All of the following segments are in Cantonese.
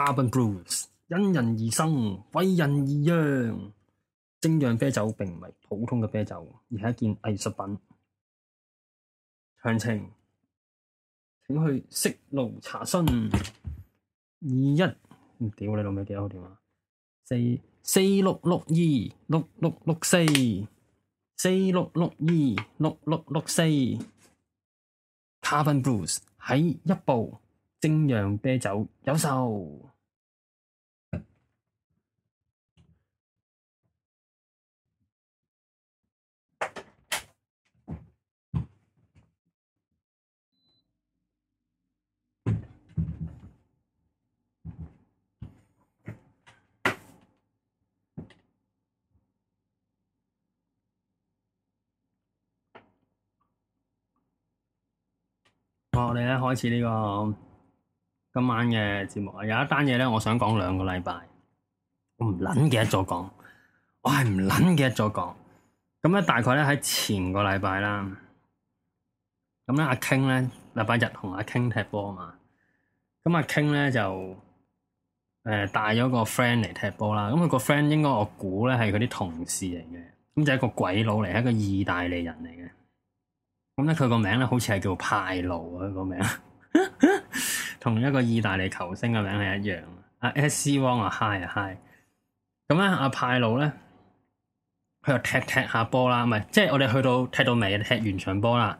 Carbon Bruise 因人而生，為人而釀。精釀啤酒並唔係普通嘅啤酒，而係一件藝術品。詳情請去色路查詢。二一，屌你老味啲，我電話四四六六二六六六四四六六二六六六四。Carbon Bruise 喺一部。精釀啤酒有售。我哋咧開始呢個。今晚嘅節目啊，有一單嘢咧，我想講兩個禮拜，我唔捻記得咗講，我係唔捻記得咗講。咁咧，大概咧喺前個禮拜啦，咁咧阿 King 咧，禮拜日同阿、啊、King 踢波啊嘛，咁阿、啊、King 咧就誒、呃、帶咗個 friend 嚟踢波啦。咁佢個 friend 應該我估咧係佢啲同事嚟嘅，咁就一個鬼佬嚟，係一個意大利人嚟嘅。咁咧佢個名咧好似係叫派路啊個名。 同一個意大利球星嘅名係一樣，阿 s 汪啊嗨啊嗨啊！咁咧阿派魯咧，佢又踢踢，踢下波啦，唔係即係我哋去到踢到尾，踢完場波啦，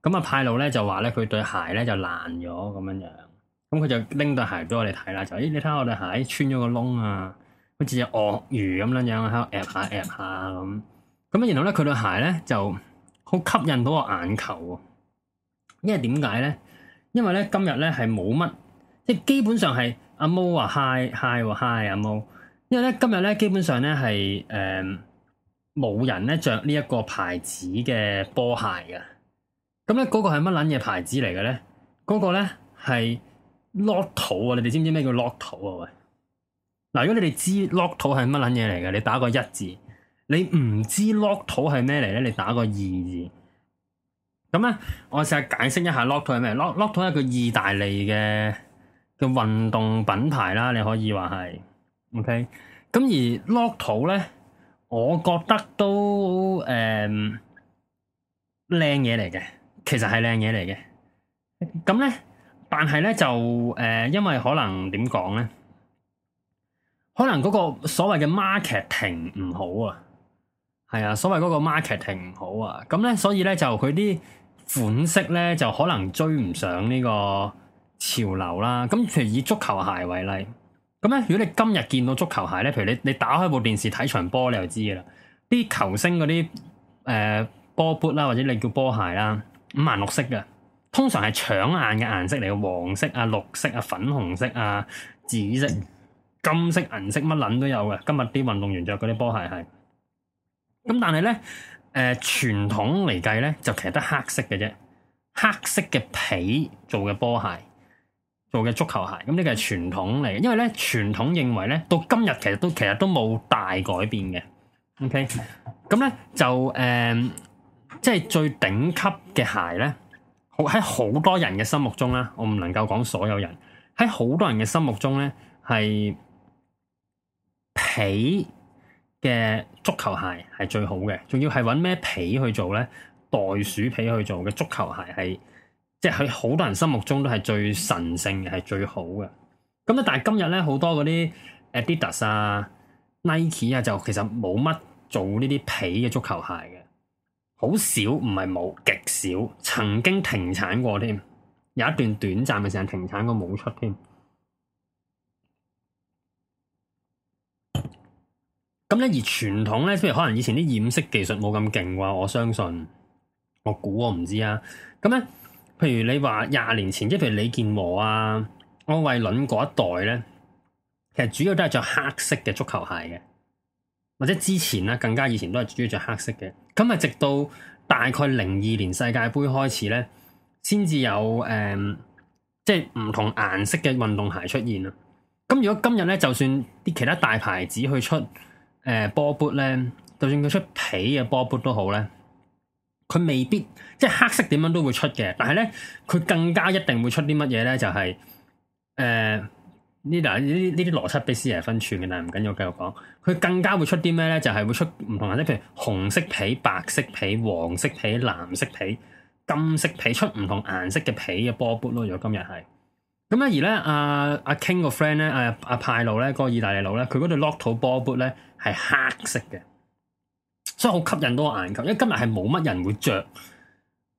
咁阿派魯咧就話咧佢對鞋咧就爛咗咁樣、欸啊、樣，咁佢就拎對鞋畀我哋睇啦，就咦你睇下我對鞋穿咗個窿啊，好似隻鱷魚咁樣樣，喺度壓下壓下咁，咁然後咧佢對鞋咧就好吸引到我眼球喎，因為點解咧？因為咧今日咧係冇乜，即係基本上係阿毛話 high high high 阿毛，因為咧今日咧基本上咧係誒冇人咧着呢一個牌子嘅波鞋嘅，咁咧嗰個係乜捻嘢牌子嚟嘅咧？嗰個咧係 lock 套啊！你哋知唔知咩叫 lock 套啊？喂，嗱，如果你哋知 lock 套係乜捻嘢嚟嘅，你打個一字；你唔知 lock 套係咩嚟咧，你打個二字。咁咧，我試下解釋一下 Lotto 係咩？Lotto 係一個意大利嘅嘅運動品牌啦，你可以話係，OK。咁而 Lotto 咧，我覺得都誒靚嘢嚟嘅，其實係靚嘢嚟嘅。咁咧，但係咧就誒，因為可能點講咧？可能嗰個所謂嘅 marketing 唔好啊，係啊，所謂嗰個 marketing 唔好啊。咁咧，所以咧就佢啲。款式咧就可能追唔上呢個潮流啦。咁譬如以足球鞋為例，咁咧如果你今日見到足球鞋咧，譬如你你打開部電視睇場波，你就知嘅啦。啲球星嗰啲誒波 boot 啦，或者你叫波鞋啦，五顏六色嘅，通常係搶眼嘅顏色嚟嘅，黃色啊、綠色啊、粉紅色啊、紫色、金色、銀色乜撚都有嘅。今日啲運動員着嗰啲波鞋係，咁但係咧。誒，傳統嚟計咧，就其實得黑色嘅啫，黑色嘅皮做嘅波鞋，做嘅足球鞋，咁呢個係傳統嚟。因為咧，傳統認為咧，到今日其實都其實都冇大改變嘅。OK，咁咧就誒，即係最頂級嘅鞋咧，好喺好多人嘅心目中啦，我唔能夠講所有人喺好多人嘅心目中咧係皮嘅足球鞋係最好嘅，仲要係揾咩皮去做咧？袋鼠皮去做嘅足球鞋係，即係喺好多人心目中都係最神聖嘅，係最好嘅。咁咧，但係今日咧好多嗰啲 Adidas 啊、Nike 啊，就其實冇乜做呢啲皮嘅足球鞋嘅，好少，唔係冇，極少，曾經停產過添，有一段短暫嘅時間停產過，都冇出添。咁咧，而傳統咧，譬如可能以前啲染色技術冇咁勁嘅話，我相信我估我唔知啊。咁咧，譬如你話廿年前，即係譬如李健和啊、安衛倫嗰一代咧，其實主要都係着黑色嘅足球鞋嘅，或者之前啦，更加以前都係主要着黑色嘅。咁啊，直到大概零二年世界盃開始咧，先至有誒，嗯，即係唔同顏色嘅運動鞋出現啦。咁如果今日咧，就算啲其他大牌子去出。誒、呃、波布咧，就算佢出皮嘅波布都好咧，佢未必即係黑色點樣都會出嘅。但係咧，佢更加一定會出啲乜嘢咧？就係誒呢嗱呢呢啲邏輯俾師爺分寸嘅，但係唔緊要，繼續講。佢更加會出啲咩咧？就係會出唔同顏色，譬如紅色皮、白色皮、黃色皮、藍色皮、金色皮，出唔同顏色嘅皮嘅波布咯。如果今日係。咁咧，而咧阿阿 King 個 friend 咧，誒、啊、阿、啊、派奴咧，嗰、那個意大利佬咧，佢嗰對 lock toe ball boot 咧係黑色嘅，所以好吸引到我眼球。因為今日係冇乜人會着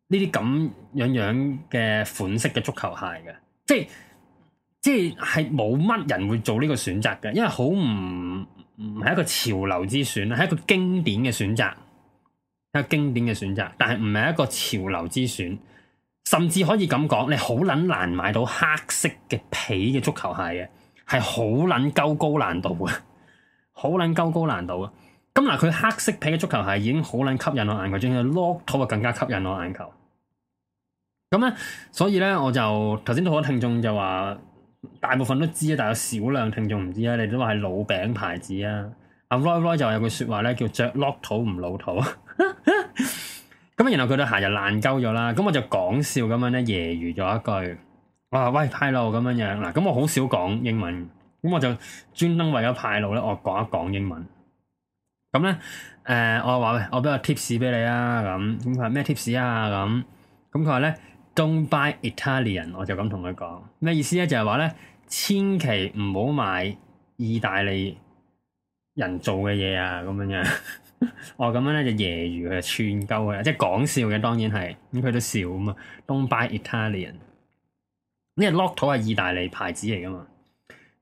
呢啲咁樣樣嘅款式嘅足球鞋嘅，即係即係係冇乜人會做呢個選擇嘅，因為好唔唔係一個潮流之選啦，係一個經典嘅選擇，一個經典嘅選擇，但係唔係一個潮流之選。甚至可以咁講，你好捻難買到黑色嘅皮嘅足球鞋嘅，係好捻鳩高難度嘅，好捻鳩高難度嘅。咁、嗯、嗱，佢黑色皮嘅足球鞋已經好捻吸引我眼球，仲要 lock 土啊，更加吸引我眼球。咁、嗯、咧，所以咧，我就頭先都好多聽眾就話，大部分都知啊，但係有少量聽眾唔知啊。你都話係老餅牌子啊，阿 Roy Roy 就有句說話咧，叫着 lock 土唔老土。 咁然後佢對鞋就爛鳩咗啦，咁我就講笑咁樣咧，揶揄咗一句，哇喂派路咁樣樣嗱，咁我好少講英文，咁我就專登為咗派路咧，我講一講英文。咁咧，誒我話喂，我俾個 tips 俾你啊，咁咁佢話咩 tips 啊？咁咁佢話咧，Don't buy Italian，我就咁同佢講咩意思咧？就係話咧，千祈唔好買意大利人做嘅嘢啊，咁樣樣。 哦，咁樣咧就揶揄佢，串鳩佢，即係講笑嘅，當然係，咁佢都笑啊嘛。Don't buy Italian，呢個 lock 套係意大利牌子嚟噶嘛。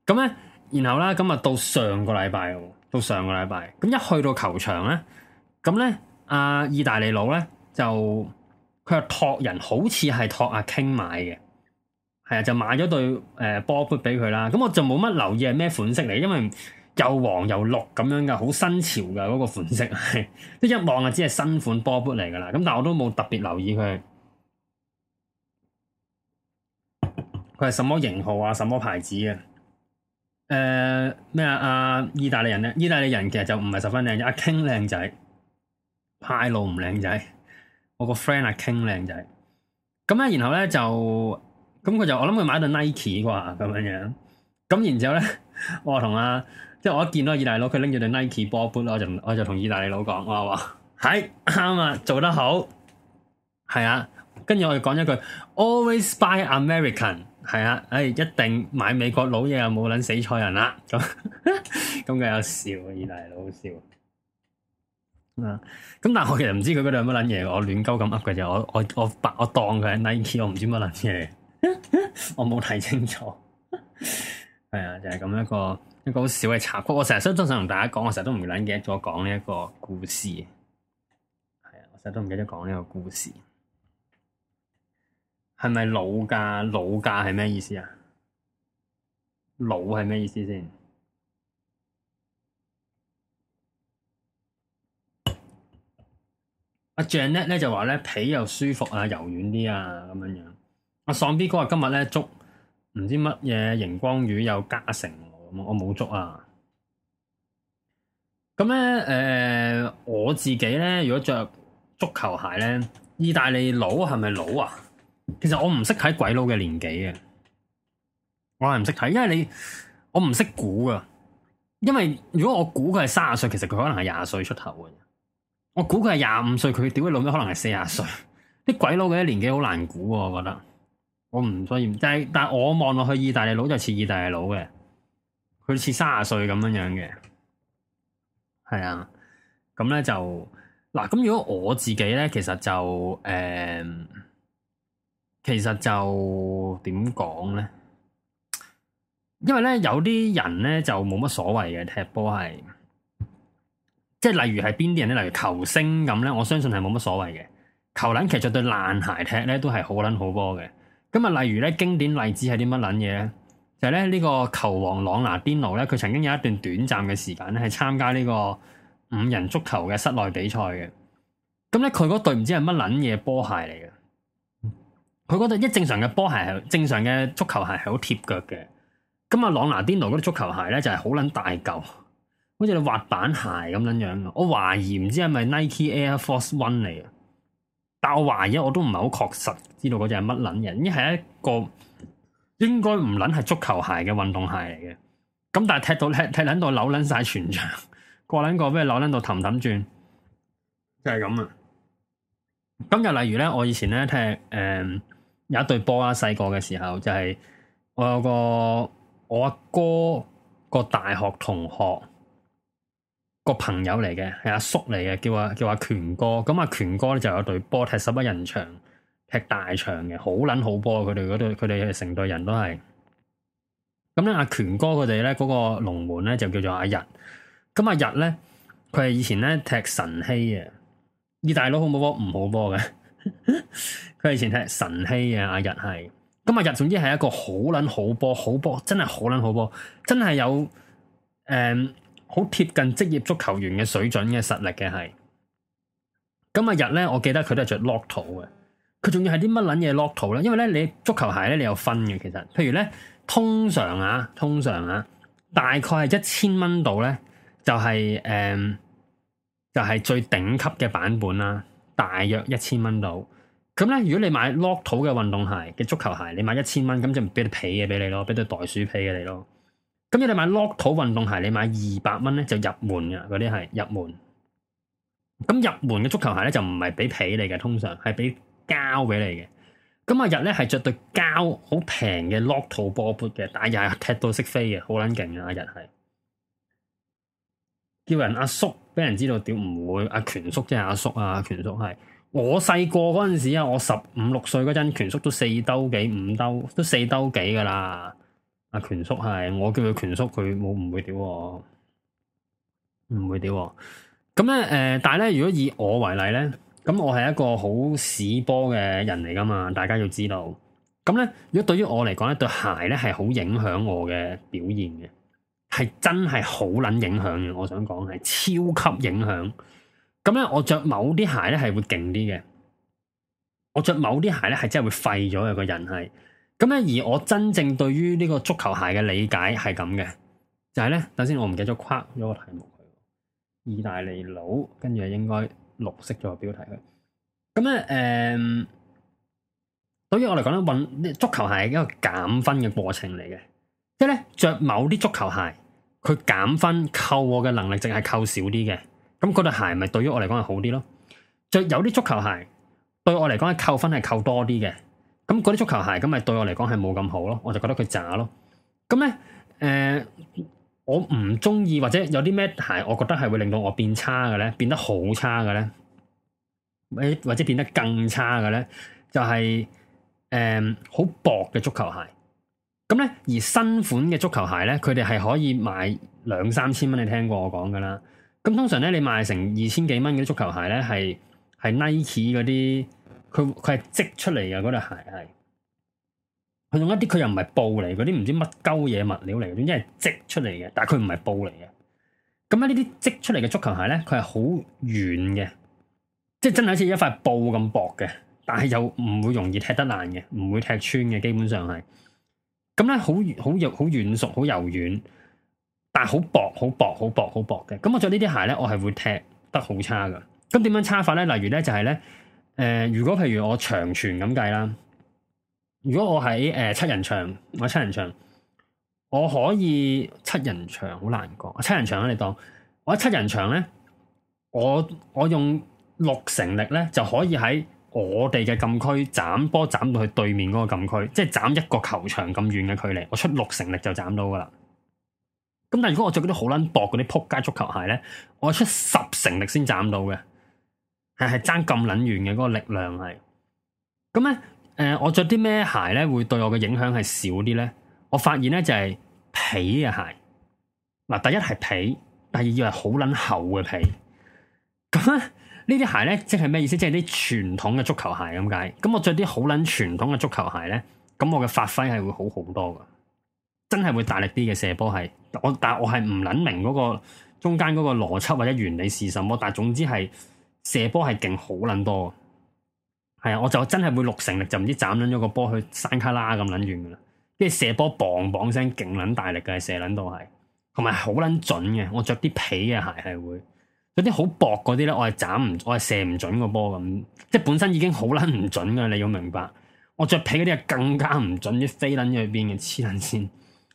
咁咧，然後咧，咁啊到上個禮拜，到上個禮拜，咁一去到球場咧，咁咧阿意大利佬咧就佢又託人，好似係託阿 King 買嘅，係啊，就買咗對誒波杯俾佢啦。咁、呃、我就冇乜留意係咩款式嚟，因為。又黃又綠咁樣噶，好新潮噶嗰個款式，係 一望啊，只係新款波波嚟噶啦。咁但係我都冇特別留意佢，佢係什麼型號啊，什麼牌子、呃、麼啊？誒咩啊？阿意大利人咧，意大利人其實就唔係十分靚仔，阿、啊、King 靚仔，派路唔靚仔。我個 friend 阿 King 靚仔，咁咧然後咧就，咁佢就我諗佢買對 Nike 啩，咁樣樣。咁然之後咧， 我同阿即係我一見到，意大利佬佢拎住對 Nike 波板，我就我就同意大利佬講，我話係啱啊，做得好，係啊。跟住我哋講一句，always buy American，係啊，誒、哎、一定買美國老嘢，又冇捻死錯人啦。咁咁佢又笑，意大利佬好笑。啊， 咁但係我其實唔知佢嗰度有乜捻嘢，我亂鳩咁噏嘅啫，我我我我當佢係 Nike，我唔知乜捻嘢， 我冇睇提清楚。係啊，就係、是、咁一個。一個好少嘅插曲，我成日都想想同大家講，我成日都唔捻記咗講呢一個故事。係啊，我成日都唔記得講呢個故事。係咪老㗎？老㗎係咩意思啊？老係咩意思先？阿 Jeanette 咧，就話咧皮又舒服啊，柔軟啲啊，咁樣樣。阿爽 B 哥話今日咧捉唔知乜嘢熒光魚有加成。我冇足啊！咁咧，誒、呃、我自己咧，如果着足球鞋咧，意大利佬係咪老啊？其實我唔識睇鬼佬嘅年紀嘅，我係唔識睇，因為你我唔識估啊。因為如果我估佢係卅歲，其實佢可能係廿歲出頭嘅。我估佢係廿五歲，佢屌佢老到可能係四十歲？啲 鬼佬嘅年紀好難估，我覺得我唔需要。但係但係我望落去，意大利佬就似意大利佬嘅。佢似三十歲咁樣樣嘅，係啊，咁咧就嗱，咁如果我自己咧，其實就誒、呃，其實就點講咧？因為咧，有啲人咧就冇乜所謂嘅，踢波係，即係例如係邊啲人咧，例如球星咁咧，我相信係冇乜所謂嘅。球撚其實對爛鞋踢咧都係好撚好波嘅。咁啊，例如咧，經典例子係啲乜撚嘢咧？就係咧呢個球王朗拿甸奴咧，佢曾經有一段短暫嘅時間咧，係參加呢個五人足球嘅室內比賽嘅。咁咧，佢嗰對唔知係乜捻嘢波鞋嚟嘅，佢覺得一正常嘅波鞋係正常嘅足球鞋係好貼腳嘅。咁啊，朗拿甸奴嗰啲足球鞋咧就係好捻大舊，好似你滑板鞋咁樣樣。我懷疑唔知係咪 Nike Air Force One 嚟嘅，但我懷疑我都唔係好確實知道嗰隻係乜捻嘢，因為係一個。應該唔捻係足球鞋嘅運動鞋嚟嘅，咁但係踢到踢踢捻到扭捻晒全場，個捻個咩扭捻到氹氹轉，就係咁啊！咁就例如咧，我以前咧踢誒、嗯、有一隊波啊，細個嘅時候，時候就係、是、我有個我阿哥個大學同學個朋友嚟嘅，係阿叔嚟嘅，叫阿叫，叫阿權哥，咁阿權哥咧就有隊波踢十一人場。踢大場嘅好捻好波，佢哋嗰佢哋成隊人都係咁咧。阿權、啊、哥佢哋咧嗰個龍門咧就叫做阿、啊、日。咁、啊、阿日咧，佢係以前咧踢神希嘅，意大佬好冇波唔好波嘅。佢 係以前踢神希嘅阿日係。咁、啊、阿日總之係一個好捻好波好波，真係好捻好波，真係有誒好貼近職業足球員嘅水準嘅實力嘅係。咁、啊、阿日咧，我記得佢都係着 Lotto 嘅。佢仲要係啲乜撚嘢 lock 套，因為咧，你足球鞋咧，你有分嘅其實。譬如咧，通常啊，通常啊，大概係一千蚊度咧，就係、是、誒、嗯，就係、是、最頂級嘅版本啦。大約一千蚊度。咁、嗯、咧，如果你買 lock 嘅運動鞋嘅足球鞋，你買一千蚊，咁就唔俾你皮嘅俾你咯，俾對袋鼠皮嘅你咯。咁、嗯、如你買 lock 套運動鞋，你買二百蚊咧，就入門嘅嗰啲係入門。咁入門嘅足球鞋咧，就唔係俾皮你嘅，通常係俾，交畀你嘅，咁阿日咧係着對膠好平嘅 lock 套波砵嘅，但係又踢到識飛嘅，好撚勁啊！阿日係叫人阿叔畀人知道屌唔會，阿、啊、權叔即係阿叔啊，權叔係我細個嗰陣時啊，我十五六歲嗰陣，權叔都四兜幾五兜，都四兜幾噶啦。阿、啊、權叔係我叫佢權叔，佢冇唔會屌我，啊，唔會屌，啊。咁咧誒，但係咧，如果以我為例咧。咁、嗯、我係一個好屎波嘅人嚟噶嘛，大家要知道。咁、嗯、咧，如果對於我嚟講咧，對鞋咧係好影響我嘅表現嘅，係真係好撚影響嘅。我想講係超級影響。咁、嗯、咧，我着某啲鞋咧係會勁啲嘅，我着某啲鞋咧係真係會廢咗嘅個人係。咁、嗯、咧，而我真正對於呢個足球鞋嘅理解係咁嘅，就係、是、咧，頭先，我唔記得咗框咗個題目。佢意大利佬跟住係應該。綠色做標題佢，咁咧誒，對於我嚟講咧，運足球鞋係一個減分嘅過程嚟嘅，即係咧着某啲足球鞋，佢減分扣我嘅能力，淨係扣少啲嘅，咁嗰對鞋咪對於我嚟講係好啲咯。着有啲足、那個、足球鞋對我嚟講係扣分，係扣多啲嘅，咁嗰啲足球鞋咁咪對我嚟講係冇咁好咯，我就覺得佢渣咯。咁咧誒。嗯嗯我唔中意或者有啲咩鞋，我覺得係會令到我變差嘅咧，變得好差嘅咧，或或者變得更差嘅咧，就係誒好薄嘅足球鞋。咁、嗯、咧，而新款嘅足球鞋咧，佢哋係可以賣兩三千蚊。你聽過我講㗎啦。咁、嗯、通常咧，你賣成二千幾蚊嘅足球鞋咧，係係 Nike 嗰啲，佢佢係織出嚟嘅嗰對鞋係。佢用一啲佢又唔係布嚟，嗰啲唔知乜鳩嘢物料嚟，總之係織出嚟嘅。但係佢唔係布嚟嘅。咁咧，呢啲織出嚟嘅足球鞋咧，佢係好軟嘅，即係真係好似一塊布咁薄嘅。但係又唔會容易踢得爛嘅，唔會踢穿嘅。基本上係咁咧，好、嗯、好柔好軟熟，好柔軟，但係好薄，好薄，好薄，好薄嘅。咁我着呢啲鞋咧，我係會踢得好差噶。咁點樣差法咧？例如咧，就係、是、咧、誒、呃，如果譬如我長傳咁計啦。如果我喺誒、呃、七人場，我七人場，我可以七人場好難講。七人場咧、啊，你當我喺七人場咧，我我用六成力咧，就可以喺我哋嘅禁區斬波，斬，斬到去對面嗰個禁區，即係斬一個球場咁遠嘅距離，我出六成力就斬到噶啦。咁但係如果我着嗰啲好撚薄嗰啲撲街足球鞋咧，我出十成力先斬到嘅，係係爭咁撚遠嘅嗰、嗰個力量係。咁咧。誒、呃，我着啲咩鞋咧會對我嘅影響係少啲咧？我發現咧就係、是、皮嘅鞋。嗱，第一係皮，第二係好撚厚嘅皮。咁咧，呢啲鞋咧即係咩意思？即係啲傳統嘅足球鞋咁解。咁我着啲好撚傳統嘅足球鞋咧，咁我嘅發揮係會好好多噶。真係會大力啲嘅射波係。我但係我係唔撚明嗰個中間嗰個邏輯或者原理是什麼，但係總之係射波係勁好撚多。係啊，我就真係會六成力，就唔知斬捻咗個波去山卡拉咁捻遠噶啦，跟住射波磅磅聲勁捻大力嘅射捻到係，同埋好捻準嘅。我着啲皮嘅鞋係會，有啲好薄嗰啲咧，我係斬唔，我係射唔準個波咁，即係本身已經好捻唔準噶，你要明白。我着皮嗰啲係更加唔準啲，飛捻咗去邊嘅黐捻線。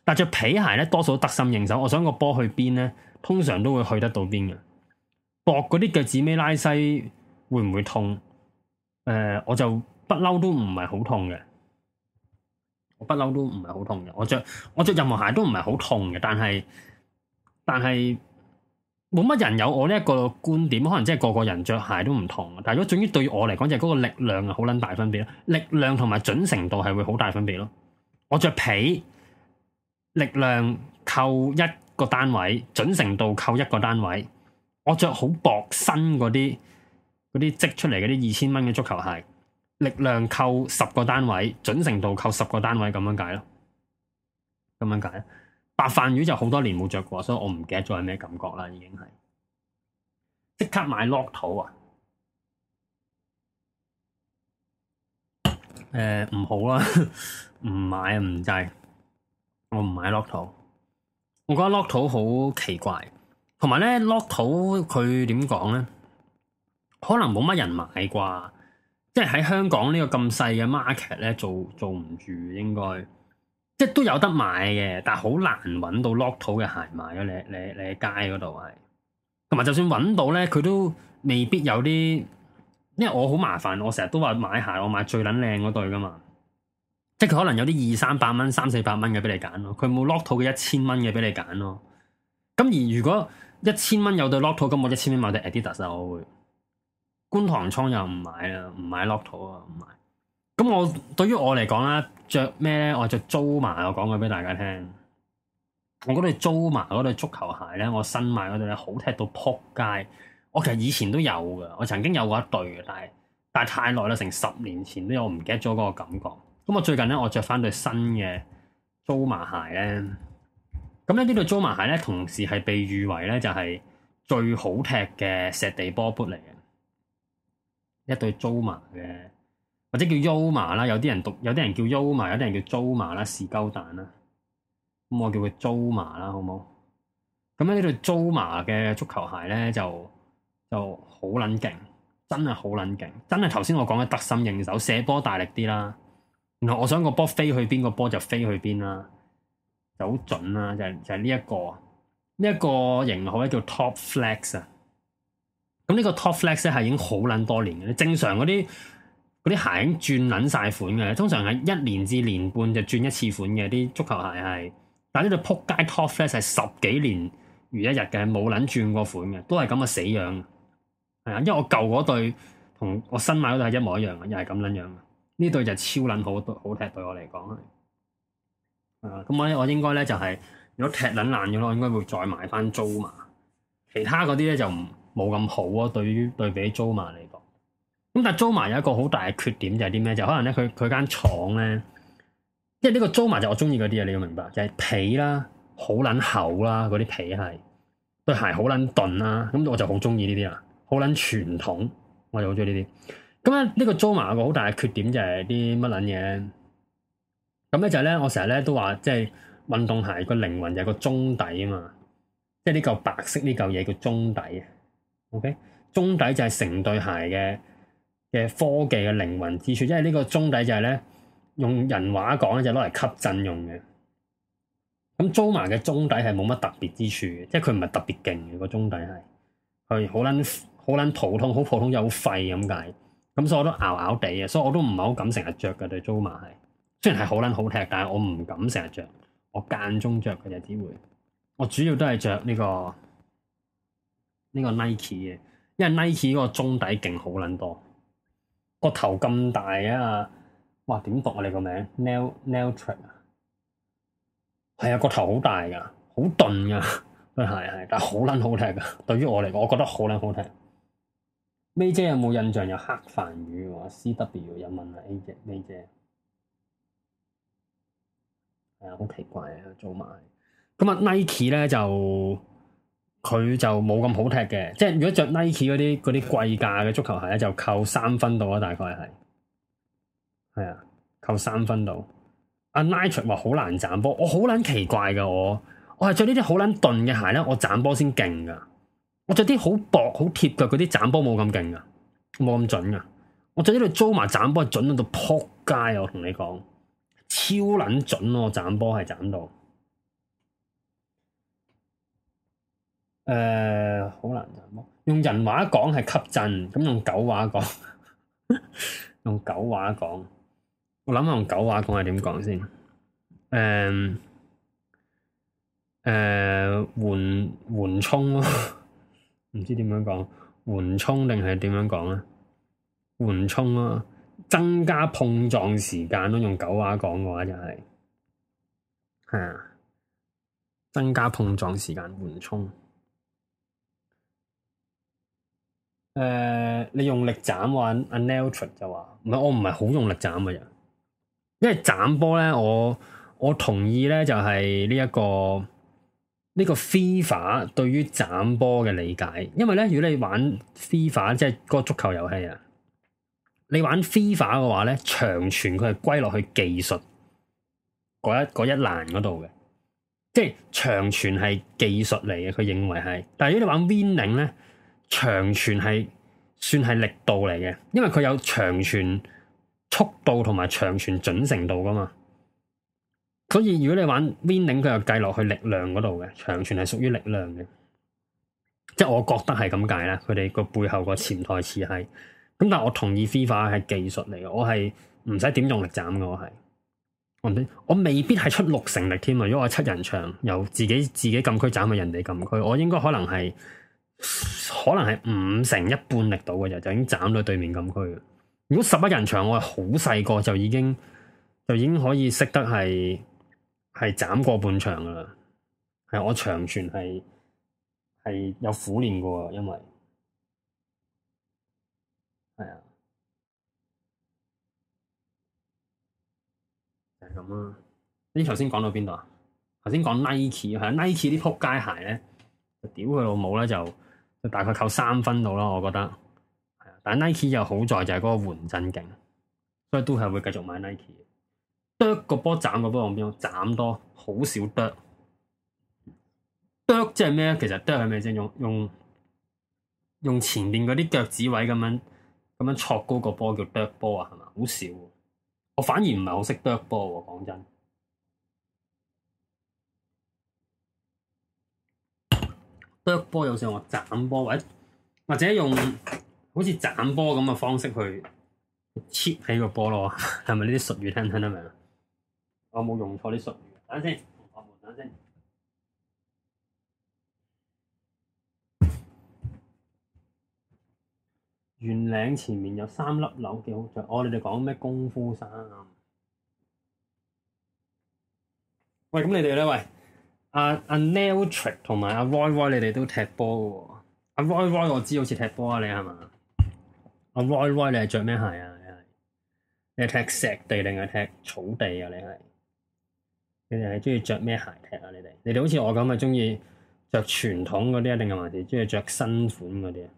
但着皮鞋咧，多數得心應手。我想個波去邊咧，通常都會去得到邊嘅。薄嗰啲腳趾尾拉西會唔會痛？誒、呃，我就不嬲都唔係好痛嘅，我不嬲都唔係好痛嘅。我着我着任何鞋都唔係好痛嘅，但係但係冇乜人有我呢一個觀點，可能即係個個人着鞋都唔同。但係如果總之對我嚟講，就係嗰個力量啊，好捻大分別咯。力量同埋準程度係會好大分別咯。我着皮，力量扣一個單位，準程度扣一個單位。我着好薄身嗰啲。嗰啲積出嚟嗰啲二千蚊嘅足球鞋，力量扣十個單位，準程度扣十個單位，咁樣解咯，咁樣解。白飯魚就好多年冇着過，所以我唔記得咗係咩感覺啦，已經係即刻買 lock、ok、土、呃、啊！誒， 唔好啦，唔買唔制，我唔買 lock、ok、土。我覺得 lock 土好奇怪，同埋咧 lock 土佢點講咧？可能冇乜人買啩，即係喺香港呢個咁細嘅 market 咧，做做唔住應該，即係都有得買嘅，但係好難揾到 local 嘅鞋買咯。你你你喺街嗰度係，同埋就算揾到咧，佢都未必有啲，因為我好麻煩，我成日都話買鞋，我買最撚靚嗰對噶嘛，即係佢可能有啲二三百蚊、三四百蚊嘅俾你揀咯，佢冇 local 嘅一千蚊嘅俾你揀咯。咁而如果一千蚊有對 local，咁我一千蚊買對 Adidas，啊，我會。觀塘倉又唔買啦，唔買 lock 土啊，唔買。咁我對於我嚟講啦，着咩咧？我着 Joma，我講過俾大家聽。我嗰對 Joma 嗰對足球鞋咧，我新買嗰對咧，好踢到撲街。我其實以前都有噶，我曾經有過一對嘅，但係但係太耐啦，成十年前都有，我唔記得咗嗰個感覺。咁我最近咧，我着翻對新嘅 Joma 鞋咧。咁咧呢對 Joma 鞋咧，同時係被譽為咧就係最好踢嘅石地波 boot 嚟嘅。一對 Joma 嘅，或者叫 Yoma 啦，有啲人讀，有啲人叫 Yoma，有啲人叫 Joma 啦，是鳩彈啦。咁我叫佢 Joma 啦，好唔好？咁呢對 Joma 嘅足球鞋呢，就就好撚勁，真係好撚勁，真係頭先我講嘅得心應手，射波大力啲啦。然後我想個波飛去邊，個波就飛去邊啦，就好準啦。就係就係呢一個，呢、這、一個型號咧叫 Top Flex 咁呢個 Top Flex 咧係已經好撚多年嘅，正常嗰啲啲鞋已經轉撚晒款嘅，通常係一年至年半就轉一次款嘅啲足球鞋係，但呢對撲街 Top Flex 係十幾年如一日嘅，冇撚轉過款嘅，都係咁嘅死樣。係啊，因為我舊嗰對同我新買嗰對係一模一樣嘅，又係咁撚樣。呢對就超撚好，好踢對我嚟講。係啊，咁我我應該咧就係、是、如果踢撚爛咗，我應該會再買翻租嘛。其他嗰啲咧就唔～冇咁好啊！對於對比 Joma 嚟講，咁、嗯、但係 Joma 有一個好大嘅缺點就係啲咩？就是、可能咧，佢佢間廠咧，即係呢個 Joma 就我中意嗰啲啊！你要明白，就係、是、皮啦，好撚厚啦，嗰啲皮係對鞋好撚頓啦。咁我就好中意呢啲啊，好撚傳統，我就好中意呢啲。咁啊，呢個 Joma 有個好大嘅缺點就係啲乜撚嘢？咁咧就係咧，我成日咧都話，即、就、係、是、運動鞋個靈魂就係個中底啊嘛，即係呢嚿白色呢嚿嘢叫中底。O.K. 中底就係成對鞋嘅嘅科技嘅靈魂之處，因為呢個中底就係咧，用人話講咧就攞嚟吸震用嘅。咁 Joma 嘅中底係冇乜特別之處嘅，即係佢唔係特別勁嘅個中底係，佢好撚好撚普通，好普通又好廢咁解。咁所以我都咬咬地啊，所以我都唔係好敢成日着嘅對 Joma 鞋。雖然係好撚好踢，但係我唔敢成日着，我間中着嘅就只會，我主要都係着呢個呢個 Nike 嘅，因為 Nike 嗰個中底勁好撚多，個頭咁大啊！哇，點讀我哋個名？Neil Neil Trak 啊，係啊，個頭大好大噶，好鈍噶對鞋，但係好撚好踢噶。對於我嚟講，我覺得好撚好踢。May 姐有冇印象有黑帆魚喎？C W 有問啊，May 姐，係啊，好奇怪啊，做埋咁啊 Nike 咧就。佢就冇咁好踢嘅，即係如果着 Nike 嗰啲嗰啲貴價嘅足球鞋咧，就扣三分度啦，大概係，係啊，扣三分度。阿 Nike 話好難斬波，我好撚奇怪噶，我我係着呢啲好撚鈍嘅鞋咧，我斬波先勁噶，我着啲好薄好貼腳嗰啲斬波冇咁勁噶，冇咁準噶，我着呢對 Zoom 鞋斬波準到到撲街，我同你講，超撚準我斬、啊、波係斬到。誒，好、呃、難講。用人話講係吸震，咁用狗話講，用狗話講，我諗下用狗話講係點講先。誒，誒、呃，緩緩衝咯，唔知點樣講，緩衝定係點樣講啊？緩衝咯，增加碰撞時間咯。用狗話講嘅話就係、是，係啊，增加碰撞時間，緩衝。誒、呃，你用力斬玩 Aneltr、啊、就話，唔係我唔係好用力斬嘅啫，因為斬波咧，我我同意咧就係呢一個呢、這個 FIFA 對於斬波嘅理解，因為咧如果你玩 FIFA 即係個足球遊戲啊，你玩 FIFA 嘅話咧長傳佢係歸落去技術嗰一嗰一欄嗰度嘅，即係長傳係技術嚟嘅，佢認為係，但係如果你玩 Winning 咧。長傳係算係力度嚟嘅，因為佢有長傳速度同埋長傳準成度噶嘛。所以如果你玩 Winning，佢又計落去力量嗰度嘅，長傳係屬於力量嘅。即係我覺得係咁解啦，佢哋個背後個潛台詞係咁。但係我同意，FIFA 係技術嚟嘅，我係唔使點用力斬嘅，我係我唔知，我未必係出六成力添啊。如果我七人場由自己自己禁區斬埋人哋禁區，我應該可能係。可能係五成一半力到嘅，就就已經斬到對面禁區。如果十一人場，我係好細個就已經就已經可以識得係係斬過半場噶啦。係我長傳係係有苦練過，因為係啊。就係咁啦。你頭先講到邊度啊？頭先講 Nike 係 Nike 啲撲街鞋咧，屌佢老母咧就。大概扣三分到咯，我覺得。但 Nike 又好在就係嗰個緩震勁，所以都係會繼續買 Nike。剁個波斬個波，我唔用斬多，好少剁。剁即係咩？其實剁係咩啫？用用，用前面嗰啲腳趾位咁樣咁樣戳高個波叫剁波啊，係咪？好少，我反而唔係好識剁波喎，講真。剁波有時候斬波，或者或者用好似斬波咁嘅方式去切起個波咯，係咪呢啲術語聽聽得明啊？我冇用錯啲術語，等先，我冇等先。圓領前面有三粒紐，幾好着。我哋就講咩功夫衫。喂，咁你哋呢喂。阿阿、啊、Neil Trick 同埋、啊、阿 Roy Roy，你哋都踢波嘅喎。阿、啊、Roy Roy 我知好、啊，好似踢波啊你係嘛？阿 Roy Roy 你係着咩鞋啊？你係你係踢石地定係踢草地啊？你係你哋係中意着咩鞋踢啊？你哋你哋好似我咁啊，中意着傳統嗰啲啊，定係還是中意着新款嗰啲啊？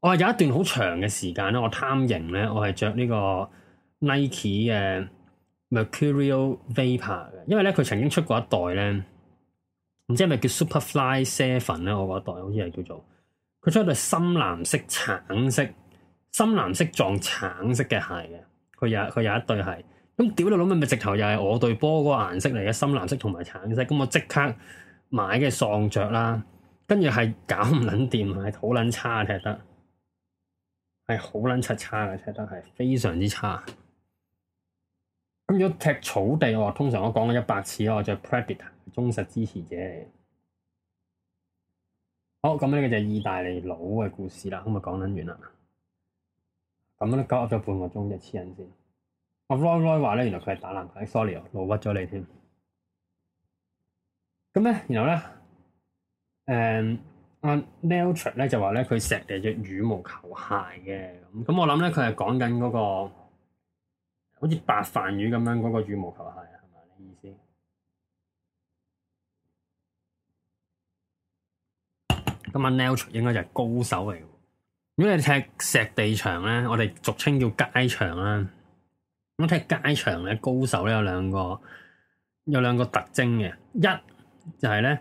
我、哦、係有一段好長嘅時間咧，我貪型咧，我係着呢個 Nike 嘅。Mercurial Vapor 嘅，因為咧佢曾經出過一代咧，唔知係咪叫 Superfly Seven 咧？我嗰一對好似係叫做佢出一對深藍色、橙色、深藍色撞橙色嘅鞋嘅，佢有佢有一對鞋。咁屌你老味，咪直頭又係我對波嗰個顏色嚟嘅，深藍色同埋橙色。咁我即刻買嘅喪着啦，跟住係搞唔撚掂，係好撚差踢得，係好撚柒差嘅踢得係非常之差。咁如果踢草地、哦，通常我講咗一百次啦，我、哦、著、就是、Predator 忠實支持者。嚟。好，咁、嗯、呢、這個就意大利佬嘅故事啦，咁咪講得完啦。咁、嗯、樣交咗半個鐘，一黐人先。阿、啊、Roy Roy 話咧，原來佢係打籃球，sorry，我老屈咗你添。咁、嗯、咧，然後咧，誒、嗯，阿 Neltr 咧就話咧，佢石地只羽毛球鞋嘅。咁、嗯，咁、嗯、我諗咧，佢係講緊嗰個。好似白飯魚咁樣嗰、那個羽毛球鞋啊，係咪你意思？咁啊，Nail 應該就係高手嚟。如果你踢石地場咧，我哋俗稱叫街場啦。咁踢街場咧，高手咧有兩個，有兩個特徵嘅。一就係咧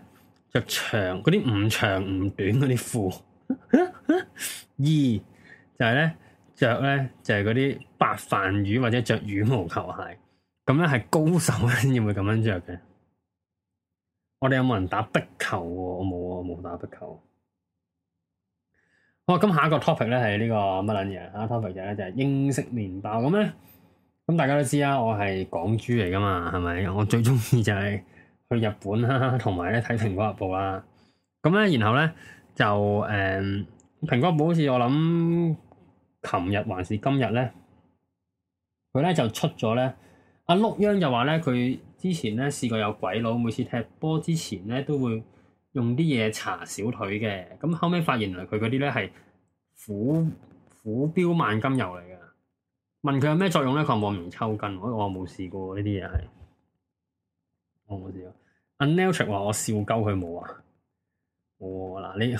着長嗰啲唔長唔短嗰啲褲。 二就係、是、咧。着咧就係嗰啲白飯魚或者着羽毛球鞋，咁咧係高手先會咁樣着嘅。我哋有冇人打壁球㗎？我冇啊，冇打壁球。好啊，咁下一個 topic 咧係呢、這個乜撚嘢啊？topic 就係、是、英式麵包咁咧。咁大家都知啦，我係港豬嚟噶嘛，係咪？我最中意就係去日本啦，同埋咧睇蘋果日報啦。咁咧然後咧就誒，蘋、嗯、果日報好似我諗。琴日還是今日咧，佢咧就出咗咧，阿碌央就話咧，佢之前咧試過有鬼佬，每次踢波之前咧都會用啲嘢搽小腿嘅，咁後尾發現嚟佢嗰啲咧係虎虎標萬金油嚟嘅。問佢有咩作用咧，佢話莫名抽筋。我我冇試過呢啲嘢係，我冇試過。阿 Neilch 話我笑鳩佢冇啊，哇、哦、嗱你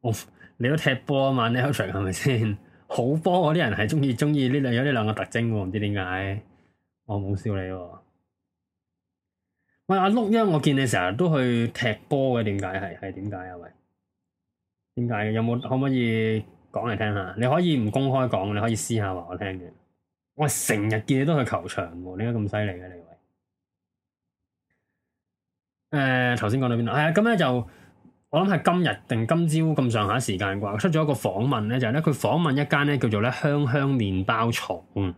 我、哦、你都踢波啊嘛，Neilch 係咪先？普波嗰啲人係鍾意，鍾意呢兩有呢兩個特徵喎，唔知點解，我冇笑你喎、啊。喂，阿碌呀，因為我見你成日都去踢波嘅，點解係係點解啊？喂，點解嘅？有冇可唔可以講嚟聽下？你可以唔公開講，你可以私下話我聽嘅。我成日見你都去球場，點解咁犀利嘅？你喂？誒、呃，頭先講到邊度？係啊，咁咧就。我諗係今日定今朝咁上下時間啩，出咗一個訪問咧，就係咧佢訪問一間咧叫做咧香香麵包廠。咁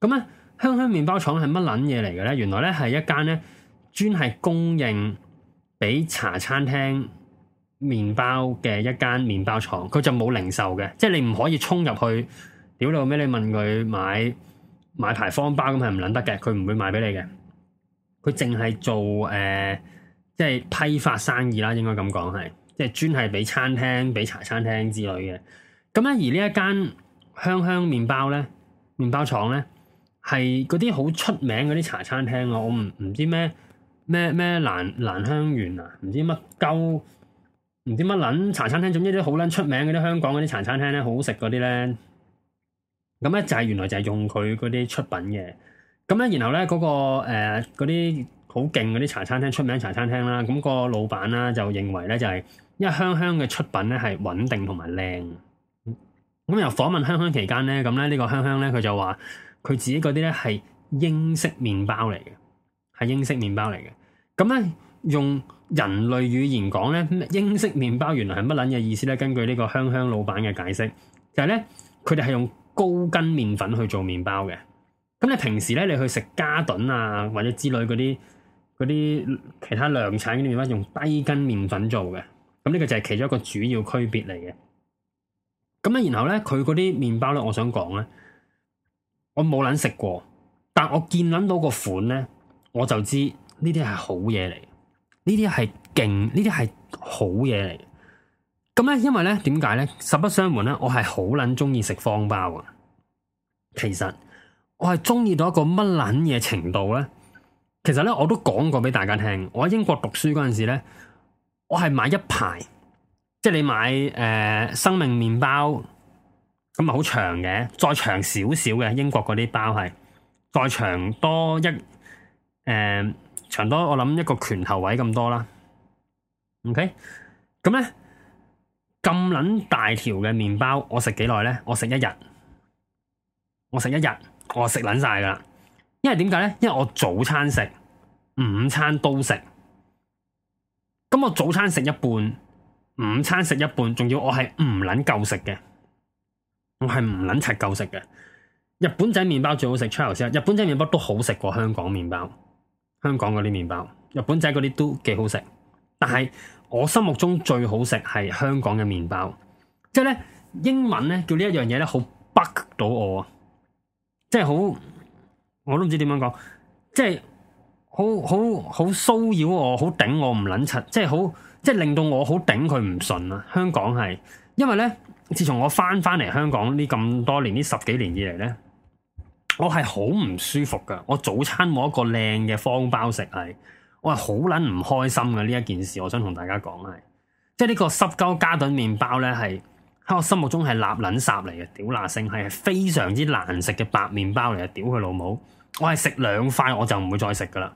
咁咧，香香麵包廠係乜撚嘢嚟嘅咧？原來咧係一間咧專係供應俾茶餐廳麵包嘅一間麵包廠。佢就冇零售嘅，即係你唔可以衝入去屌你老味。你問佢買買排方包咁係唔撚得嘅，佢唔會賣俾你嘅。佢淨係做誒。呃即係批發生意啦，應該咁講係，即係專係俾餐廳、俾茶餐廳之類嘅。咁咧，而呢一間香香麵包咧，麵包廠咧，係嗰啲好出名嗰啲茶餐廳。我唔唔知咩咩咩蘭蘭香園啊，唔知乜鳩，唔知乜撚茶餐廳，總之啲好撚出名嗰啲香港嗰啲茶餐廳咧，好好食嗰啲咧。咁咧就係原來就係用佢嗰啲出品嘅。咁咧，然後咧嗰、嗰個嗰啲。呃好勁嗰啲茶餐廳，出名茶餐廳啦，咁、那個老闆啦就認為咧，就係因為香香嘅出品咧係穩定同埋靚。咁、嗯嗯、又訪問香香期間咧，咁咧呢個香香咧佢就話佢自己嗰啲咧係英式麵包嚟嘅，係英式麵包嚟嘅。咁、嗯、咧用人類語言講咧，英式麵包原來係乜撚嘅意思咧？根據呢個香香老闆嘅解釋，就係咧佢哋係用高筋麵粉去做麵包嘅。咁你平時咧你去食加頓啊或者之類嗰啲。嗰啲其他量產嗰啲麵包用低筋麵粉做嘅，咁呢個就係其中一個主要區別嚟嘅。咁啊，然後咧，佢嗰啲麵包咧，我想講咧，我冇捻食過，但我見捻到個款咧，我就知呢啲係好嘢嚟，呢啲係勁，呢啲係好嘢嚟。咁咧，因為咧，點解咧？實不相瞞咧，我係好捻中意食方包啊。其實我係中意到一個乜捻嘢程度咧？其實咧，我都講過俾大家聽。我喺英國讀書嗰陣時咧，我係買一排，即係你買誒、呃、生命麵包，咁咪好長嘅，再長少少嘅英國嗰啲包係再長多一誒、呃、長多我諗一個拳頭位咁多啦。OK，咁咧咁捻大條嘅麵包，我食幾耐咧？我食一日，我食一日，我食捻晒噶啦。因為點解咧？因為我早餐食，午餐都食。咁我早餐食一半，午餐食一半，仲要我係唔捻夠食嘅，我係唔捻拆夠食嘅。日本仔麵包最好食，出頭先。日本仔麵包都好食過香港麵包，香港嗰啲麵包，日本仔嗰啲都幾好食。但係我心目中最好食係香港嘅麵包。即係呢，英文呢叫呢一樣嘢呢，好 bug 到我啊！即係好。我都唔知點樣講，即係好好好騷擾我，好頂我唔捻柒，即係好即係令到我好頂佢唔順啊！香港係，因為呢，自從我翻翻嚟香港呢咁多年，呢十幾年以嚟呢，我係好唔舒服噶。我早餐冇一個靚嘅方包食係，我係好捻唔開心嘅呢一件事。我想同大家講係，即係呢個濕鳩嘉頓麵包呢，係喺我心目中係垃捻圾嚟嘅，屌乸星係係非常之難食嘅白麵包嚟嘅，屌佢老母！我係食兩塊我就唔會再食噶啦，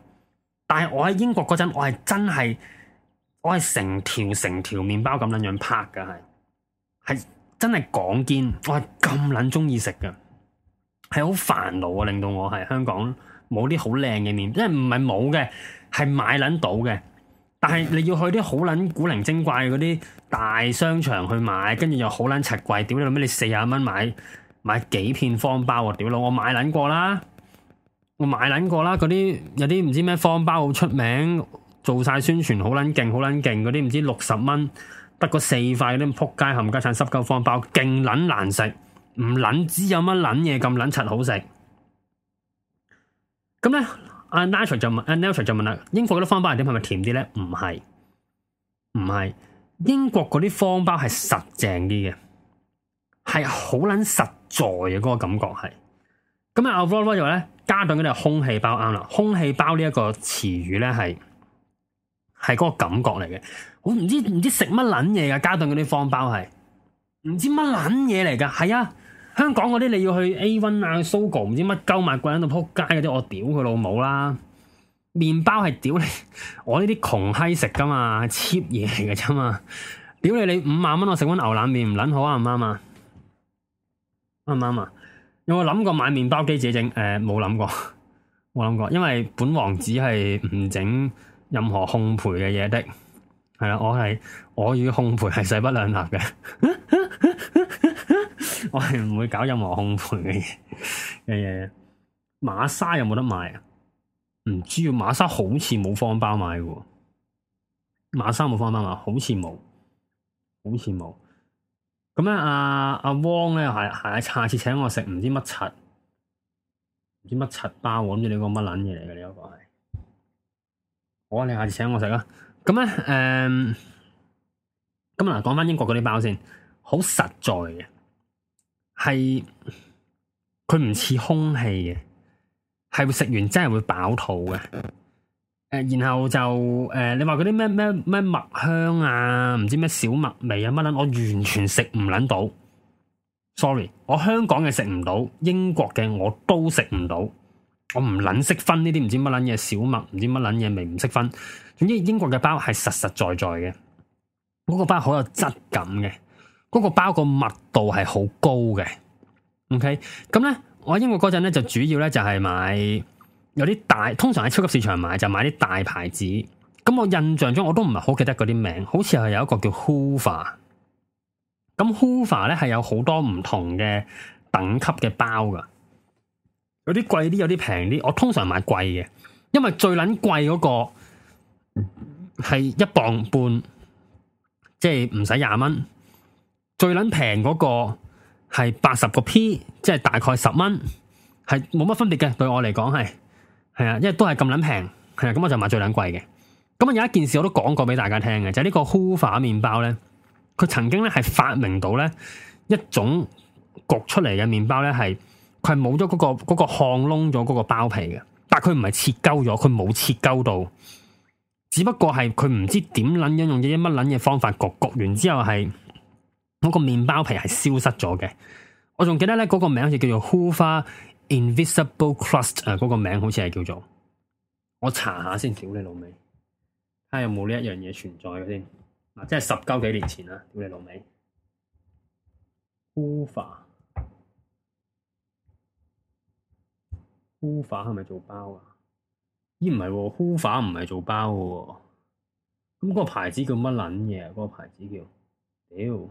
但係我喺英國嗰陣我係真係，我係成條成條麵包咁樣樣拍噶係，係真係講堅，我係咁卵中意食噶，係好煩惱啊！令到我係香港冇啲好靚嘅麵，即係唔係冇嘅，係買卵到嘅，但係你要去啲好卵古靈精怪嗰啲大商場去買，跟住又好卵柒貴，屌 你老味你四十蚊買買幾片方包，啊？屌佬我買卵過啦！我買撚過啦，嗰啲有啲唔知咩方包好出名，做晒宣傳好撚勁，好撚勁嗰啲唔知六十蚊得個四塊嗰啲，撲街冚家層十嚿冚家產濕鳩方包，勁撚難食，唔撚知有乜撚嘢咁撚柒好食。咁咧，阿 Nacho 就問，阿 Nacho 就問啦，英國嗰啲方包係點？係咪甜啲咧？唔係，唔係，英國嗰啲方包係實正啲嘅，係好撚實在嘅嗰個感覺係。咁阿 Oliver 就咧。加頓嗰啲係空氣包啱啦，空氣包呢一個詞語咧係係嗰個感覺嚟嘅。我唔知唔知食乜撚嘢噶，加頓嗰啲方包係唔知乜撚嘢嚟㗎。係啊，香港嗰啲你要去 Avon 啊、Sogo 唔知乜鳩物貴撚到撲街嗰啲，我屌佢老母啦！麵包係屌你，我呢啲窮閪食㗎嘛，cheap 嘢嚟㗎啫嘛，屌你，你五萬蚊我食碗牛腩麵唔撚好啊，唔啱啊，唔啱啊！有冇諗過買麵包機自己整？誒、呃，冇諗過，冇諗過，因為本王子係唔整任何烘焙嘅嘢的，係啦，我係我與烘焙係勢不兩立嘅，我係唔 會搞任何烘焙嘅嘢嘅嘢。瑪 莎有冇得賣啊？唔知啊，瑪莎好似冇方包賣嘅，瑪莎冇方包賣，好似冇，好似冇。咁咧，阿阿、嗯啊、汪咧，係係下次請我食唔知乜柒，唔知乜柒包，我諗住你個乜撚嘢嚟嘅？你嗰個係，好啊，你下次請我食啦。咁、嗯、咧，誒、嗯，咁啊，講翻英國嗰啲包先，好實在嘅，係佢唔似空氣嘅，係會食完真係會飽肚嘅。然後就誒、呃，你話嗰啲咩咩咩麥香啊，唔知咩小麥味啊，乜捻？我完全食唔捻到，sorry，我香港嘅食唔到，英國嘅我都食唔到，我唔捻識分呢啲唔知乜捻嘢小麥，唔知乜捻嘢味，唔識分。總之英國嘅包係實實在在嘅，嗰、那個包好有質感嘅，嗰、那個包個密度係好高嘅。OK，咁咧，我喺英國嗰陣咧就主要咧就係買。有啲大，通常喺超級市場買就買啲大牌子。咁我印象中我都唔係好記得嗰啲名，好似係有一個叫 Houfa。咁 Houfa 咧係有好多唔同嘅等級嘅包噶，有啲貴啲，有啲平啲。我通常買貴嘅，因為最撚貴嗰個係一磅半，即係唔使廿蚊。最撚平嗰個係八十個 P，即係大概十蚊，係冇乜分別嘅。對我嚟講係。係啊，因為都係咁捻平，係啊，咁我就買最捻貴嘅。咁、嗯、啊，有一件事我都講過俾大家聽嘅，就係、是、呢個糊化麵包咧，佢曾經咧係發明到咧一種焗出嚟嘅麵包咧，係佢係冇咗嗰個、那個烘窿咗嗰個包皮嘅，但係佢唔係切鳩咗，佢冇切鳩到，只不過係佢唔知點捻樣用咗啲乜捻嘅方法焗，焗完之後係嗰、那個麵包皮係消失咗嘅。我仲記得咧嗰、那個名好似叫做糊花。Invisible crust 啊，嗰個名好似係叫做，我查下先，屌你老味，睇下有冇呢一樣嘢存在嘅先。嗱、啊，即係十鳩幾年前啦，屌你老味，Hubba Hubba 係咪做包啊？咦唔係、喎、Hubba 唔係做包嘅、喎，咁、嗰個牌子叫乜撚嘢？嗰、嗰個牌子叫，屌。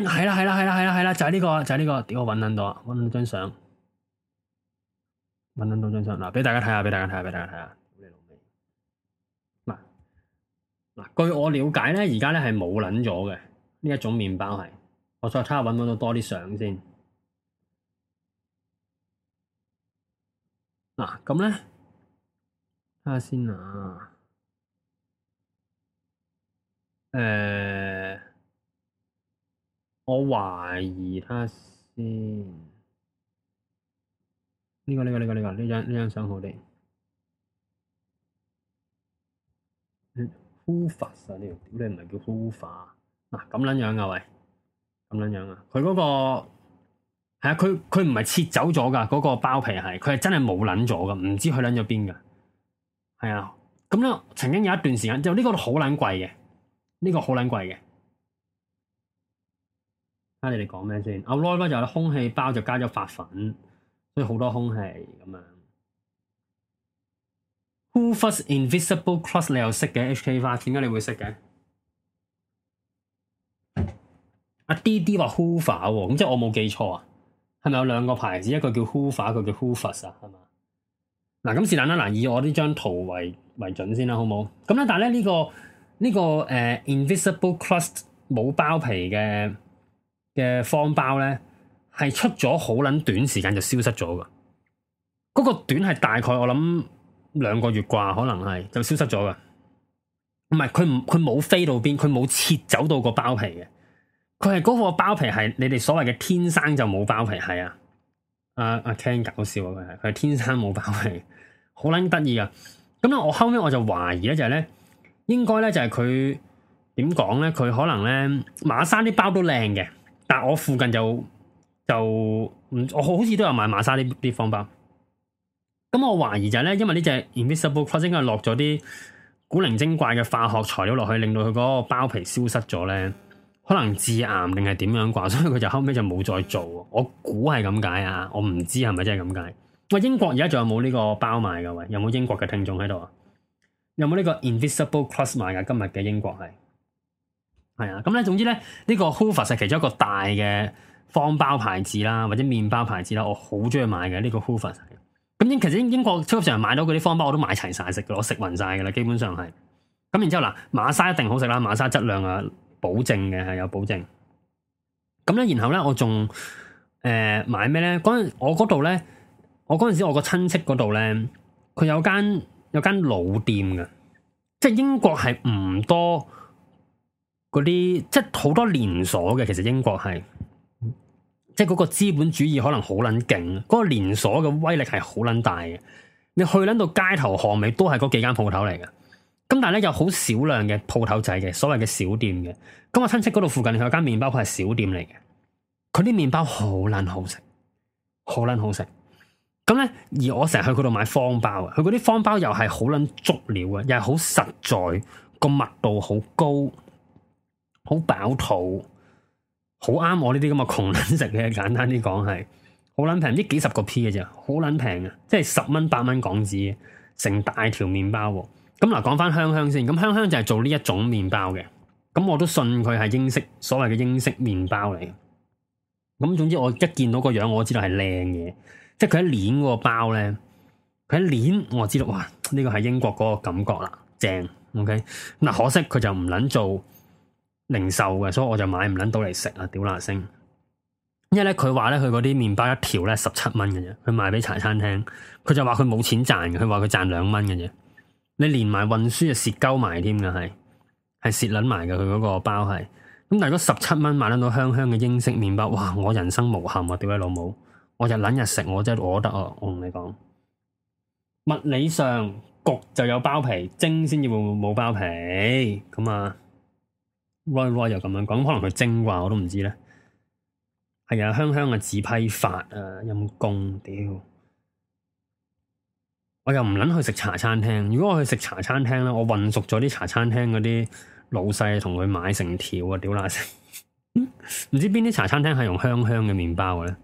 係啦，係啦、啊，係啦，係啦，係啦，就係呢個，就係呢個，屌，我搵到，搵到張相，搵到張相嗱，俾大家睇下，畀大家睇下，畀大家睇下。屌你老味嗱嗱，據我了解咧，而家咧係冇撚咗嘅呢一種麵包係，我再睇下揾唔到多啲相先。嗱，咁咧，睇下先啊。誒。看看我懷疑他先，呢、這個呢、這個呢、這個呢、這個呢張呢張相好啲。護髮素呢條屌，你唔係叫護髮、啊，嗱咁撚樣噶喂，咁撚樣、那個、啊。佢嗰個係啊，佢佢唔係切走咗噶，嗰、這個包皮係，佢係真係冇撚咗噶，唔知佢撚咗邊噶，係啊，咁樣曾經有一段時間就呢個好撚貴嘅，呢、這個好撚貴嘅。這個睇你哋講咩先？牛窩就係空氣包，就加咗發粉，所以好多空氣咁樣。Who Fuss Invisible Crust 你又識嘅？HK 花點解你會識嘅？阿、啊、D D 話 Who f a 喎，咁即係我冇記錯啊？係咪有兩個牌子？一個叫 Who f a 一個叫 Who Fuss 啊？係嘛？嗱、啊，咁是但啦，難以我呢張圖為為準先啦、啊，好唔好？咁咧，但咧呢、呢個呢、呢個誒、uh, Invisible Crust 冇包皮嘅。嘅方包咧，係出咗好捻短時間就消失咗噶。嗰、嗰個短係大概我諗兩個月啩，可能係就消失咗噶。唔係佢唔佢冇飛到邊，佢冇切走到個包皮嘅。佢係嗰個包皮係你哋所謂嘅天生就冇包皮，係啊。阿、啊、阿 Ken 搞笑啊佢係，佢係天生冇包皮，好捻得意啊。咁咧我後屘我就懷疑咧就係咧，應該咧就係佢點講咧，佢可能咧馬生啲包都靚嘅。但我附近就就我好似都有買馬莎呢啲方包，咁我懷疑就係咧，因為呢隻 invisible crossing 佢落咗啲古靈精怪嘅化學材料落去，令到佢嗰個包皮消失咗咧，可能致癌定係點樣啩？所以佢就後尾就冇再做。我估係咁解啊，我唔知係咪真係咁解。喂，英國而家仲有冇呢個包賣㗎？喂，有冇英國嘅聽眾喺度啊？有冇呢個 invisible cross 賣㗎？今日嘅英國係。係啊，咁咧，總之咧，呢、這個 Hoover 係其中一個大嘅方包牌子啦，或者麵包牌子啦，我好中意買嘅呢、這個 Hoover。咁英其實英英國超市買到嗰啲方包，我都買齊晒食嘅，我食匀晒噶啦，基本上係。咁然之後嗱，馬莎一定好食啦，馬莎質量啊保證嘅，係有保證。咁咧，然後咧，我仲誒、呃、買咩咧？嗰陣我嗰度咧，我嗰陣時我個親戚嗰度咧，佢有間有間老店嘅，即係英國係唔多。嗰啲即係好多連鎖嘅，其實英國係，即係嗰個資本主義可能好捻勁，嗰個連鎖嘅威力係好捻大嘅。你去捻到街頭巷尾都係嗰幾間鋪頭嚟嘅。咁但係咧，有好少量嘅鋪頭仔嘅，所謂嘅小店嘅。咁我親戚嗰度附近有間麵包鋪係小店嚟嘅，佢啲麵包好捻好食，好捻好食。咁咧，而我成日去佢度買方包啊，佢嗰啲方包又係好捻足料啊，又係好實在，個密度好高。好飽肚，好啱我呢啲咁嘅窮卵食嘅，簡單啲講係好卵平，呢幾十個 P 嘅咋，好卵平嘅，即係十蚊八蚊港紙，成大條麵包。咁、啊、嗱，講翻香香先，咁香香就係做呢一種麵包嘅，咁、啊、我都信佢係英式所謂嘅英式麵包嚟嘅。咁、啊、總之，我一見到個樣，我知道係靚嘢，即係佢喺捏嗰個包咧，佢喺捏，我就知道哇，呢、這個係英國嗰個感覺啦，正。OK，嗱、啊，可惜佢就唔卵做，零售嘅，所以我就買唔撚到嚟食啊！屌啦星，因為咧佢話咧佢嗰啲麵包一條咧十七蚊嘅啫，佢賣俾茶餐廳，佢就話佢冇錢賺嘅，佢話佢賺兩蚊嘅啫。你連埋運輸啊蝕鳩埋添嘅係，係蝕捻埋嘅佢嗰個包係。咁但係嗰十七蚊買得到香香嘅英式麵包，哇！我人生無憾啊！屌你老母，我就捻日食，我真係我得哦！我同你講，物理上焗就有包皮，蒸先至會冇包皮咁啊。why why 又咁樣，講可能佢精啩，我都唔知咧，係啊，香香嘅自批發啊陰功，屌，我又唔捻去食茶餐廳。如果我去食茶餐廳咧，我混熟咗啲茶餐廳嗰啲老細，同佢買成條啊屌爛聲，唔 知邊啲茶餐廳係用香香嘅麵包嘅咧？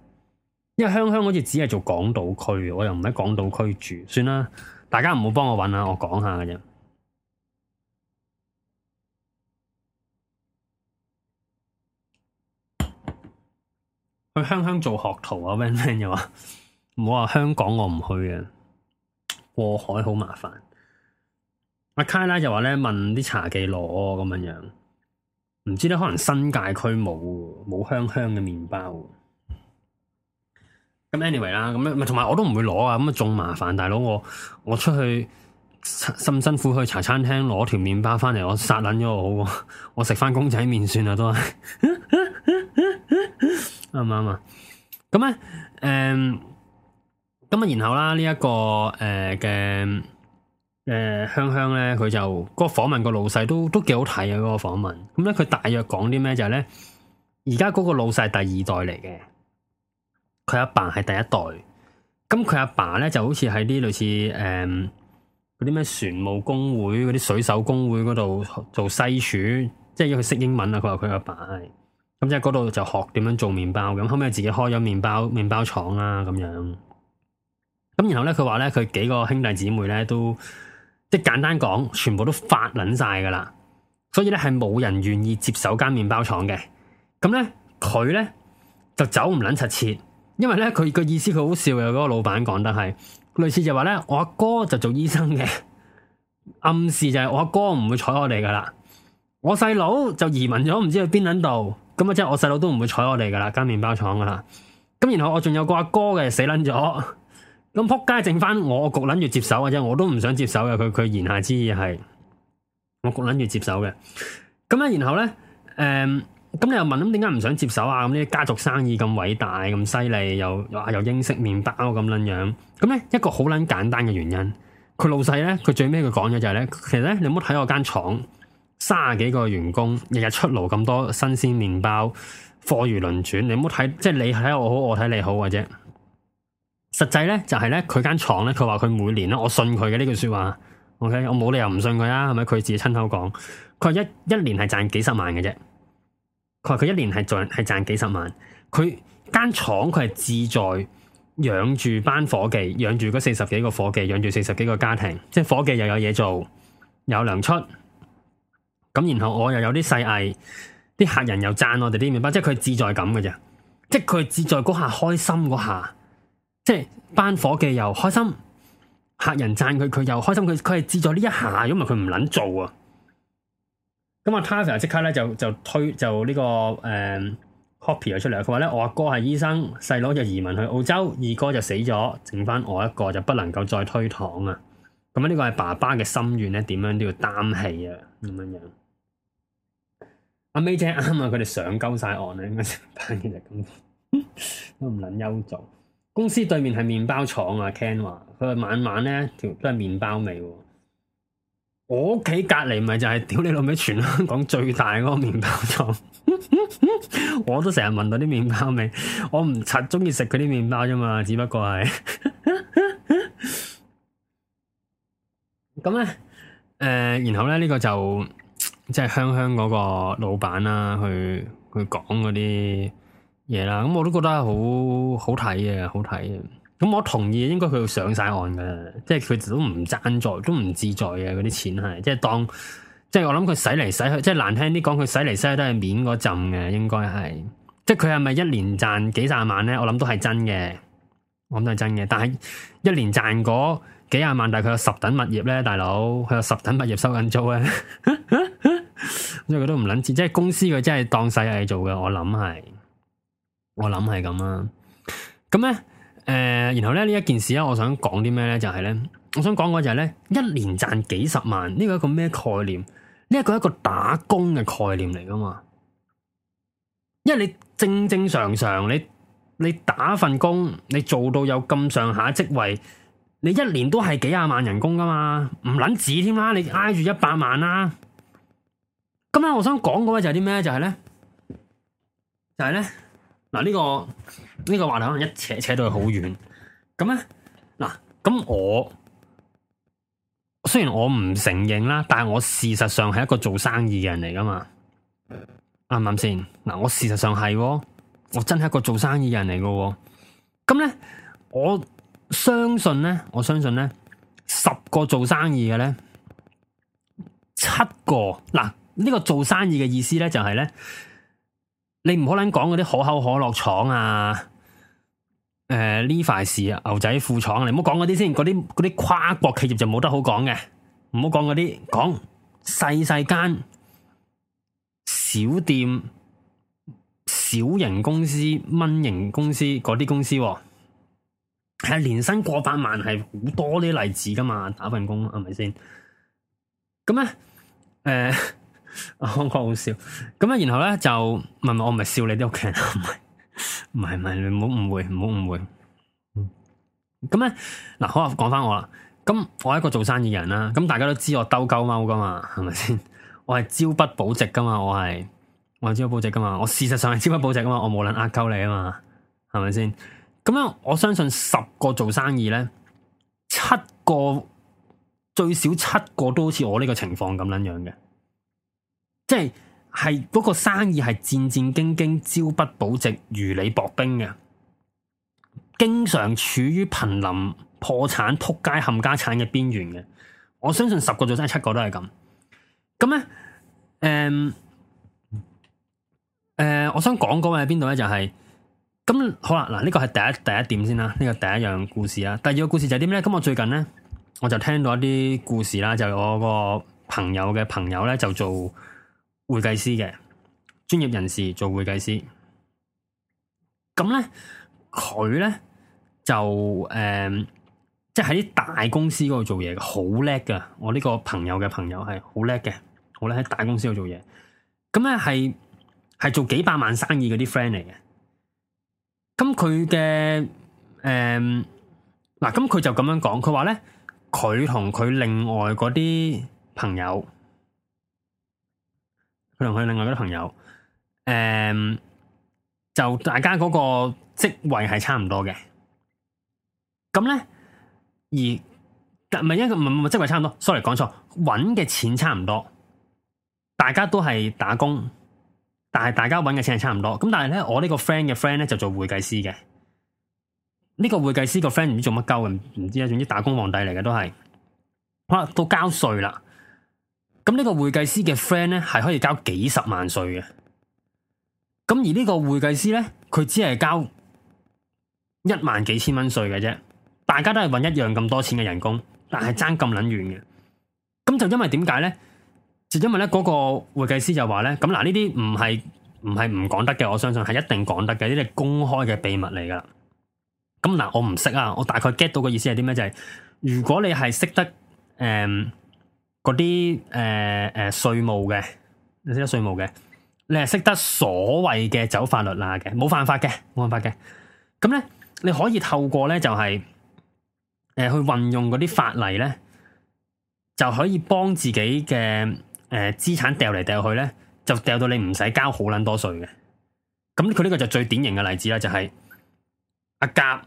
因為香香好似只係做港島區，我又唔喺港島區住，算啦。大家唔好幫我揾啊，我講下嘅啫。去香香做學徒啊！Van Van 又話唔好話香港我唔去啊。過海好麻煩。阿 Kayla 就話咧，問啲茶記攞咁樣樣，唔知咧，可能新界區冇冇香香嘅麵包。咁 Anyway 啦，咁咧咪同埋我都唔會攞啊，咁啊仲麻煩大佬，我我出去辛辛苦去茶餐廳攞條麵包翻嚟，我殺撚咗我好，我食翻公仔麵算啦都係。 啱唔啱啊？咁咧、嗯，誒、嗯，咁、嗯、啊，然後啦，呢、這、一個誒嘅誒香香咧，佢就、那個訪問個老細都都幾好睇啊！嗰、那個訪問，咁咧佢大約講啲咩就係咧，而家嗰個老細第二代嚟嘅，佢阿爸係第一代，咁佢阿爸咧就好似喺啲類似誒嗰啲咩船務工會、嗰啲水手工會嗰度做西廚，即係因為佢識英文啊！佢話佢阿爸係。咁即係嗰度就學點樣做麵包，咁後尾自己開咗麵包麵包廠啦、啊，咁樣。咁然後咧，佢話咧佢幾個兄弟姊妹咧都，即係簡單講，全部都發捻晒噶啦。所以咧係冇人願意接手間麵包廠嘅。咁咧佢咧就走唔捻七切，因為咧佢個意思佢好笑嘅，嗰、這個老闆講得係，類似就話咧我阿哥就做醫生嘅，暗示就係我阿哥唔會睬我哋噶啦。我細佬就移民咗，唔知去邊捻度。咁啊，即係我細佬都唔會睬我哋噶啦，間麵包廠噶啦。咁然後我仲有個阿哥嘅死撚咗，咁仆街，剩翻我焗捻住接手啊！即係我都唔想接手嘅，佢佢言下之意係我焗捻住接手嘅。咁咧，然後咧，誒、嗯，咁你又問咁點解唔想接手啊？咁呢啲家族生意咁偉大咁犀利，又又英式麵包咁捻樣，咁咧一個好捻簡單嘅原因，佢老細咧，佢最尾佢講咗就係、是、咧，其實咧你唔好睇我間廠。卅幾個員工日日出爐咁多新鮮麵包，貨如輪轉。你唔好睇，即係你睇我好，我睇你好嘅啫。實際呢，就係呢，佢間廠呢，佢話佢每年咧，我信佢嘅呢句說話。OK，我冇理由唔信佢啊，係咪？佢自己親口講，佢話一一年係賺幾十萬嘅啫。佢話佢一年係賺係賺幾十萬，佢間廠佢係志在養住班伙計，養住嗰四十幾個伙計，養住四十幾個家庭，即係伙計又有嘢做，有糧出。咁然後我又有啲細藝，啲客人又讚我哋啲麵包，即係佢自在咁嘅啫，即係佢自在嗰下開心嗰下，即係班伙計又開心，客人讚佢佢又開心，佢佢係自在呢一下，因為佢唔捻做啊。咁啊 t a s r 就即刻咧就就推就、這個嗯、呢個誒 copy 又出嚟，佢話咧我阿哥係醫生，細佬就移民去澳洲，二哥就死咗，剩翻我一個就不能夠再推搪啊。咁、這、呢個係爸爸嘅心願咧，點樣都要擔起啊，咁樣樣。阿 May 姐啱啊，佢哋 上鳩晒岸啦，應該成班其實咁都唔捻憂做。公司對面係麵包廠啊，Ken 話佢話晚晚咧條都係麵包味喎。我屋企隔籬咪就係屌你老味，全香港最大嗰個麵包廠， 我都成日聞到啲麵包味。我唔柒中意食佢啲麵包啫嘛，只不過係咁咧。誒、 呃，然後咧呢、這個就。即係香香嗰個老闆、啊、啦，去去講嗰啲嘢啦，咁我都覺得好好睇嘅，好睇嘅。咁、嗯、我同意，應該佢上晒岸噶即係佢都唔贊助，都唔自在嘅嗰啲錢係，即係當，即係我諗佢使嚟使去，即係難聽啲講，佢使嚟使去都係面嗰陣嘅，應該係，即係佢係咪一年賺幾廿萬咧？我諗都係真嘅，我諗都係真嘅。但係一年賺嗰幾廿萬，佢有十等物業咧，大佬佢有十等物業收緊租咧。 因為佢都唔捻子，即係公司佢真係當細藝做嘅，我諗係，我諗係咁啦。咁咧，誒、呃，然後咧呢一件事咧、就是，我想講啲咩咧？就係咧，我想講嘅就係咧，一年賺幾十萬呢、這個一個咩概念？呢、這、一個一個打工嘅概念嚟噶嘛？因為你正正常常，你你打份工，你做到有咁上下職位，你一年都係幾廿萬人工噶嘛？唔捻子添啦，你挨住一百萬啦、啊。今日、嗯、我想講嘅就係啲咩？就係、是、咧，就係、是、咧，嗱呢個呢個話題可能一扯扯到去好遠。咁咧，嗱咁我雖然我唔承認啦，但係我事實上係一個做生意嘅人嚟噶嘛。啱唔啱先？嗱，我事實上係、哦，我真係一個做生意嘅人嚟噶。咁咧，我相信咧，我相信咧，十個做生意嘅咧，七個嗱。呢個做生意嘅意思咧，就係咧，你唔好撚講嗰啲可口可樂廠啊，誒 Levi's 牛仔褲廠、啊，你唔好講嗰啲先，嗰啲嗰啲跨國企業就冇得好講嘅，唔好講嗰啲，講細細間小店、小型公司、蚊型公司嗰啲公司、啊，係年薪過百萬係好多啲例子噶嘛，打份工係咪先？咁咧，誒。呃我好笑，咁啊，然後咧就唔係我唔係笑你啲屋企人，唔係唔係唔係，你唔好誤會，唔好誤會。咁咧嗱，好啊，講翻我啦。咁我係一個做生意人啦，咁大家都知我兜鳩踎噶嘛，係咪先？我係朝不保夕噶嘛，我係我係朝不保夕噶嘛，我事實上係朝不保夕噶嘛，我冇捻呃鳩你啊嘛，係咪先？咁樣我相信十個做生意咧，七個最少七個都好似我呢個情況咁樣樣嘅。即係係嗰個生意係戰戰兢兢、朝不保夕、如履薄冰嘅，經常處於瀕臨破產、撲街冚家產嘅邊緣嘅。我相信十個做生意七個都係咁。咁咧，誒、嗯，誒、嗯嗯，我想講講喺邊度咧，就係、是、咁好啦。嗱，呢個係第一第一點先啦，呢個第一樣故事啊。第二個故事就係啲咩咧？咁我最近咧，我就聽到一啲故事啦，就係我個朋友嘅朋友咧就做。會計師嘅專業人士做會計師，咁咧佢咧就誒、呃，即係喺大公司嗰度做嘢，好叻㗎。我呢個朋友嘅朋友係好叻嘅，好叻喺大公司度做嘢。咁咧係係做幾百萬生意嗰啲 friend 嚟嘅。咁佢嘅誒嗱，咁、呃、佢就咁樣講，佢話咧佢同佢另外嗰啲朋友。佢同佢另外嗰啲朋友，誒、嗯，就大家嗰個職位係差唔多嘅。咁咧，而唔係一個唔唔職位差唔多，sorry 講錯，搵嘅錢差唔多，大家都係打工，但係大家搵嘅錢係差唔多。咁但係咧，我個呢個 friend 嘅 friend 咧就做會計師嘅，呢、呢個會計師個 friend 唔知做乜鳩嘅，唔知啊，總之打工皇帝嚟嘅都係，好啦，到交稅啦。咁呢個會計師嘅 friend 咧，係可以交幾十萬稅嘅，咁而呢個會計師咧，佢只係交一萬幾千蚊稅嘅啫，大家都係搵一樣咁多錢嘅人工，但係爭咁撚遠嘅，咁就因為點解咧？就因為咧嗰、那個會計師就話咧，咁嗱呢啲唔係唔係唔講得嘅，我相信係一定講得嘅，呢啲係公開嘅秘密嚟噶。咁嗱，我唔識啊，我大概 get 到個意思係點咧？就係、是，如果你係識得誒。嗯嗰啲誒誒稅務嘅，你識得稅務嘅，你係識得所謂嘅走法律罅嘅，冇辦法嘅，冇辦法嘅。咁咧，你可以透過咧就係、是、誒、呃、去運用嗰啲法例咧，就可以幫自己嘅誒資產掉嚟掉去咧，就掉到你唔使交好捻多稅嘅。咁佢呢個就最典型嘅例子啦，就係、是、阿甲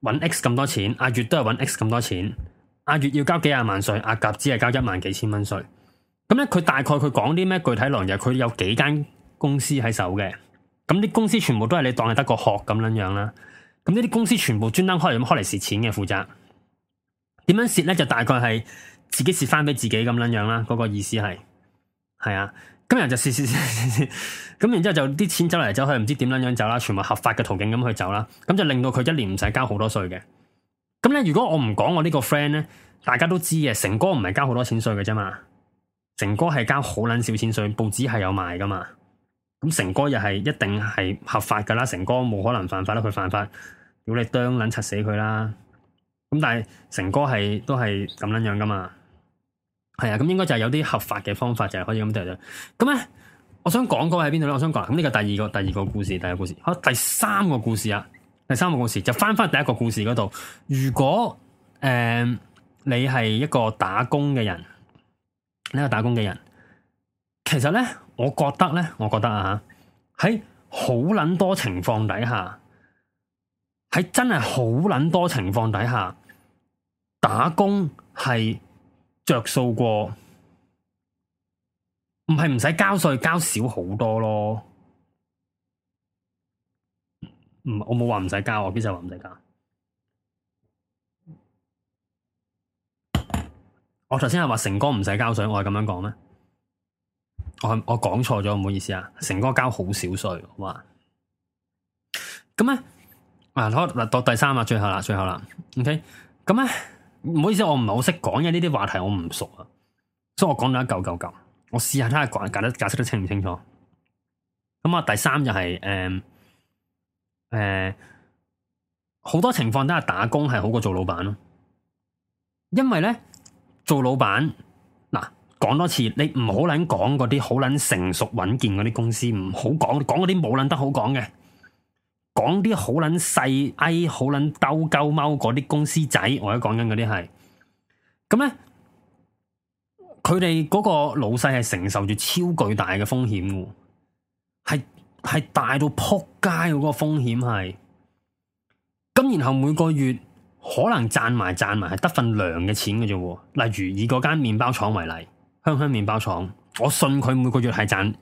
搵 X 咁多錢，阿月都係搵 X 咁多錢。阿月要交幾廿萬稅，阿甲只係交一萬幾千蚊稅。咁咧，佢大概佢講啲咩具體內容？佢有幾間公司喺手嘅，咁啲公司全部都係你當係得個殼咁樣樣啦。咁呢啲公司全部專登開嚟咁開嚟蝕錢嘅，負責點樣蝕咧？就大概係自己蝕翻俾自己咁樣樣啦。嗰個意思係係啊。今日就蝕蝕蝕蝕，咁 然之後就啲錢走嚟走去，唔知點樣樣走啦。全部合法嘅途徑咁去走啦，咁就令到佢一年唔使交好多稅嘅。咁咧，如果我唔講我呢個 friend 咧，大家都知嘅。成哥唔係交好多錢稅嘅啫嘛，成哥係交好捻少錢稅，報紙係有賣噶嘛。咁成哥又係一定係合法噶啦，成哥冇可能犯法啦，佢犯法，如果你啄捻柒死佢啦。咁但係成哥係都係咁捻樣噶嘛，係啊。咁應該就係有啲合法嘅方法，就係、是、可以咁對咗。咁咧，我想講嗰位喺邊度咧？我想講，咁呢個第二個第二個故事，第二個故事，好、啊、第三個故事啊。第三個故事就翻翻第一個故事嗰度。如果誒、呃、你係一個打工嘅人，呢個打工嘅人，其實咧，我覺得咧，我覺得啊，喺好捻多情況底下，喺真係好捻多情況底下，打工係着數過，唔係唔使交稅，交少好多咯。我冇話唔使交，我幾時話唔使交？我頭先係話成哥唔使交稅，我係咁樣講咩？我我講錯咗，唔好意思啊！成哥交好少稅好嘛？咁咧，啊，好嗱到第三啦，最後啦，最後啦，OK，咁咧，唔好意思，我唔係好識講嘅呢啲話題，我唔熟啊，所以我講咗一嚿嚿嚿，我試下睇下解解得解釋得清唔清楚。咁啊，第三就係、是、誒。嗯誒，好、嗯、多情況都係打工係好過做老闆咯，因為咧做老闆嗱，講多次，你唔好捻講嗰啲好捻成熟穩健嗰啲公司，唔好講講嗰啲冇捻得好講嘅，講啲好捻細埃、好捻兜鳩貓嗰啲公司仔，我而家講緊嗰啲係，咁咧佢哋嗰個老細係承受住超巨大嘅風險，係。係大到扑街嗰個風險係，咁然後每個月可能賺埋賺埋係得份糧嘅錢嘅啫。例如以嗰間麵包廠為例，香香麵包廠，我信佢每個月係賺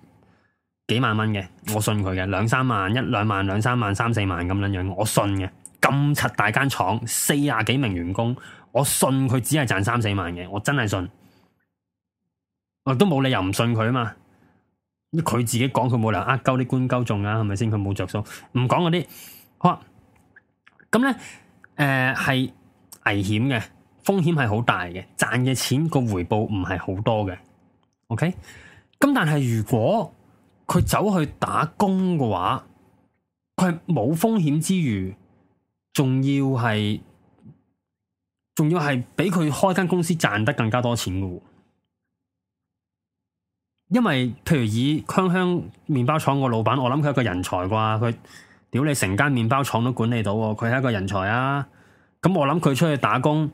幾萬蚊嘅，我信佢嘅兩三萬一兩萬兩三萬三四萬咁樣樣，我信嘅。咁柒大間廠四十幾名員工，我信佢只係賺三四萬嘅，我真係信，我都冇理由唔信佢啊嘛。佢自己講佢冇理由呃鳩啲官鳩中啊，係咪先？佢冇着數，唔講嗰啲。好啊，咁咧，誒、呃、係危險嘅，風險係好大嘅，賺嘅錢個回報唔係好多嘅。OK，咁但係如果佢走去打工嘅話，佢冇風險之餘，仲要係仲要係俾佢開間公司賺得更加多錢嘅。因為譬如以香香麵包廠個老闆，我諗佢係一個人才啩，佢屌你成間麵包廠都管理到，佢係一個人才啊！咁、嗯、我諗佢出去打工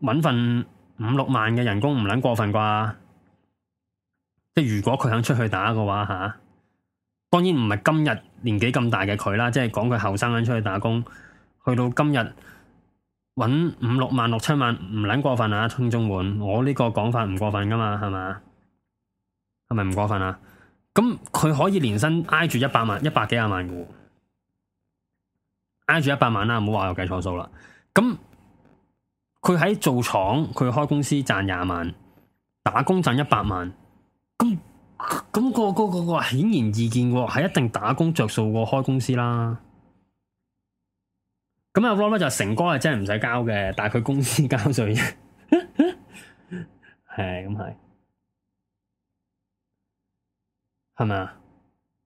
搵份五六萬嘅人工唔撚過分啩？即係如果佢肯出去打嘅話吓、啊，當然唔係今日年紀咁大嘅佢啦，即係講佢後生想出去打工，去到今日搵五六萬六七萬唔撚過分啊！聽眾們，我呢個講法唔過分噶嘛，係嘛？係咪唔過分啊？咁佢可以年薪挨住一百萬，一百幾廿萬挨住一百萬啦，唔好話我計錯數啦。咁佢喺做廠，佢開公司賺廿萬，打工賺一百萬，咁咁、那個、那個、那個、那個、那個那個那個那個、顯然易見喎，係一定打工着數過開公司啦。咁阿羅咧就成哥係真係唔使交嘅，但係佢公司交稅啫， 係咁係。係咪啊？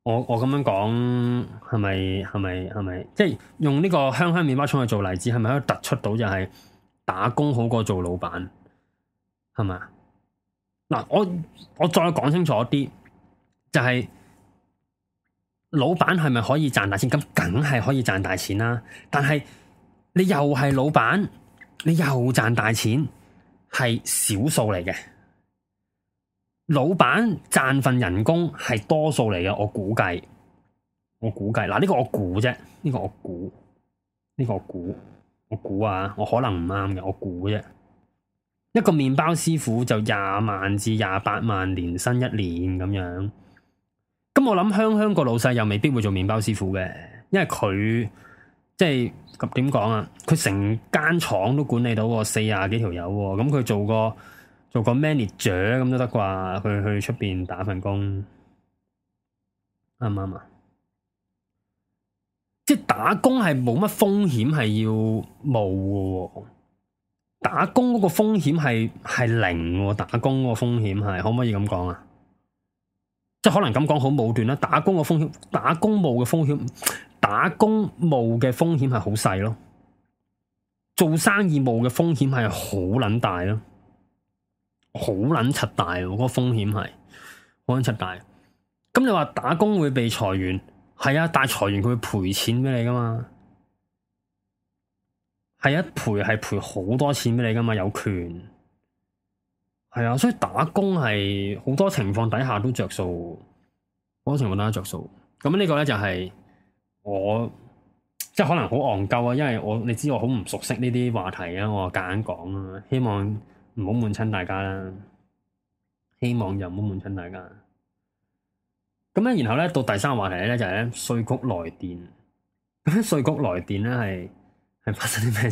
我我咁樣講，係咪係咪係咪？即係用呢個香香麵包廠去做例子，係咪可以突出到就係打工好過做老闆？係咪啊？嗱，我我再講清楚啲，就係老闆係咪可以賺大錢？咁梗係可以賺大錢啦。但係你又係老闆，你又賺大錢，係少數嚟嘅。老闆賺份人工係多數嚟嘅，我估計，我估計嗱，呢個我估啫，呢個我估，呢個我估，我估啊，我可能唔啱嘅，我估啫。一個麵包師傅就廿萬至廿八萬年薪一年咁樣，咁我諗香香個老細又未必會做麵包師傅嘅，因為佢即係點講啊？佢成間廠都管理到個四十幾條友喎，咁佢做個。做個 manager 咁都得啩？去去出邊打份工，啱唔啱啊？即係打工係冇乜風險係要冒嘅喎，打工嗰個風險係係零喎，打工嗰個風險係可唔可以咁講啊？即係可能咁講好冇斷啦，打工個風險，打工冒嘅風險，打工冒嘅風險係好細咯，做生意冒嘅風險係好捻大咯。好捻柒大，嗰個風險係好撚柒大。咁你話打工會被裁員，係啊，但係裁員佢會賠錢畀你噶嘛？係啊，賠係賠好多錢畀你噶嘛？有權，係啊，所以打工係好多情況底下都着數，好多情況底下着數。咁呢個咧就係、是、我即係可能好戇鳩啊，因為我你知我好唔熟悉呢啲話題啊，我夾硬講啊，希望。唔好悶親大家啦，希望就唔好悶親大家。咁咧，然後咧，到第三個話題咧，就係咧稅局來電。咁咧，稅局來電咧，係係發生啲咩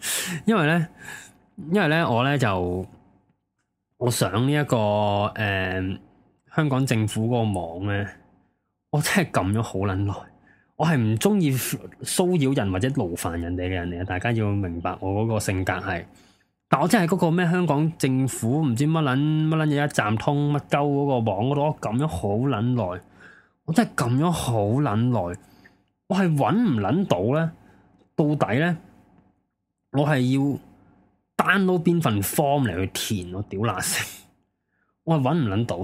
事 因呢？因為咧，因為咧，我咧就我上呢一個誒、呃、香港政府嗰個網咧，我真係撳咗好捻耐。我係唔中意騷擾人或者勞煩人哋嘅人嚟，大家要明白我嗰個性格係。但我真係嗰個咩香港政府唔知乜捻乜捻嘢一站通乜鳩嗰個網嗰度，我咁樣好捻耐，我真係咁樣好捻耐，我係揾唔捻到咧，到底咧，我係要 download 邊份 form 嚟去填我屌乸死，我係揾唔捻到，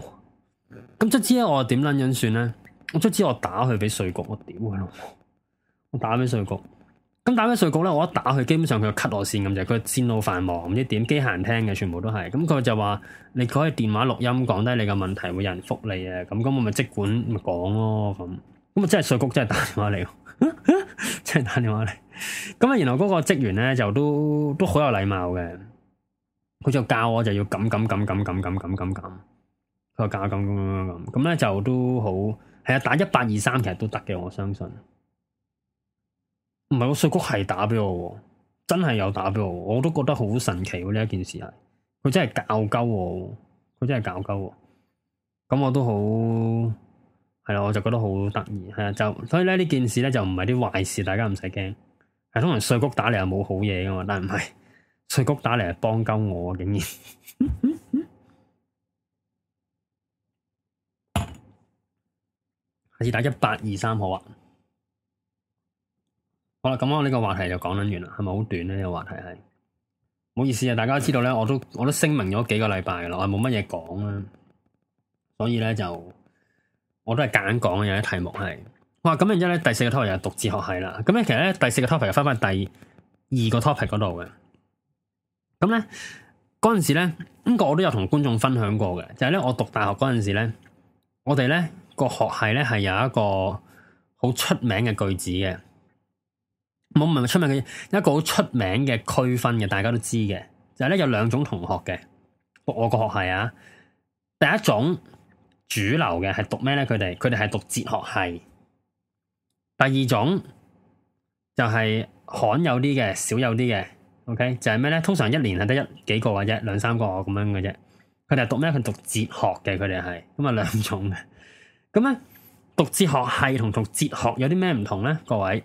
咁即係我點捻樣算咧？我即係我，我，我，我打去畀稅局，我屌佢啦，我打俾稅局。咁打俾稅局咧，我一打佢，基本上佢就 cut 我線咁就，佢線路繁忙，唔知點，機械人聽嘅，全部都係。咁佢就話，你可以電話錄音講，講低你嘅問題會有覆，會有人覆你啊。咁咁我咪即管咪講咯。咁咁啊，即係稅局真係打電話嚟，即 係打電話嚟。咁啊，然後嗰個職員咧就都都好有禮貌嘅，佢就教我就要咁咁咁咁咁咁咁咁咁。佢教我咁咁咁咁，咁咧就都好，係啊，打一八二三其實都得嘅，我相信。唔係，碎我稅局係打畀我，真係有打畀我，我都覺得好神奇喎、啊！呢一件事係，佢真係教鳩我，佢真係教鳩我，咁我都好係啦，我就覺得好得意，係啊，就所以咧呢件事呢，就唔係啲壞事，大家唔使驚。通常稅局打嚟係冇好嘢噶嘛但係唔係，稅局打嚟係幫鳩我，竟然。 下次打一八二三號啊！好啦，咁我呢個話題就講得完啦，係咪好短呢？呢個話題係，唔好意思啊，大家知道咧，我都我都聲明咗幾個禮拜嘅，我係冇乜嘢講啦，所以咧就我都係夾硬講嘅。有啲題目係，哇，咁然之後咧，第四個 topic 又讀哲學系啦。咁咧其實咧，第四個 topic 又翻返第二個 topic 嗰度嘅。咁咧嗰陣時咧，呢個我都有同觀眾分享過嘅，就係咧，我讀大學嗰陣時咧，我哋咧個學系咧係有一個好出名嘅句子嘅。冇唔係出名嘅，一個好出名嘅區分嘅，大家都知嘅。就係咧，有兩種同學嘅，我個學系啊。第一種主流嘅係讀咩咧？佢哋佢哋係讀哲學系。第二種就係、是、罕有啲嘅，少有啲嘅。OK，就係咩咧？通常一年係得一幾個或者兩三個咁樣嘅啫。佢哋係讀咩？佢讀哲學嘅，佢哋係咁啊，兩種嘅。咁 咧，讀哲學系同讀哲學有啲咩唔同咧？各位？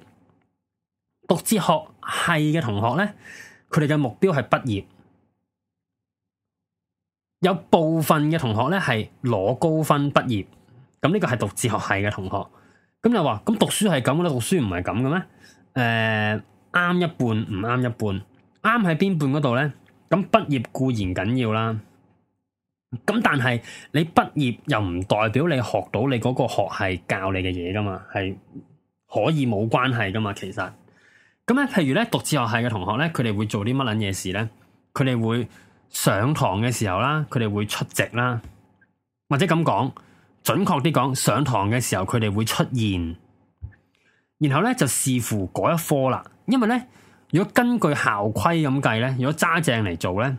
讀哲學系嘅同學咧，佢哋嘅目標係畢業。有部分嘅同學咧係攞高分畢業，咁呢個係讀哲學系嘅同學。咁又話，咁讀書係咁嘅啦，讀書唔係咁嘅咩？誒，啱一半唔啱一半，啱喺邊半嗰度咧？咁畢業固然緊要啦，咁但係你畢業又唔代表你學到你嗰個學系教你嘅嘢噶嘛，係可以冇關係噶嘛，其實。咁咧，譬如咧，讀哲學系嘅同學咧，佢哋會做啲乜捻嘢事咧？佢哋會上堂嘅時候啦，佢哋會出席啦，或者咁講，準確啲講，上堂嘅時候佢哋會出現，然後咧就視乎嗰一科啦。因為咧，如果根據校規咁計咧，如果揸正嚟做咧，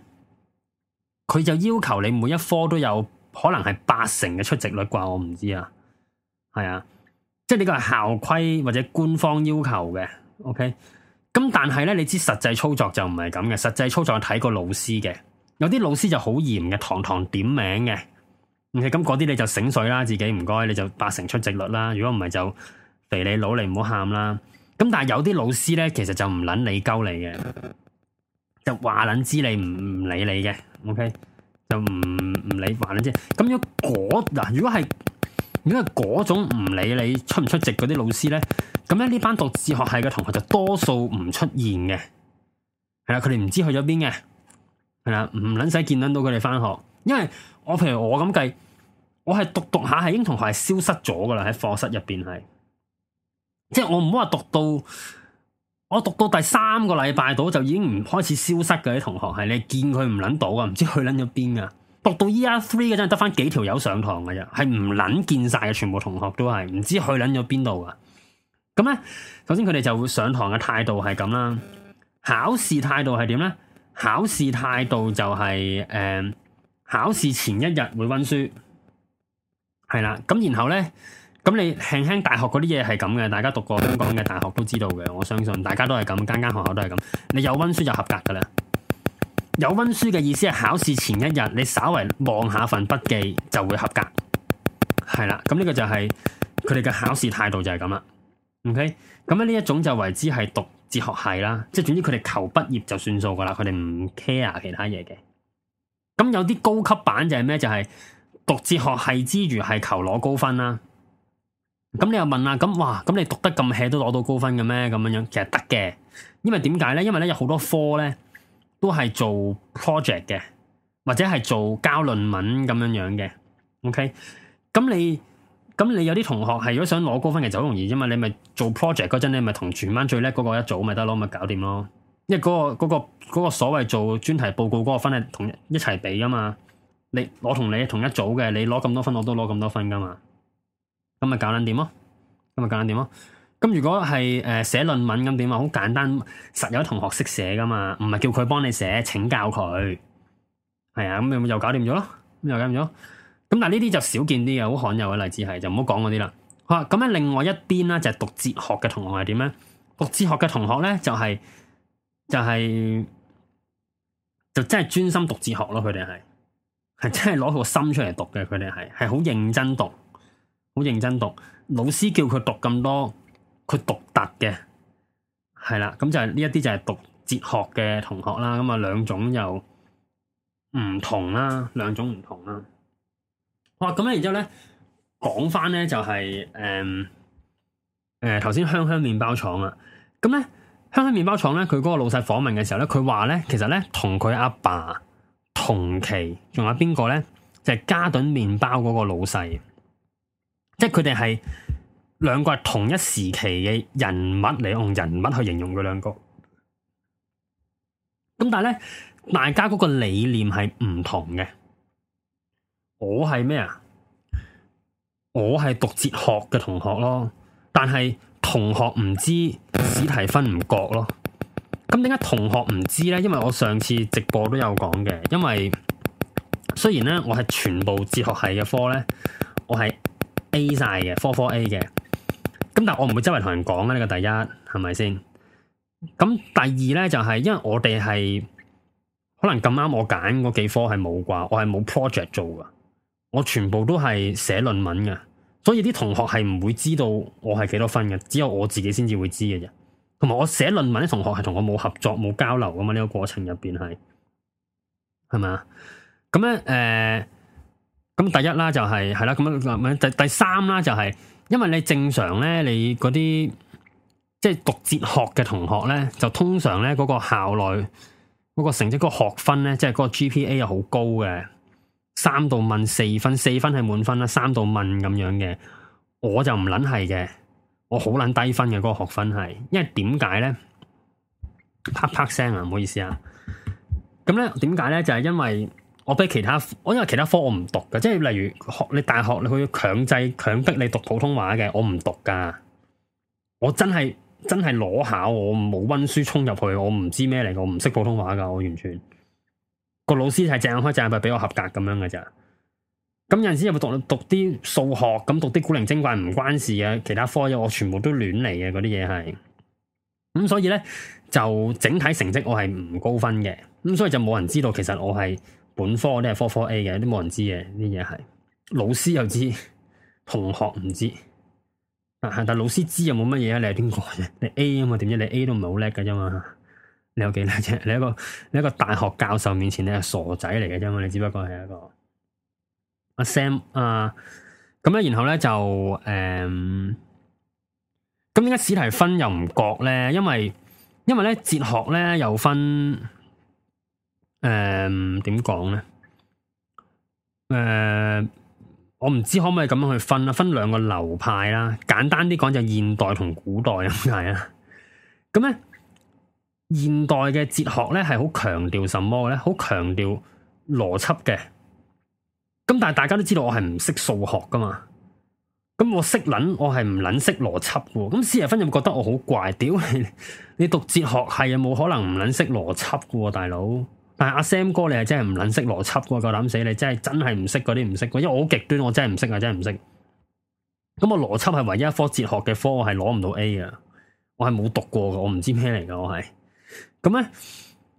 佢就要求你每一科都有可能係八成嘅出席率啩？我唔知啊，係啊，即係呢個係校規或者官方要求嘅，OK。咁但係咧，你知實際操作就唔係咁嘅。實際操作睇個老師嘅，有啲老師就好嚴嘅，堂堂點名嘅。咁嗰啲你就醒水啦，自己唔該，你就八成出席率啦。如果唔係就肥你老，你唔好喊啦。咁但係有啲老師咧，其實就唔捻你鳩你嘅，就話捻知你唔唔理你嘅。OK，就唔唔理話捻啫。咁如果嗱，如果係。如果係嗰種唔理你出唔出席嗰啲老師咧，咁咧呢班讀哲學系嘅同學就多數唔出現嘅，係啦，佢哋唔知去咗邊嘅，係啦，唔撚使見撚到佢哋翻學。因為我譬如我咁計，我係讀讀下，係已經同學係消失咗噶啦，喺課室入邊係，即係我唔好話讀到，我讀到第三個禮拜度就已經唔開始消失嘅啲同學，係你見佢唔撚到啊，唔知去撚咗邊噶。讀到 E.R. three 嗰陣，得翻幾條友上堂嘅啫，係唔捻見晒嘅，全部同學都係唔知去捻咗邊度啊！咁咧，首先佢哋就會上堂嘅態度係咁啦，考試態度係點咧？考試態度就係、是、誒、嗯，考試前一日會溫書，係啦。咁然後咧，咁你輕輕大學嗰啲嘢係咁嘅，大家讀過香港嘅大學都知道嘅，我相信大家都係咁，間間學校都係咁，你有溫書就合格噶啦。有温書嘅意思係考試前一日，你稍為望下份筆記就會合格，係啦。咁呢個就係佢哋嘅考試態度就係咁啦。OK，咁呢一種就為之係讀哲學係啦，即係總之佢哋求畢業就算數噶啦，佢哋唔 care 其他嘢嘅。咁有啲高級版就係咩？就係、是、讀哲學係之餘係求攞高分啦。咁你又問啦？咁哇，咁你讀得咁 hea 都攞到高分嘅咩？咁樣樣其實得嘅，因為點解呢？因為咧有好多科呢。都係做 project 嘅，或者係做交論文咁樣樣嘅，OK？咁你咁你有啲同學係如果想攞高分，其實好容易，啫嘛。你咪做 project 嗰陣，你咪同全班最叻嗰個一組咪得咯，咪搞掂咯。因為嗰、嗰個、嗰個、嗰個嗰個所謂做專題報告嗰個分係同一一齊俾噶嘛。你我同你同一組嘅，你攞咁多分，我都攞咁多分噶嘛。咁咪搞撚掂咯，咁咪搞撚掂咯。咁如果係誒寫論文咁點啊？好簡單，實有同學識寫噶嘛？唔係叫佢幫你寫，請教佢係啊。咁你又搞掂咗咯？咁又搞掂咗咯。咁但係呢啲就少見啲嘅，好罕有嘅例子係就唔好講嗰啲啦。吓咁喺另外一邊咧，就係、是、讀哲學嘅同學係點咧？讀哲學嘅同學咧就係、是、就係、是、就真係專心讀哲學咯。佢哋係係真係攞個心出嚟讀嘅。佢哋係係好認真讀，好認真讀。老師叫佢讀咁多。佢獨特嘅，係啦，咁就係呢一啲就係讀哲學嘅同學啦，咁啊兩種又唔同啦，兩種唔同啦。好，咁咧然之後咧，講翻咧就係誒誒頭先香香麵包廠啊，咁咧香香麵包廠咧，佢嗰個老細訪問嘅時候咧，佢話咧其實咧同佢阿爸同期，仲有邊個咧就係、是、嘉頓麵包嗰個老細，即係佢哋係。兩個係同一時期嘅人物嚟，你用人物去形容佢兩個。咁但係咧，大家嗰個理念係唔同嘅。我係咩啊？我係讀哲學嘅同學咯。但係同學唔知史提芬唔覺咯。咁點解同學唔知咧？因為我上次直播都有講嘅。因為雖然咧，我係全部哲學系嘅科咧，我係 A 晒嘅科科 A 嘅。咁但我唔會周圍同人講啊，呢、這個第一係咪先？咁第二呢，就係、是，因為我哋係可能咁啱我揀嗰幾科係冇啩，我係冇 project 做噶，我全部都係寫論文噶，所以啲同學係唔會知道我係幾多分嘅，只有我自己先至會知嘅啫。同埋我寫論文啲同學係同我冇合作冇交流噶嘛，呢、這個過程入邊係，係咪啊？咁咧，誒，咁、呃、第一啦就係係啦，咁樣第第三啦就係、是。因為你正常咧，你嗰啲即係讀哲學嘅同學咧，就通常咧嗰個校內嗰個成績、嗰個學分咧，即係嗰個 GPA 又好高嘅，三度問四分，四分係滿分啦，三度問咁樣嘅。我就唔捻係嘅，我好捻低分嘅嗰個學分係，因為點解咧？啪啪聲啊，唔好意思啊。咁咧，點解咧？就係因為。我俾其他，我因為其他科我唔讀嘅，即係例如學你大學，佢要強制強迫你讀普通話嘅，我唔讀噶。我真係真係裸考，我冇溫書沖入去，我唔知咩嚟，我唔識普通話噶，我完全個老師係隻眼開隻眼閉俾我合格咁樣嘅咋。咁有陣時又會讀讀啲數學，咁讀啲古靈精怪唔關事嘅其他科，我全部都亂嚟嘅嗰啲嘢係。咁、嗯、所以咧，就整體成績我係唔高分嘅，咁、嗯、所以就冇人知道其實我係。本科嗰啲係科科 A 嘅，都冇人知嘅啲嘢係，老師又知，同學唔知。但係老師知又冇乜嘢啊，你係邊個啫？你 A 啊嘛，點知你 A 都唔係好叻嘅啫嘛，你有幾叻啫？你一個你一個大學教授面前，你係傻仔嚟嘅啫嘛，你只不過係一個阿、啊、Sam 啊。咁咧，然後咧就誒，咁點解史提芬又唔覺咧？因為因為咧哲學咧又分。誒，點講咧？誒、哎呃，我唔知可唔可以咁樣去分啦、啊，分兩個流派啦。簡單啲講就現代同古代咁解啦。咁咧，現代嘅哲學咧係好強調什麼咧？好強調邏輯嘅。咁但係大家都知道我係唔識數學噶嘛？咁我識諗，我係唔撚識邏輯嘅。咁史提芬有冇覺得我好怪，屌你讀哲學係啊，冇可能唔撚識邏輯嘅喎，大佬。但係阿 Sam 哥，你你，你係真係唔捻識邏輯個，膽死你真係真係唔識嗰啲唔識，因為我好極端，我真係唔識啊，真係唔識。咁我邏輯係唯一一科哲學嘅科，我係攞唔到 A 嘅，我係冇讀過嘅，我唔知咩嚟嘅，我係咁咧。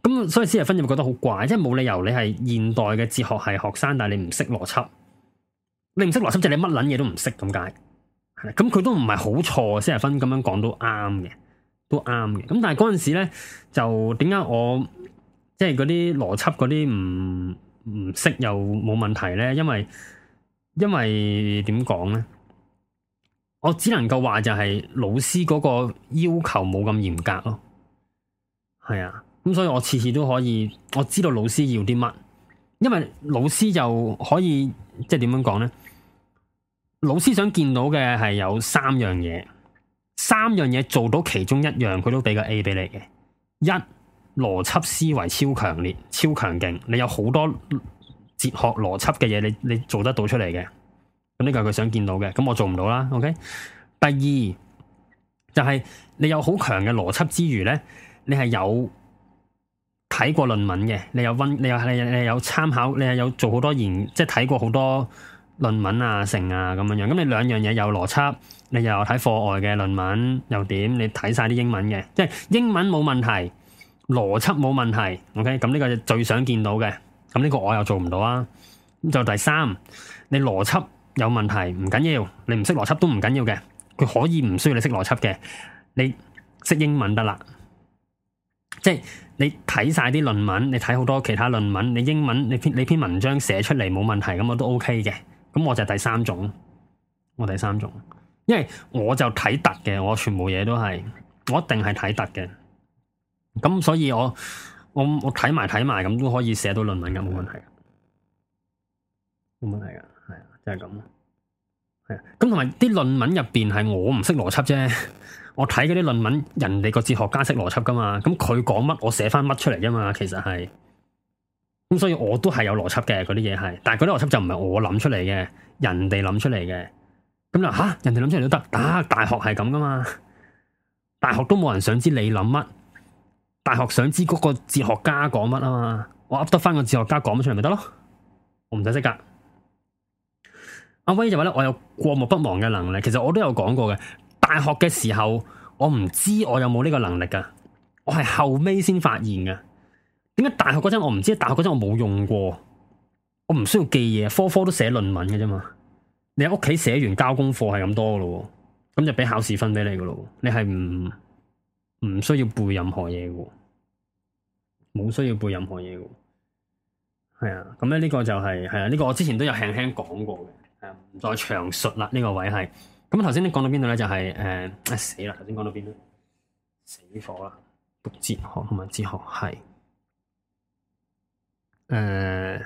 咁所以史提芬就覺得好怪，即係冇理由你係現代嘅哲學系學生，但係你唔識邏輯，你唔識邏輯即係你乜捻嘢都唔識咁解。咁佢都唔係好錯，史提芬咁樣講都啱嘅，都啱嘅。咁但係嗰陣時咧，就點解我？即係嗰啲邏輯嗰啲唔，唔識又冇問題咧，因為因為點講咧？我只能夠話就係老師嗰個要求冇咁嚴格咯、哦。係啊，咁所以我次次都可以，我知道老師要啲乜，因為老師就可以即係點樣講咧？老師想見到嘅係有三樣嘢，三樣嘢做到其中一樣佢都俾個 A 俾你嘅一。邏輯思維超強烈、超強勁。你有好多哲學邏輯嘅嘢，你你做得到出嚟嘅。呢個係佢想見到嘅。咁我做唔到啦。OK，第二就係、是、你有好強嘅邏輯之餘呢，你係有睇過論文嘅，你有溫，你有你你有參考，你係有做好多研，即係睇過好多論文啊、成啊咁樣樣。咁你兩樣嘢有邏輯，你又睇課外嘅論文又點？你睇晒啲英文嘅，即係英文冇問題。邏輯冇問題，OK，咁呢個最想見到嘅，咁呢個我又做唔到啊。咁就第三，你邏輯有問題唔緊要，你唔識邏輯都唔緊要嘅，佢可以唔需要你識邏輯嘅，你識英文得啦。即係你睇晒啲論文，你睇好多其他論文，你英文你篇你篇文章寫出嚟冇問題，咁我都 OK 嘅。咁我就第三種，我第三種，因為我就睇 text 嘅，我全部嘢都係，我一定係睇 text 嘅。咁所以我，我我我睇埋睇埋，咁都可以寫到論文噶，冇問題。冇 問題噶，係啊，就係咁咯。係啊，咁同埋啲論文入邊係我唔識邏輯啫。我睇嗰啲論文，人哋個哲學家識邏輯噶嘛。咁佢講乜，我寫翻乜出嚟啫嘛。其實係咁，所以我都係有邏輯嘅嗰啲嘢係，但係嗰啲邏輯就唔係我諗出嚟嘅，人哋諗出嚟嘅。咁就吓，啊、人哋諗出嚟都得，打、啊、大學係咁噶嘛。大學都冇人想知你諗乜。大學想知嗰個哲學家講乜啊嘛，我噏得翻個哲學家講出嚟咪得咯，我唔使識噶。阿威就話咧，我有過目不忘嘅能力。其實我都有講過嘅，大學嘅時候我唔知我有冇呢個能力噶,我係後尾先發現嘅。點解大學嗰陣我唔知？大學嗰陣我冇用過，我唔需要記嘢，科科都寫論文嘅啫嘛。你喺屋企寫完交功課係咁多噶咯，咁就俾考試分俾你噶咯。你係唔？唔需要背任何嘢嘅，冇需要背任何嘢嘅，係啊。咁咧呢個就係、是、係啊，呢、這個我之前都有輕輕講過嘅，係啊，唔再詳述啦。呢、這個位係咁、嗯就是呃、啊。頭先你講到邊度咧？就係誒，死啦！頭先講到邊啦？死火啦！讀哲學同埋哲學系誒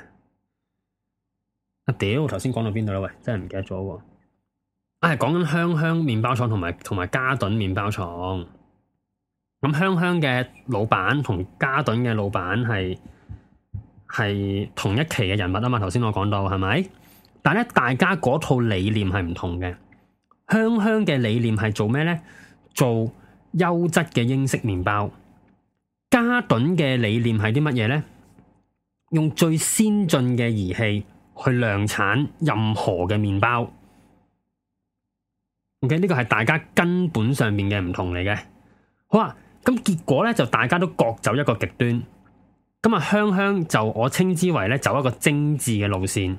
阿屌！我頭先講到邊度啦？喂，真係唔記得咗喎。啊，哎、講緊香香麵包廠同埋同埋嘉頓麵包廠。咁香香嘅老闆同嘉頓嘅老闆係係同一期嘅人物啊嘛，頭先我講到係咪？但係咧，大家嗰套理念係唔同嘅。香香嘅理念係做咩咧？做優質嘅英式麵包。嘉頓嘅理念係啲乜嘢咧？用最先進嘅儀器去量產任何嘅麵包。OK，呢個係大家根本上面嘅唔同嚟嘅。好啊。咁結果咧就大家都各走一個極端，咁啊香香就我稱之為咧走一個精緻嘅路線，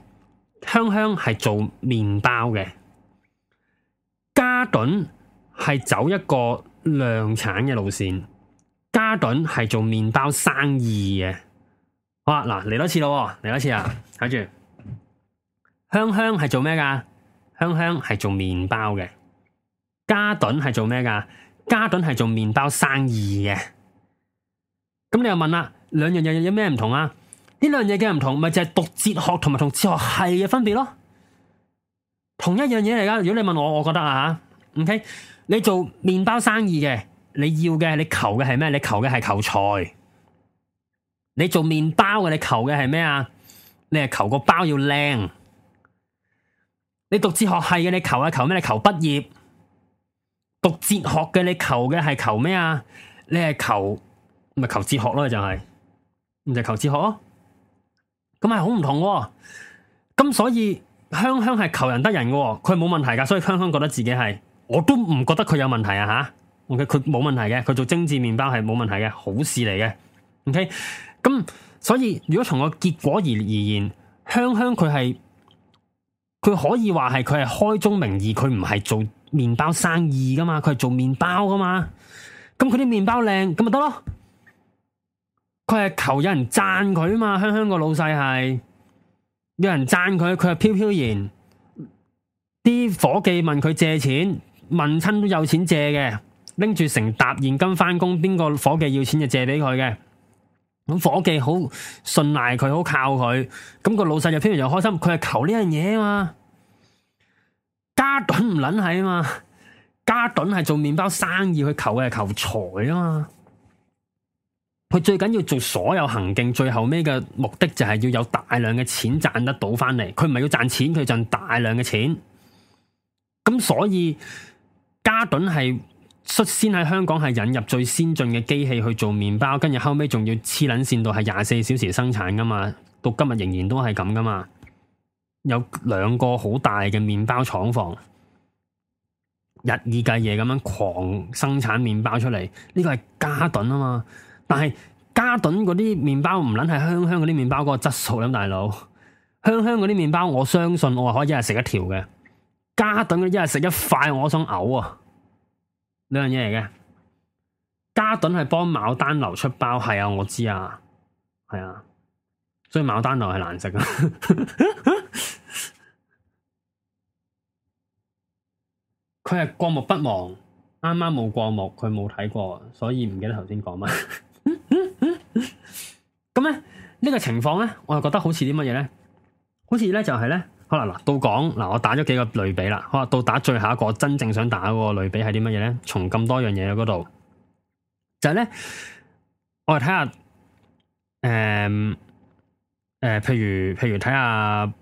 香香係做麵包嘅，嘉頓係走一個量產嘅路線，嘉頓係做麵包生意嘅。好啊，嗱嚟多次咯，嚟多次啊，睇住香香係做咩㗎？香香係做，做麵包嘅，嘉頓係做咩㗎？嘉頓係做麵包生意嘅，咁你又問啦，兩樣嘢有咩唔同啊？呢兩樣嘢嘅唔同，咪就係讀哲學同埋同哲學系嘅分別咯。同一樣嘢嚟噶。如果你問我，我覺得啊，吓，OK，你做麵包生意嘅，你要嘅，你求嘅係咩？你求嘅係求財。你做麵包嘅，你求嘅係咩啊？你係求個包要靚。你讀哲學系嘅，你求係求咩？你求畢業。讀哲學嘅你求嘅係求咩啊？你係求咪求哲學咯？就係唔就係求哲學咯？咁係好唔同、哦。咁所以香香係求人得人嘅、哦，佢係冇問題噶。所以香香覺得自己係，我都唔覺得佢有問題啊。吓，OK，佢冇問題嘅，佢做精致麵包係冇問題嘅，好事嚟嘅。OK，咁所以如果從個結果而而言，香香佢係佢可以話係佢係開宗明義，佢唔係做。麵包生意噶嘛，佢係做麵包噶嘛，咁佢啲麵包靚，咁咪得咯。佢係求有人讚佢啊嘛，香香個老細係有人讚佢，佢係飄飄然。啲伙計問佢借錢，問親都有錢借嘅，拎住成沓現金翻工，邊個伙計要錢就借俾佢嘅。咁伙計好信賴佢，好靠佢，咁個老細又飄又開心，佢係求呢樣嘢啊嘛。嘉頓唔撚係啊嘛，嘉頓係做麵包生意，去求嘅求財啊嘛，佢最緊要做所有行徑，最後尾嘅目的就係要有大量嘅錢賺得到翻嚟，佢唔係要賺錢，佢賺大量嘅錢。咁所以嘉頓係率先喺香港係引入最先進嘅機器去做麵包，跟住後尾仲要黐撚線到係廿四小時生產噶嘛，到今日仍然都係咁噶嘛。有兩個好大嘅麵包廠房，日以繼夜咁樣狂生產麵包出嚟。呢、這個係嘉頓啊嘛，但係嘉頓嗰啲麵包唔撚係香香嗰啲麵包嗰個質素咁，大佬香香嗰啲麵包我相信我可以一日食一條嘅，嘉頓嘅一日食一塊我想嘔啊！兩樣嘢嚟嘅，嘉頓係幫牡丹樓出包，係啊，我知啊，係啊，所以牡丹樓係難食啊。佢係過目不忘，啱啱冇過目，佢冇睇過，所以唔記得頭先講乜。咁 咧、嗯嗯嗯嗯、呢、這個情況咧，我就覺得好似啲乜嘢咧？好似咧就係、是、咧，好啦嗱，到講嗱，我打咗幾個類比啦，好啦，到打最後一個真正想打嗰個類比係啲乜嘢咧？從咁多樣嘢嗰度，就係、是、咧，我哋睇下，誒、呃，誒、呃，譬如譬如睇下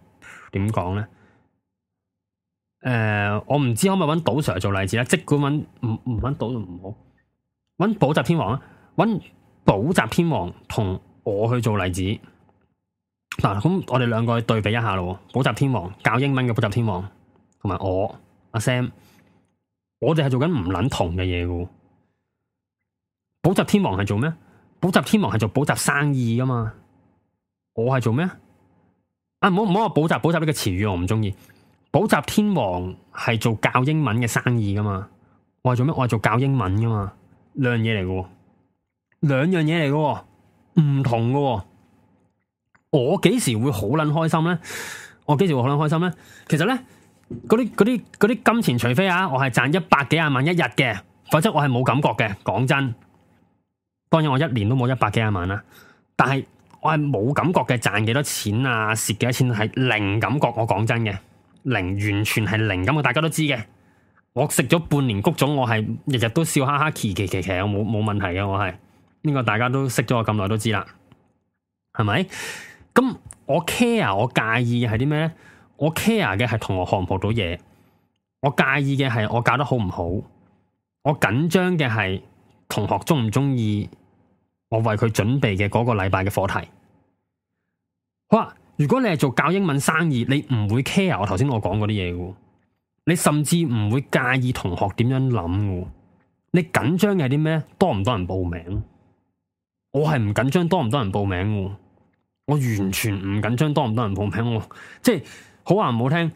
點講咧？誒、呃，我唔知可唔可以搵賭 Sir 嚟做例子啦，即管搵唔唔搵賭都唔好，搵補習天王啦，搵補習天王同我去做例子。嗱、啊，咁我哋兩個去對比一下咯。補習天王教英文嘅補習天王，同埋我阿 Sam，我哋係做緊唔卵同嘅嘢噶。補習天王係做咩？補習天王係做補習生意噶嘛？我係做咩啊？啊，唔好唔好話補習補習呢個詞語，我唔中意。補習天王係做教英文嘅生意噶嘛？我係做咩？我係做教英文噶嘛？兩樣嘢嚟嘅，兩樣嘢嚟嘅，唔同嘅，哦。我幾時會好捻開心咧？我幾時會好捻開心咧？其實咧，嗰啲啲啲金錢，除非啊，我係賺一百幾廿萬一日嘅，否則我係冇感覺嘅。講真，當然我一年都冇一百幾廿萬啦，但係我係冇感覺嘅，賺幾多錢啊？蝕幾多錢係零感覺。我講真嘅。零，完全係零咁啊！大家都知嘅。我食咗半年谷種，我係日日都笑哈哈，奇奇奇奇，冇冇問題嘅。我係呢、這個大家都識咗我咁耐都知啦，係咪？咁我 care 我介意嘅係啲咩咧？我 care 嘅係同學學唔學到嘢，我介意嘅係我教得好唔好，我緊張嘅係同學鍾唔鍾意我為佢準備嘅嗰個禮拜嘅課題。好、啊！如果你係做教英文生意，你唔會 care 我頭先我講嗰啲嘢噶，你甚至唔會介意同學點樣諗噶。你緊張嘅係啲咩？多唔多人報名？我係唔緊張多唔多人報名噶，我完全唔緊張多唔多人報名噶。我即係好話唔好聽，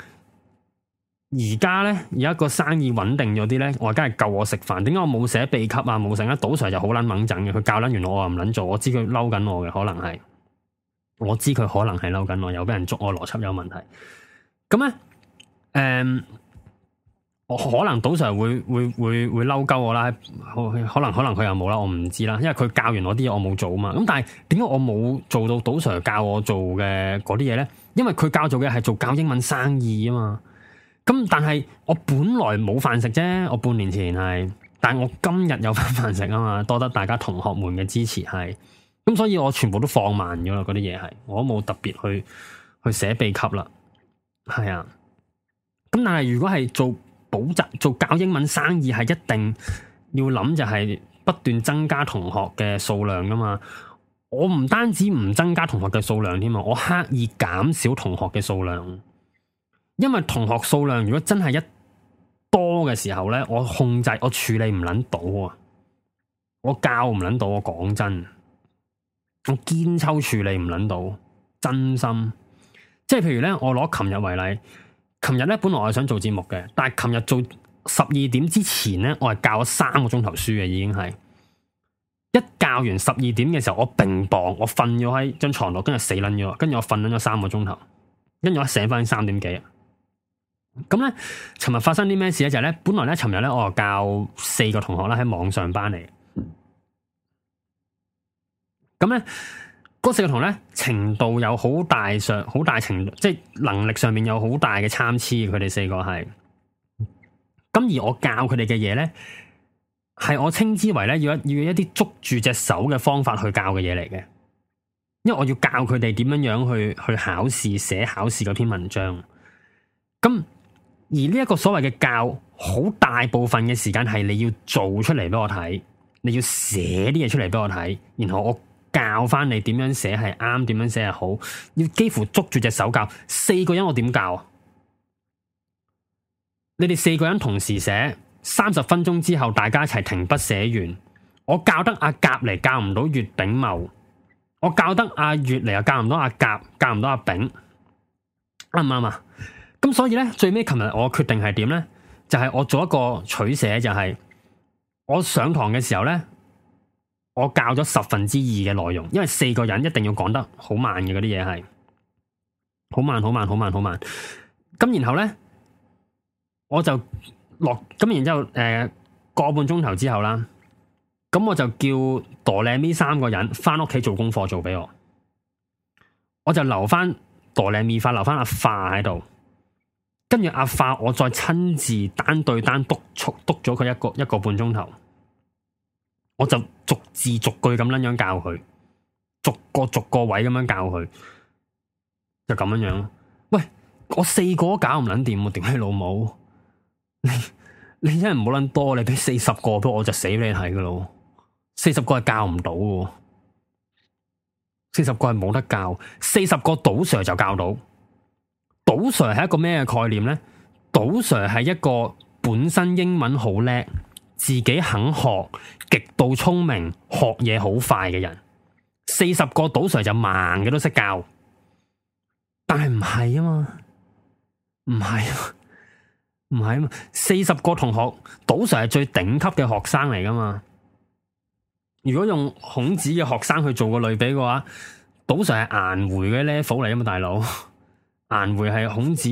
而家咧而家個生意穩定咗啲咧，我而家係夠我食飯。點解我冇寫秘笈啊？冇成日賭場就好撚猛陣嘅，佢教撚完我，我唔撚做，我知佢嬲緊我嘅，可能係。我知佢可能係嬲緊我，又俾人捉我邏輯有問題。咁咧，誒、嗯，我可能賭 sir 會會會會嬲鳩我啦。可能可能佢又冇啦，我唔知啦。因為佢教完我啲嘢，我冇做嘛。咁但係點解我冇做到賭 sir 教我做嘅嗰啲嘢咧？因為佢教做嘅係做教英文生意啊嘛。咁但係我本來冇飯食啫。我半年前係，但係我今日有份飯食啊嘛，多得大家同學們嘅支持係。咁所以我全部都放慢咗啦，嗰啲嘢係，我都冇特別去去寫秘笈啦，係啊。咁但係如果係做補習、做教英文生意，係一定要諗就係不斷增加同學嘅數量噶嘛。我唔單止唔增加同學嘅數量添啊，我刻意減少同學嘅數量，因為同學數量如果真係一多嘅時候呢，我控制我處理唔捻到啊，我教唔捻到。我講真。我堅抽處理唔捻到，真心，即係譬如咧，我攞琴日為例，琴日咧本來我想做節目嘅，但係琴日做十二點之前咧，我係教咗三個鐘頭書嘅，已經係一教完十二點嘅時候，我並磅，我瞓咗喺張床度，跟住死捻咗，跟住我瞓捻咗三個鐘頭，跟住我醒翻三點幾啊，咁咧，尋日發生啲咩事咧？就係咧，本來咧尋日咧，我係教四個同學啦，喺網上班嚟。咁咧，嗰四個同學咧，程度有好大上，好大程度，即係能力上面有好大嘅參差，佢哋四個係。咁而我教佢哋嘅嘢咧，係我稱之為咧要要一啲捉住隻手嘅方法去教嘅嘢嚟嘅。因為我要教佢哋點樣樣去去考試寫考試嗰篇文章。咁而呢一個所謂嘅教，好大部分嘅時間係你要做出嚟俾我睇，你要寫啲嘢出嚟俾我睇，然後我。教翻你點樣寫係啱，點樣寫係好，要幾乎捉住隻手教。四個人我點教啊？你哋四個人同時寫，三十分鐘之後大家一齊停筆寫完。我教得阿甲嚟教唔到乙丙丁，我教得阿乙嚟又教唔到阿甲，教唔到阿丙，啱唔啱啊？咁、嗯嗯、所以呢，最尾琴日我決定係點呢？就係、是、我做一個取捨，就係、是、我上堂嘅時候呢。我教咗十分之二嘅內容，因為四個人一定要講得好慢嘅，嗰啲嘢係好慢、好慢、好慢、好慢。咁然後咧，我就落咁，然之後誒個、呃、半鐘頭之後啦，咁我就叫哆靚咪三個人翻屋企做功課做俾我，我就留翻哆靚咪化留翻阿化喺度，跟住阿化我再親自單對單督促督咗佢一個一個半鐘頭，我就。逐字逐句咁樣樣教佢，逐個逐個位咁樣教佢，就咁樣樣咯。喂，我四個都教唔捻掂，我點解老母？你你真係唔好捻多，你俾四十個，俾我就死俾你睇噶咯。四十個係教唔到，四十個係冇得教，四十個導師就教到。導師係一個咩概念咧？導師係一個本身英文好叻。自己肯學，極度聰明，學嘢好快嘅人，四十個賭 Sir 就盲嘅都識教，但係唔係啊嘛，唔係啊，唔係啊，四十個同學賭 Sir 係最頂級嘅學生嚟噶嘛。如果用孔子嘅學生去做個類比嘅話，賭 Sir 係顏回嘅叻？否嚟啊嘛，大佬，顏回係孔子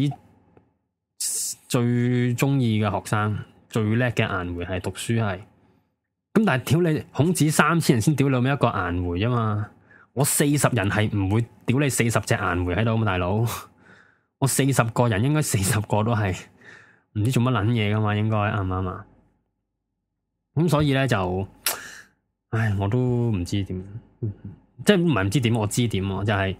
最中意嘅學生。最叻嘅顏回係讀書係，咁但係屌你，孔子三千人先屌你咪一個顏回啊嘛！我四十人係唔會屌你四十隻顏回喺度啊嘛，大佬！我四十個人應該四十個都係唔知做乜撚嘢噶嘛，應該啱唔啱啊？咁所以咧就，唉，我都唔知點，即係唔係唔知點，我知點咯，就係、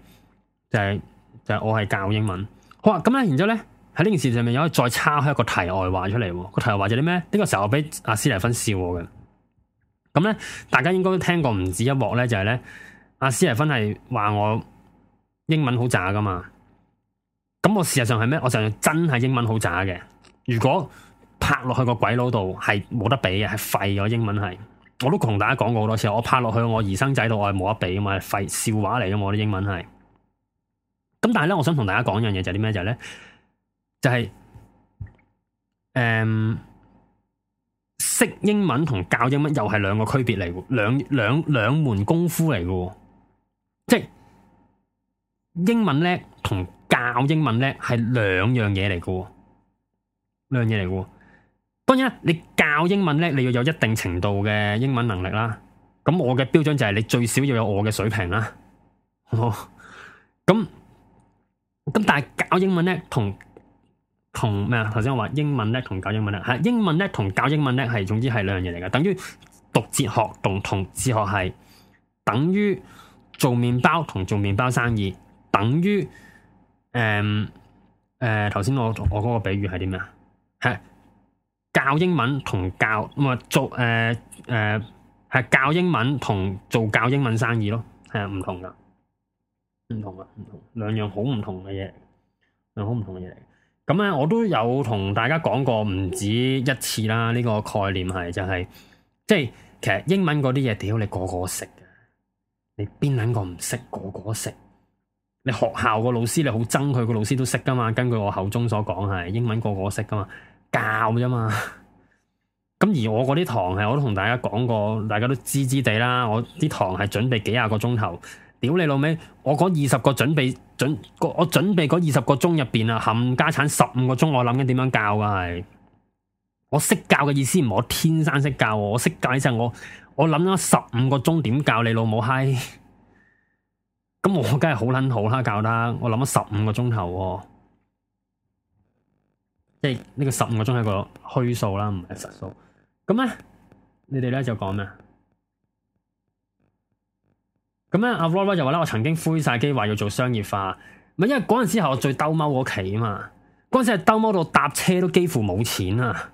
就係、就係、我係教英文。好啊，咁咧，然之後咧。喺呢件事上面，有可以再抄開一個題外話出嚟。個題外話就係啲咩？呢、這個時候我俾阿施妮芬笑我嘅。咁咧，大家應該都聽過唔止一幕咧，就係、是、咧，阿施妮芬係話我英文好渣噶嘛。咁我事實上係咩？我實在真係英文好渣嘅。如果拍落去個鬼佬度係冇得比嘅，係廢咗英文係。我都同大家講過好多次，我拍落去我兒生仔度，我係冇得比嘅嘛，係廢笑話嚟嘅我啲英文係。咁但係咧，我想同大家講一樣嘢，就係啲咩？就係、是、咧。就係誒，識英文同教英文又係兩個區別嚟嘅，兩兩兩門功夫嚟嘅，即係英文叻同教英文叻係兩樣嘢嚟嘅，兩樣嘢嚟嘅。當然啦，你教英文叻，你要有一定程度嘅英文能力啦。咁我嘅標準就係你最少要有我嘅水平啦。好，咁咁但係教英文叻同。同咩啊？頭先我話英文叻同教英文叻係英文叻同教英文叻，係總之係兩樣嘢嚟嘅，等於讀哲學同同哲學系，等於做麵包同做麵包生意，等於誒誒頭先我我嗰個比喻係點啊？係教英文同教咁啊、嗯、做誒誒係教英文同做教英文生意咯，係唔同㗎，唔同㗎，唔同兩樣好唔同嘅嘢，兩好唔同嘅嘢嚟。咁咧、嗯，我都有同大家講過唔止一次啦。呢、這個概念係就係、是，即係其實英文嗰啲嘢，屌你個個識，你邊兩個唔識？個個識。你學校個老師你好憎佢個老師都識噶嘛。根據我口中所講係英文個個識噶嘛，教啫嘛。咁而我嗰啲堂係，我都同大家講過，大家都知知地啦。我啲堂係準備幾廿個鐘頭。屌你老味，我講二十個準備準，我準備嗰二十個鐘入邊啊，冚家產十五個鐘，我諗緊點樣教噶係？我識教嘅意思唔係我天生識教，我識教呢就我我諗咗十五個鐘點教你老母閪。咁、哎、我梗係好撚好啦，教得我諗咗十五個鐘頭，即係呢個十五個鐘係個虛數啦，唔係實數。咁咧，你哋咧就講咩？咁咧，阿羅拉就話啦，我曾經灰晒機話要做商業化，唔係因為嗰陣時候我最兜踎嗰期啊嘛，嗰陣時係兜踎到搭車都幾乎冇錢啊，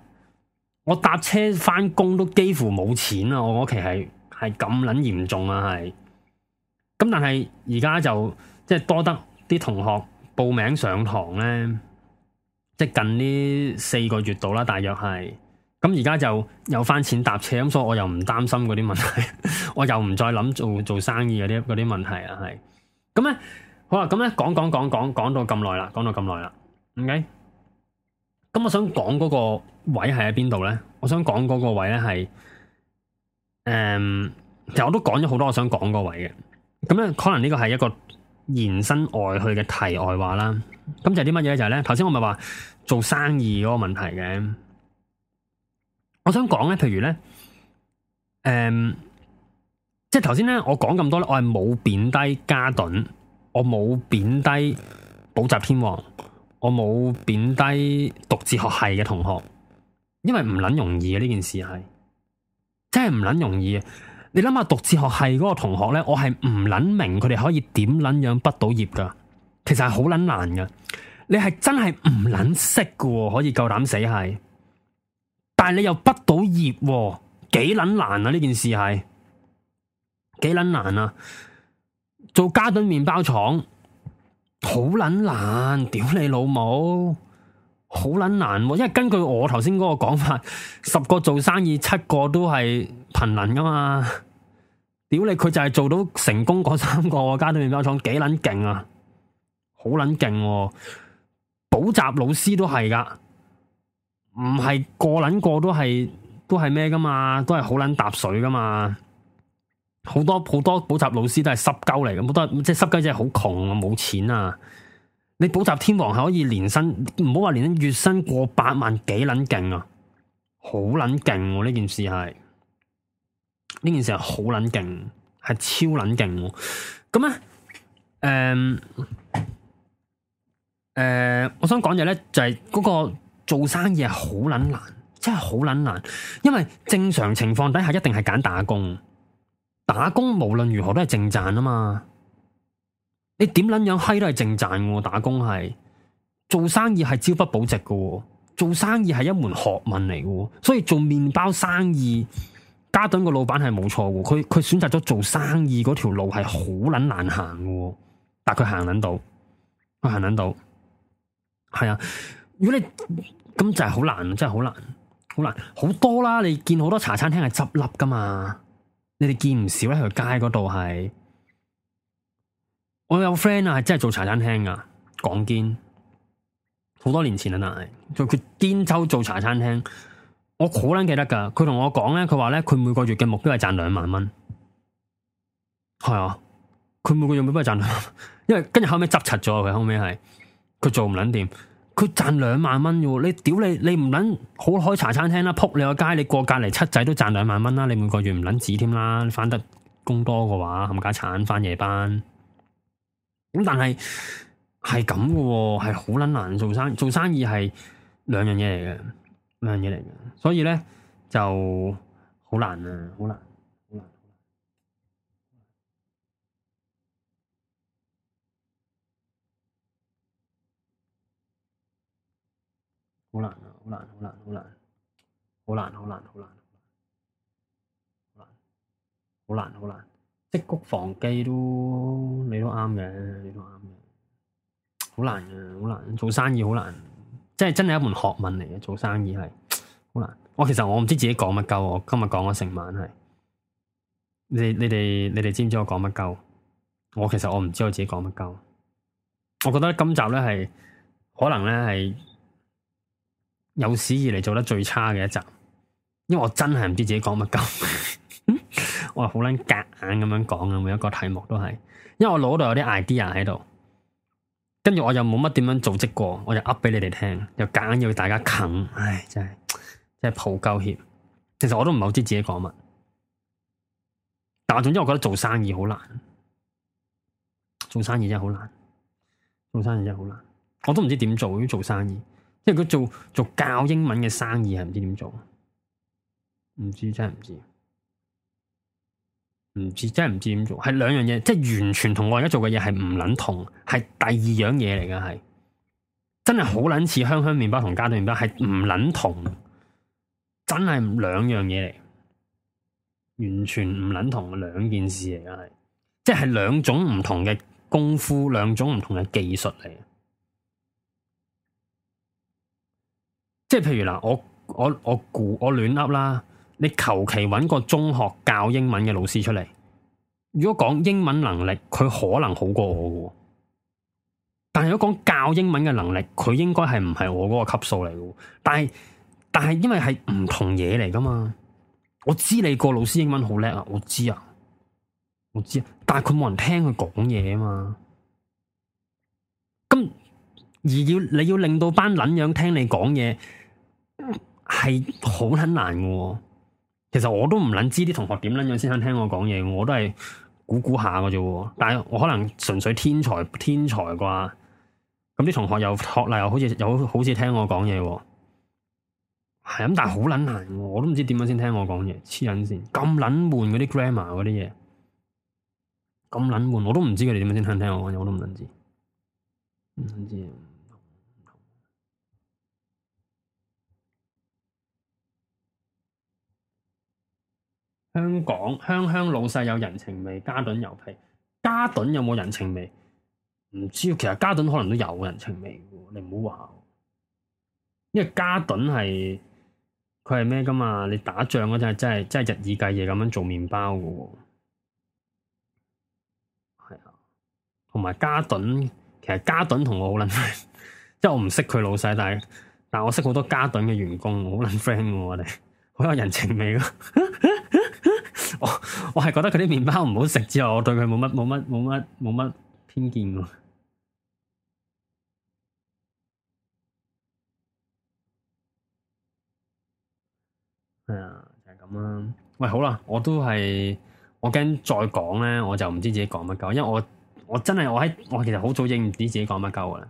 我搭車翻工都幾乎冇錢啊，我嗰期係係咁撚嚴重啊，係，咁但係而家就即係多得啲同學報名上堂咧，即係近呢四個月度啦，大約係。咁而家就有翻錢搭車，咁所以我又唔擔心嗰啲問題， 我又唔再諗做做生意嗰啲嗰啲問題啊，係咁咧，好啦，咁咧講講講講講到咁耐啦，講到咁耐啦，OK，咁我想講嗰個位係喺邊度咧？我想講嗰個位咧係，誒、嗯，其實我都講咗好多我想講個位嘅，咁咧可能呢個係一個延伸外去嘅題外話啦。咁就係啲乜嘢咧？就係、是、咧，頭先我咪話做生意嗰個問題嘅。.我想講咧，譬如咧，誒、嗯，即係頭先咧，我講咁多咧，我係冇貶低嘉頓，我冇貶低補習天王，我冇貶低讀哲學系嘅同學，因為唔捻容易嘅，呢件事係，真係唔捻容易。你諗下讀哲學系嗰個同學咧，我係唔捻明佢哋可以點捻樣畢到業噶，其實係好捻難噶。你係真係唔捻識噶，可以夠膽死係。但係你又畢到業，幾撚難啊！呢件事係幾撚難啊！做嘉頓麵包廠好撚難、啊，屌你老母，好撚難、啊！因為根據我頭先嗰個講法，十個做生意七個都係貧能㗎嘛，屌你！佢就係做到成功嗰三個個嘉頓麵包廠，幾撚勁啊！好撚勁！補習、啊啊啊、老師都係㗎。唔係個捻個都係都係咩噶嘛？都係好捻搭水噶嘛？好多好多補習老師都係濕鳩嚟嘅，好多即係濕鳩，真係好窮啊，冇錢啊！你補習天王係可以年薪，唔好話年薪，月薪過百萬，幾捻勁啊！好捻勁喎！呢件事係呢件事係好捻勁，係超捻勁。咁咧、啊，誒、呃、誒、呃，我想講嘢咧，就係嗰、那個。做生意係好捻難，真係好捻難，因為正常情況底下一定係揀打工，打工無論如何都係正賺啊嘛。你點捻樣閪都係正賺，打工係做生意係朝不保夕嘅，做生意係一門學問嚟嘅，所以做麵包生意，嘉頓個老闆係冇錯，佢佢選擇咗做生意嗰條路係好捻難行嘅，但佢行捻到，佢行捻到，係啊。如果你咁就係好難，真係好難，好難好多啦！你見好多茶餐廳係執笠噶嘛？你哋見唔少咧？佢街嗰度係，我有 friend 啊，係真係做茶餐廳噶，港堅好多年前啦，嗱，做佢堅州做茶餐廳，我好捻記得噶。佢同我講咧，佢話咧，佢每個月嘅目標係賺兩萬蚊。係啊，佢每個月目標係賺兩萬，因為跟住後尾執柒咗，佢後尾係佢做唔捻掂。佢賺兩萬蚊嘅，你屌你，你唔捻好開茶餐廳啦，扑你個街，你過隔籬七仔都賺兩萬蚊啦，你每個月唔捻止添啦，你返得工多嘅話，冚家鏟返夜班。咁、嗯、但係係咁嘅，係好捻難做生意。做生意係兩樣嘢嚟嘅，兩樣嘢嚟嘅，所以咧就好難啊，好難。好難啊！好難，好難，好難，好難，好難，好難，好難，好難，好難！積穀防饑都你都啱嘅，你都啱嘅，好難嘅，好難！做生意好難，即係真係一門學問嚟嘅，做生意係好難。我其實我唔知自己講乜鳩，我今日講咗成晚係。你你哋你哋知唔知我講乜鳩？我其實我唔知我自己講乜鳩。我覺得今集咧係可能咧係。有史以嚟做得最差嘅一集，因為我真係唔知自己講乜講，我係好撚夾硬咁樣講嘅，每一個題目都係，因為我腦度有啲 idea 喺度，跟住我又冇乜點樣組織過，我就噏畀你哋聽，又夾硬要大家啃，唉，真係真係抱歉，其實我都唔係好知自己講乜，但係總之我覺得做生意好難，做生意真係好難，做生意真係好難，我都唔知點做啲做生意。即係佢做做教英文嘅生意係唔知點做，做，唔知真係唔知，唔知真係唔知點做。係兩樣嘢，即係完全同我而家做嘅嘢係唔撚同，係第二樣嘢嚟嘅係，真係好撚似香香麵包同加多麵包，係唔撚同，真係兩樣嘢嚟，完全唔撚同嘅兩件事嚟，係即係兩種唔同嘅功夫，兩種唔同嘅技術嚟。即係譬如嗱，我我我估我亂噏啦，你求其揾個中學教英文嘅老師出嚟，如果講英文能力，佢可能好過我嘅，但係如果講教英文嘅能力，佢應該係唔係我嗰個級數嚟嘅，但係但係因為係唔同嘢嚟噶嘛，我知你個老師英文好叻啊，我知啊，我知啊，但係佢冇人聽佢講嘢啊嘛，咁而你要你要令到班撚樣聽你講嘢。係好捻難嘅，其實我都唔捻知啲同學點捻樣先肯聽我講嘢，我都係估估下嘅啫。但係我可能純粹天才天才啩，咁啲同學又學例又好似又好似聽我講嘢。係咁，但係好捻難，我都唔知點樣先聽我講嘢，黐撚線咁撚悶嗰啲 grammar 嗰啲嘢，咁撚悶，我都唔知佢哋點樣先肯聽我講嘢，我都唔捻知，唔捻知。香港香香老細有人情味，加頓有皮。加頓有冇人情味？唔知，其實加頓可能都有人情味嘅。你唔好話，因為加頓係佢係咩噶嘛？你打仗嗰陣真係真係日以繼夜咁樣做麵包嘅。係啊，同埋加頓其實加頓同我好捻即係我唔識佢老細，但係但係我識好多加頓嘅員工，我好捻 friend 我哋好有人情味咯。 我我係覺得佢啲麵包唔好食之後，我對佢冇乜冇乜冇乜冇乜偏見喎。係 啊、哎，就係咁啦。喂，好啦，我都係我驚再講咧，我就唔知自己講乜鳩，因為我我真係我喺我其實好早應唔知自己講乜鳩噶啦。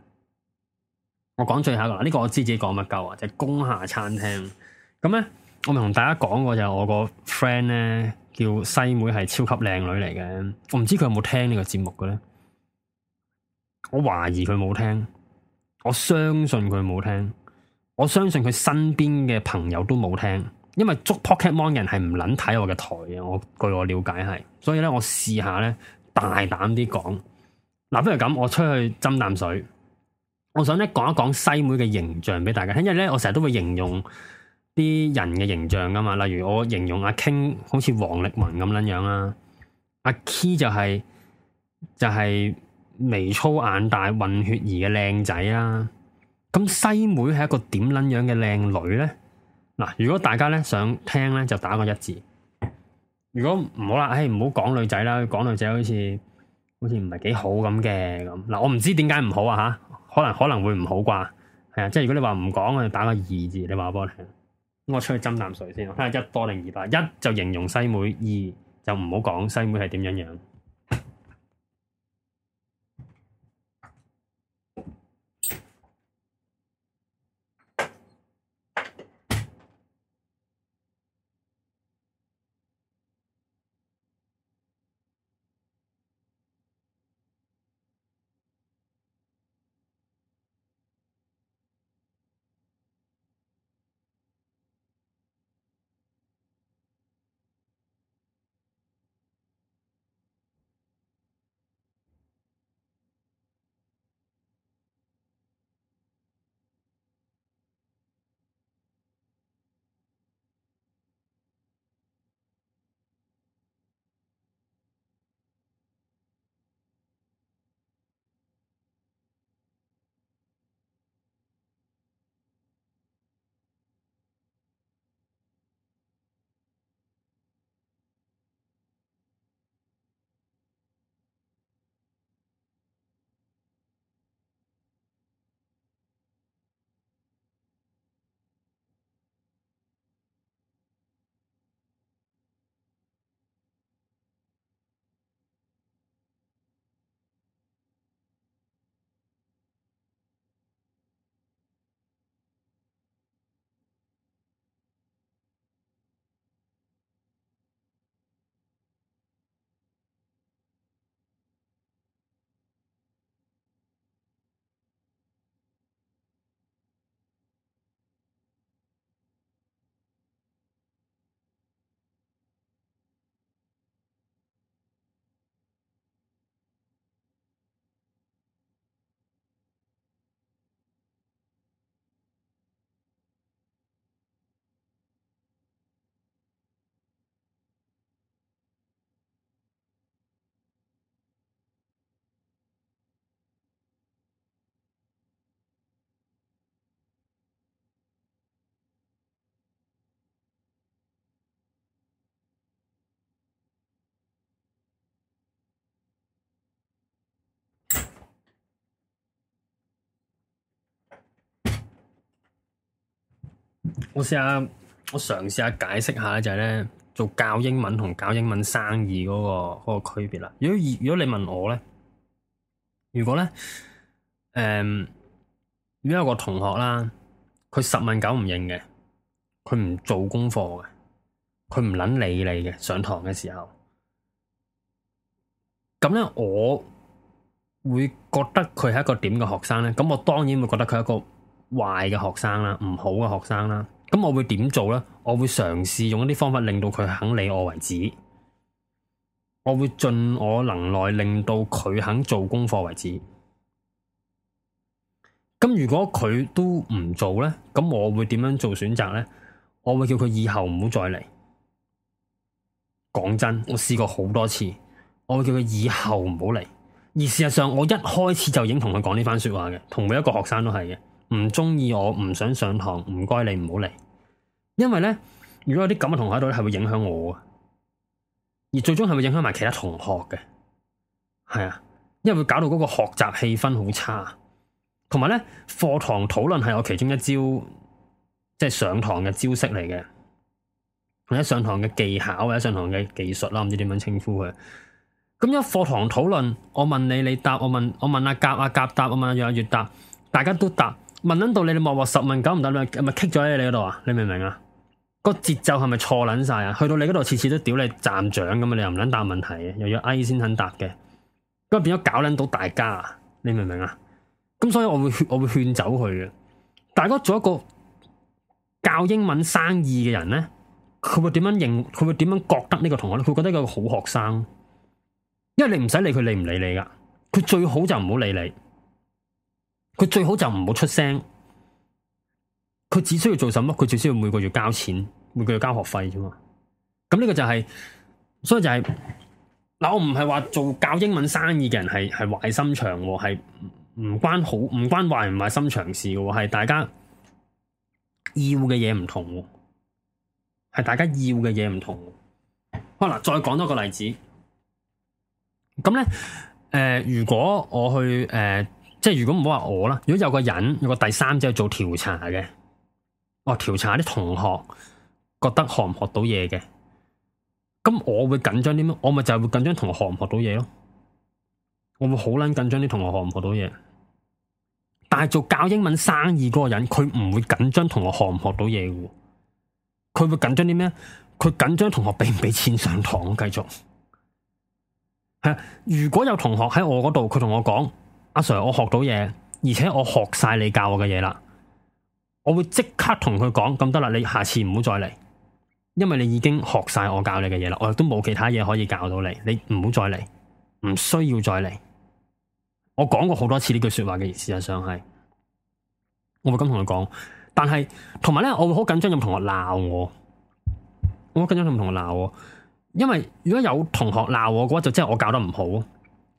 我講最後嗱，呢、這個我知自己講乜鳩啊，就工、是、廈餐廳咁咧，我咪同大家講過就是、我個 friend 咧。叫西妹係超級靚女嚟嘅，我唔知佢有冇聽個節呢個節目嘅咧，我懷疑佢冇聽，我相信佢冇聽，我相信佢身邊嘅朋友都冇聽，因為捉 Pokémon 人係唔捻睇我嘅台嘅，我據我了解係，所以咧我試下咧大膽啲講，嗱、啊，不如咁，我出去斟啖水，我想咧講一講西妹嘅形象俾大家聽，因為咧我成日都會形容啲人嘅形象噶嘛，例如我形容阿 King 好似王力宏咁捻樣啦、啊，阿 Key 就係、是、就係、是、眉粗眼大混血兒嘅靚仔啦、啊。咁西妹係一個點捻樣嘅靚女咧？嗱，如果大家咧想聽咧，就打個一字。如果唔好啦，唉，唔好講女仔啦，講女仔好似好似唔係幾好咁嘅咁。嗱，我唔知點解唔好啊吓，可能可能會唔好啩，係啊。即係如果你話唔講，我就打個二字，你話我幫你。我出去斟啖水先。哈，一多定二八？一就形容西妹，二就唔好講西妹係點樣樣。我試下，我嘗試下解釋下就係呢，做教英文同教英文生意嗰個嗰個區別啦。如果如果你問我呢，如果呢，誒、嗯，如果有個同學啦，佢十問九唔應嘅，佢唔做功課嘅，佢唔捻理你嘅，上堂嘅時候，咁咧我會覺得佢係一個點嘅學生咧？咁我當然會覺得佢係一個壞嘅學生啦，唔好嘅學生啦。咁我會點做呢？我會嘗試用一啲方法令到佢肯理我為止。我會盡我能耐令到佢肯做功課為止。咁如果佢都唔做呢？咁我會點樣做選擇呢？我會叫佢以後唔好再嚟。講真，我試過好多次，我會叫佢以後唔好嚟。而事實上，我一開始就已經同佢講呢番說話嘅，同每一個學生都係嘅。唔中意我，唔想上堂，唔該你唔好嚟。因為咧，如果有啲咁嘅同學喺度咧，係會影響我嘅，而最終係會影響埋其他同學嘅？係啊，因為會搞到嗰個學習氣氛好差，同埋咧，課堂討論係我其中一招，即係上堂嘅招式嚟嘅，或者上堂嘅技巧或者上堂嘅技術啦，唔知點樣稱呼佢。咁一課堂討論，我問你，你答；我問我問阿甲阿甲答，我問阿月阿月答，大家都答，問到你你莫話十問九唔答，你咪棘咗喺你度啊？你明唔明啊？個節奏係咪錯撚晒啊？去到你嗰度，次次都屌你站長咁啊！你又唔捻答問題，又要 A 先肯答嘅，咁變咗搞捻到大家，你明唔明啊？咁所以我會勸，我會勸走佢嘅。大家做一個教英文生意嘅人咧，佢會點樣認？佢會點樣覺得呢個同學咧？佢覺得佢個好學生，因為你唔使理佢理唔理你噶，佢最好就唔好理你，佢最好就唔好出聲。佢只需要做什麼？佢只需要每個月交錢，每個月交學費啫嘛。咁呢個就係、是，所以就係、是、嗱，我唔係話做教英文生意嘅人係係壞心腸喎，係唔關好唔關壞唔壞心腸的事嘅喎，係大家要嘅嘢唔同喎，係大家要嘅嘢唔同。好啦，再講多個例子。咁咧，誒、呃，如果我去誒、呃，即係如果唔好話我啦，如果有個人，有個第三者去做調查嘅。我調查啲同學覺得學唔學到嘢嘅，咁我會緊張啲咩？我咪就係會緊張同學學唔學到嘢咯。我會好捻緊張啲同學學唔學到嘢。但係做教英文生意嗰個人，佢唔會緊張同學學唔學到嘢嘅。佢會緊張啲咩？佢緊張同學畀唔畀錢上堂繼續。係啊，如果有同學喺我嗰度，佢同我講：阿 Sir，我學到嘢，而且我學晒你教我嘅嘢啦。我會即刻同佢講，咁得啦，你下次唔好再嚟，因為你已經學晒我教你嘅嘢啦，我亦都冇其他嘢可以教到你，你唔好再嚟，唔需要再嚟。我講過好多次呢句說話嘅，事實上係我會咁同佢講。但係同埋咧，我會好緊張有同學鬧我，我緊張有同學鬧我，因為如果有同學鬧我嘅話，就即係我教得唔好。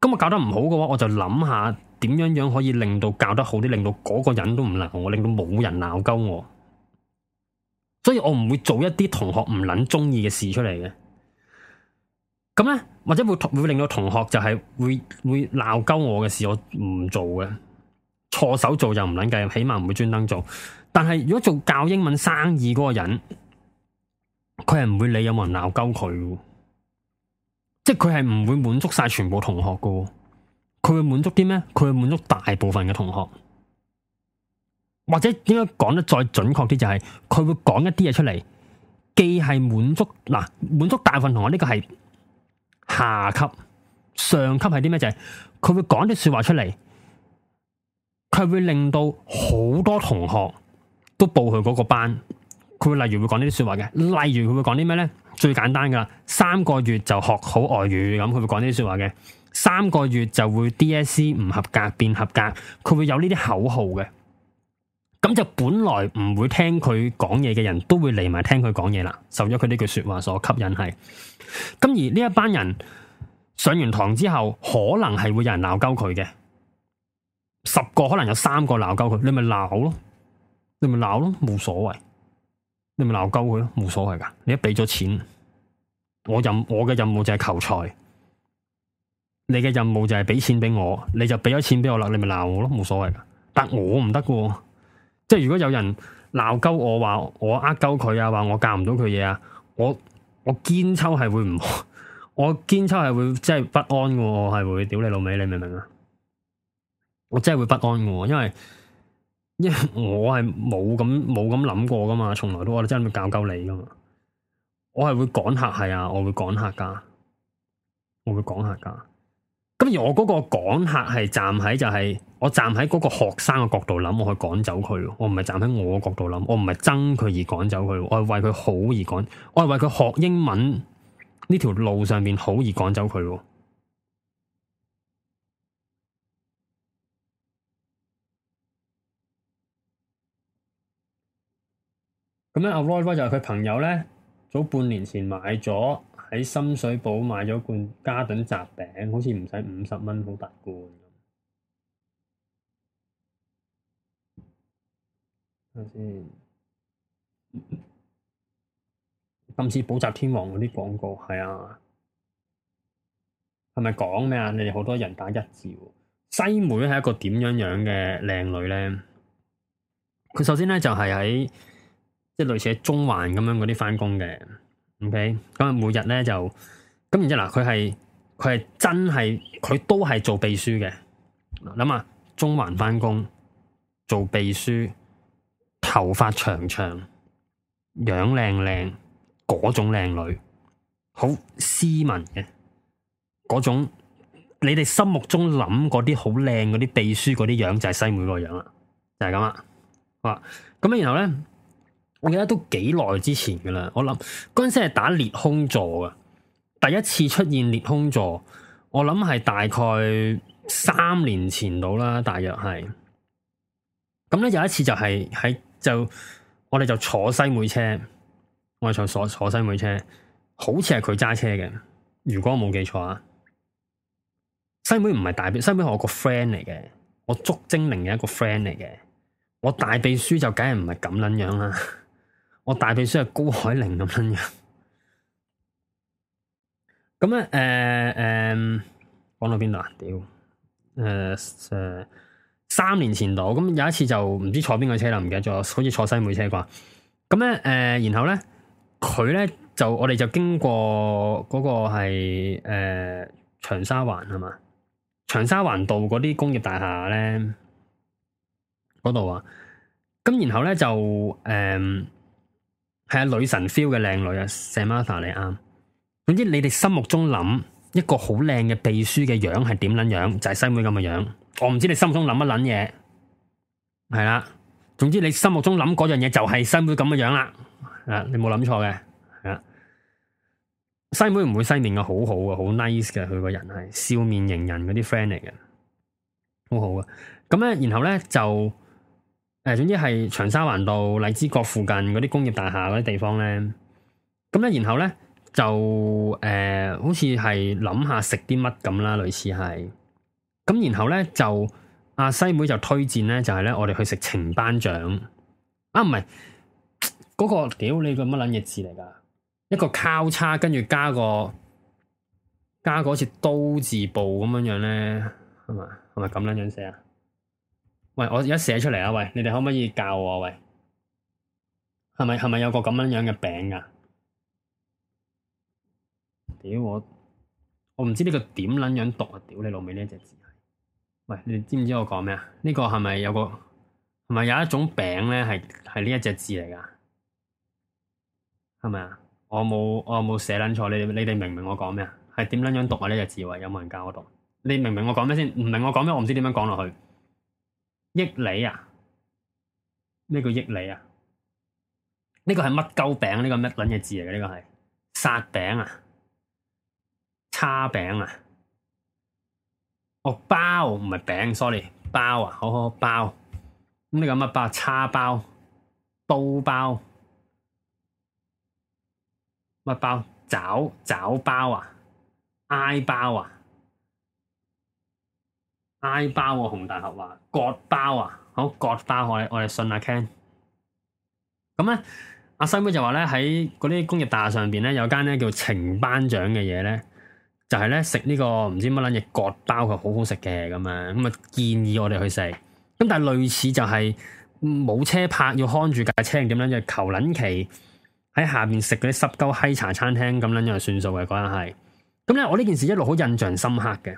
咁我教得唔好嘅話，我就諗下。點樣樣可以令到教得好啲，令到嗰個人都唔鬧我，令到冇人鬧鳩我，所以我唔會做一啲同學唔捻中意嘅事出嚟嘅。咁呢，或者會會令到同學就係會會鬧鳩我嘅事我，我唔做嘅。錯手做又唔捻計，起碼唔會專登做。但係如果做教英文生意嗰個人，佢係唔會理會有冇人鬧鳩佢，即係佢係唔會滿足晒全部同學噶。佢會滿足啲咩？佢會滿足大部分嘅同學，或者應該講得再準確啲，就係佢會講一啲嘢出嚟，既係滿足嗱滿足大部分同學。呢個係下級，上級係啲咩？就係佢會講啲說話出嚟，佢會令到好多同學都報佢嗰個班。佢會例如會講呢啲說話嘅，例如佢會講啲咩咧？最簡單噶，三個月就學好外語咁，佢會講呢啲說話嘅。三個月就會 DSE 唔合格變合格，佢會有呢啲口號嘅，咁就本來唔會聽佢講嘢嘅人都會嚟埋聽佢講嘢啦，受咗佢呢句說話所吸引係。咁而呢一班人上完堂之後，可能係會有人鬧鳩佢嘅，十個可能有三個鬧鳩佢，你咪鬧咯，你咪鬧咯，冇所謂，你咪鬧鳩佢咯，冇所謂噶，你一畀咗錢，我任我嘅任務就係求財。你嘅任務就係畀錢畀我，你就畀咗錢畀我啦，你咪鬧我咯，冇所謂噶。但我唔得噶，即係如果有人鬧鳩我話，我呃鳩佢啊，話我教唔到佢嘢啊，我我堅抽係會唔，我堅抽係會即係不安噶，我係會屌你老味，你明唔明啊？我真係會不安噶，因為因為我係冇咁冇咁諗過噶嘛，從來都我真係會教鳩你噶嘛，我係會講客係啊，我會講客噶，我會講客噶。咁而我嗰個講客係站喺就係、是、我站喺嗰個學生嘅角度諗，我去趕走佢，我唔係站喺我角度諗，我唔係憎佢而趕走佢，我係為佢好而趕，我係為佢學英文呢條路上面好而趕走佢。咁咧、嗯，阿、啊、Roy, Roy，就係佢朋友咧，早半年前買咗。喺深水埗買咗罐嘉頓雜餅，好似唔使五十蚊，好大罐。係咪先？今次補習天王嗰啲廣告，係啊，係咪講咩啊？你哋好多人打一字。西妹係一個點樣樣嘅靚女咧？佢首先咧就係、是、喺即係類似喺中環咁樣嗰啲返工嘅。OK，咁啊，每日咧就咁，然之後嗱，佢係佢係真係，佢都係做秘書嘅。諗下中環翻工做秘書，頭髮長長，樣靚靚，嗰種靚女，好斯文嘅嗰種，你哋心目中諗嗰啲好靚嗰啲秘書嗰啲樣就係西妹個樣啦，就係咁啦。好啦，咁然後咧。我記得都幾耐之前噶啦，我諗嗰陣時係打裂空座嘅，第一次出現裂空座，我諗係大概三年前到啦，大約係。咁、嗯、咧有一次就係、是、喺就我哋就坐西妹車，我哋坐坐西妹車，好似係佢揸車嘅，如果我冇記錯啊。西妹唔係大秘，西妹係我個 friend 嚟嘅，我捉精靈嘅一個 friend 嚟嘅，我大秘書就梗係唔係咁捻樣啦。 我大秘書係高海寧咁樣嘅，咁咧誒誒，講、呃呃、到邊度啊？屌，誒誒，三年前度，咁有一次就唔知坐邊個車啦，唔記得咗，好似坐西妹車啩。咁咧誒，然後咧佢咧就我哋就經過嗰個係誒、呃、長沙環係嘛，長沙環道嗰啲工業大廈咧，嗰度啊。咁然後咧就誒。呃係啊，女神 feel 嘅靚女啊，Samantha 你啱。總之你哋心目中諗一個好靚嘅秘書嘅樣係點撚樣，就係西妹咁嘅樣。我唔知你心目中諗乜撚嘢，係啦。總之你心目中諗嗰樣嘢就係西妹咁嘅樣啦。啊，你冇諗錯嘅，係啊。西妹唔會西面嘅，好好啊，好 nice 嘅佢個人係，笑面迎人嗰啲 friend 嚟嘅，好好啊。咁咧，然後咧就。誒，總之係長沙灣道荔枝角附近嗰啲工業大廈嗰啲地方咧，咁咧然後咧就誒、呃，好似係諗下食啲乜咁啦，類似係，咁然後咧就阿、啊、西妹就推薦咧，就係、是、咧我哋去食程班長，啊唔係，嗰、那個屌你個乜撚嘢字嚟噶，一個交叉跟住加個加個好似刀字部咁樣樣咧，係咪係咪咁樣樣寫啊？喂，我而家寫出嚟啊！喂，你哋可唔可以教我？喂，係咪係咪有個咁樣樣嘅餅啊？屌我，我唔知呢個點撚樣讀啊！屌你老味呢一隻字。喂，你哋知唔知我講咩啊？呢個係咪有個係咪有一種餅咧？係係呢一隻字嚟噶？係咪啊？我冇我冇寫撚錯。你你哋明唔明我講咩啊？係點撚樣讀啊？呢隻字，喂，有冇人教我讀？你明唔明我講咩先？唔明我講咩，我唔知點樣講落去。益裏啊？咩叫益裏啊？呢個係乜鳩餅？呢個乜撚嘢字嚟嘅？呢個係殺餅啊？叉餅啊？哦包唔係餅，sorry，包啊，好好，好包。咁呢個乜包？叉包、刀包、乜包，包？爪爪包啊？挨包啊？蟹包啊，洪大俠話割包啊，好割包我我哋信阿、啊、Ken。咁咧，阿西妹就話咧喺嗰啲工業大廈上邊咧有間咧叫程班長嘅嘢咧，就係咧食呢個唔知乜撚嘢割包佢好好食嘅咁啊，咁啊建議我哋去食。咁但係類似就係冇車泊，要看住架車點樣，就是、求撚其喺下面食嗰啲濕鳩閪茶餐廳咁撚樣就算數嘅嗰日係。咁咧我呢件事一路好印象深刻嘅。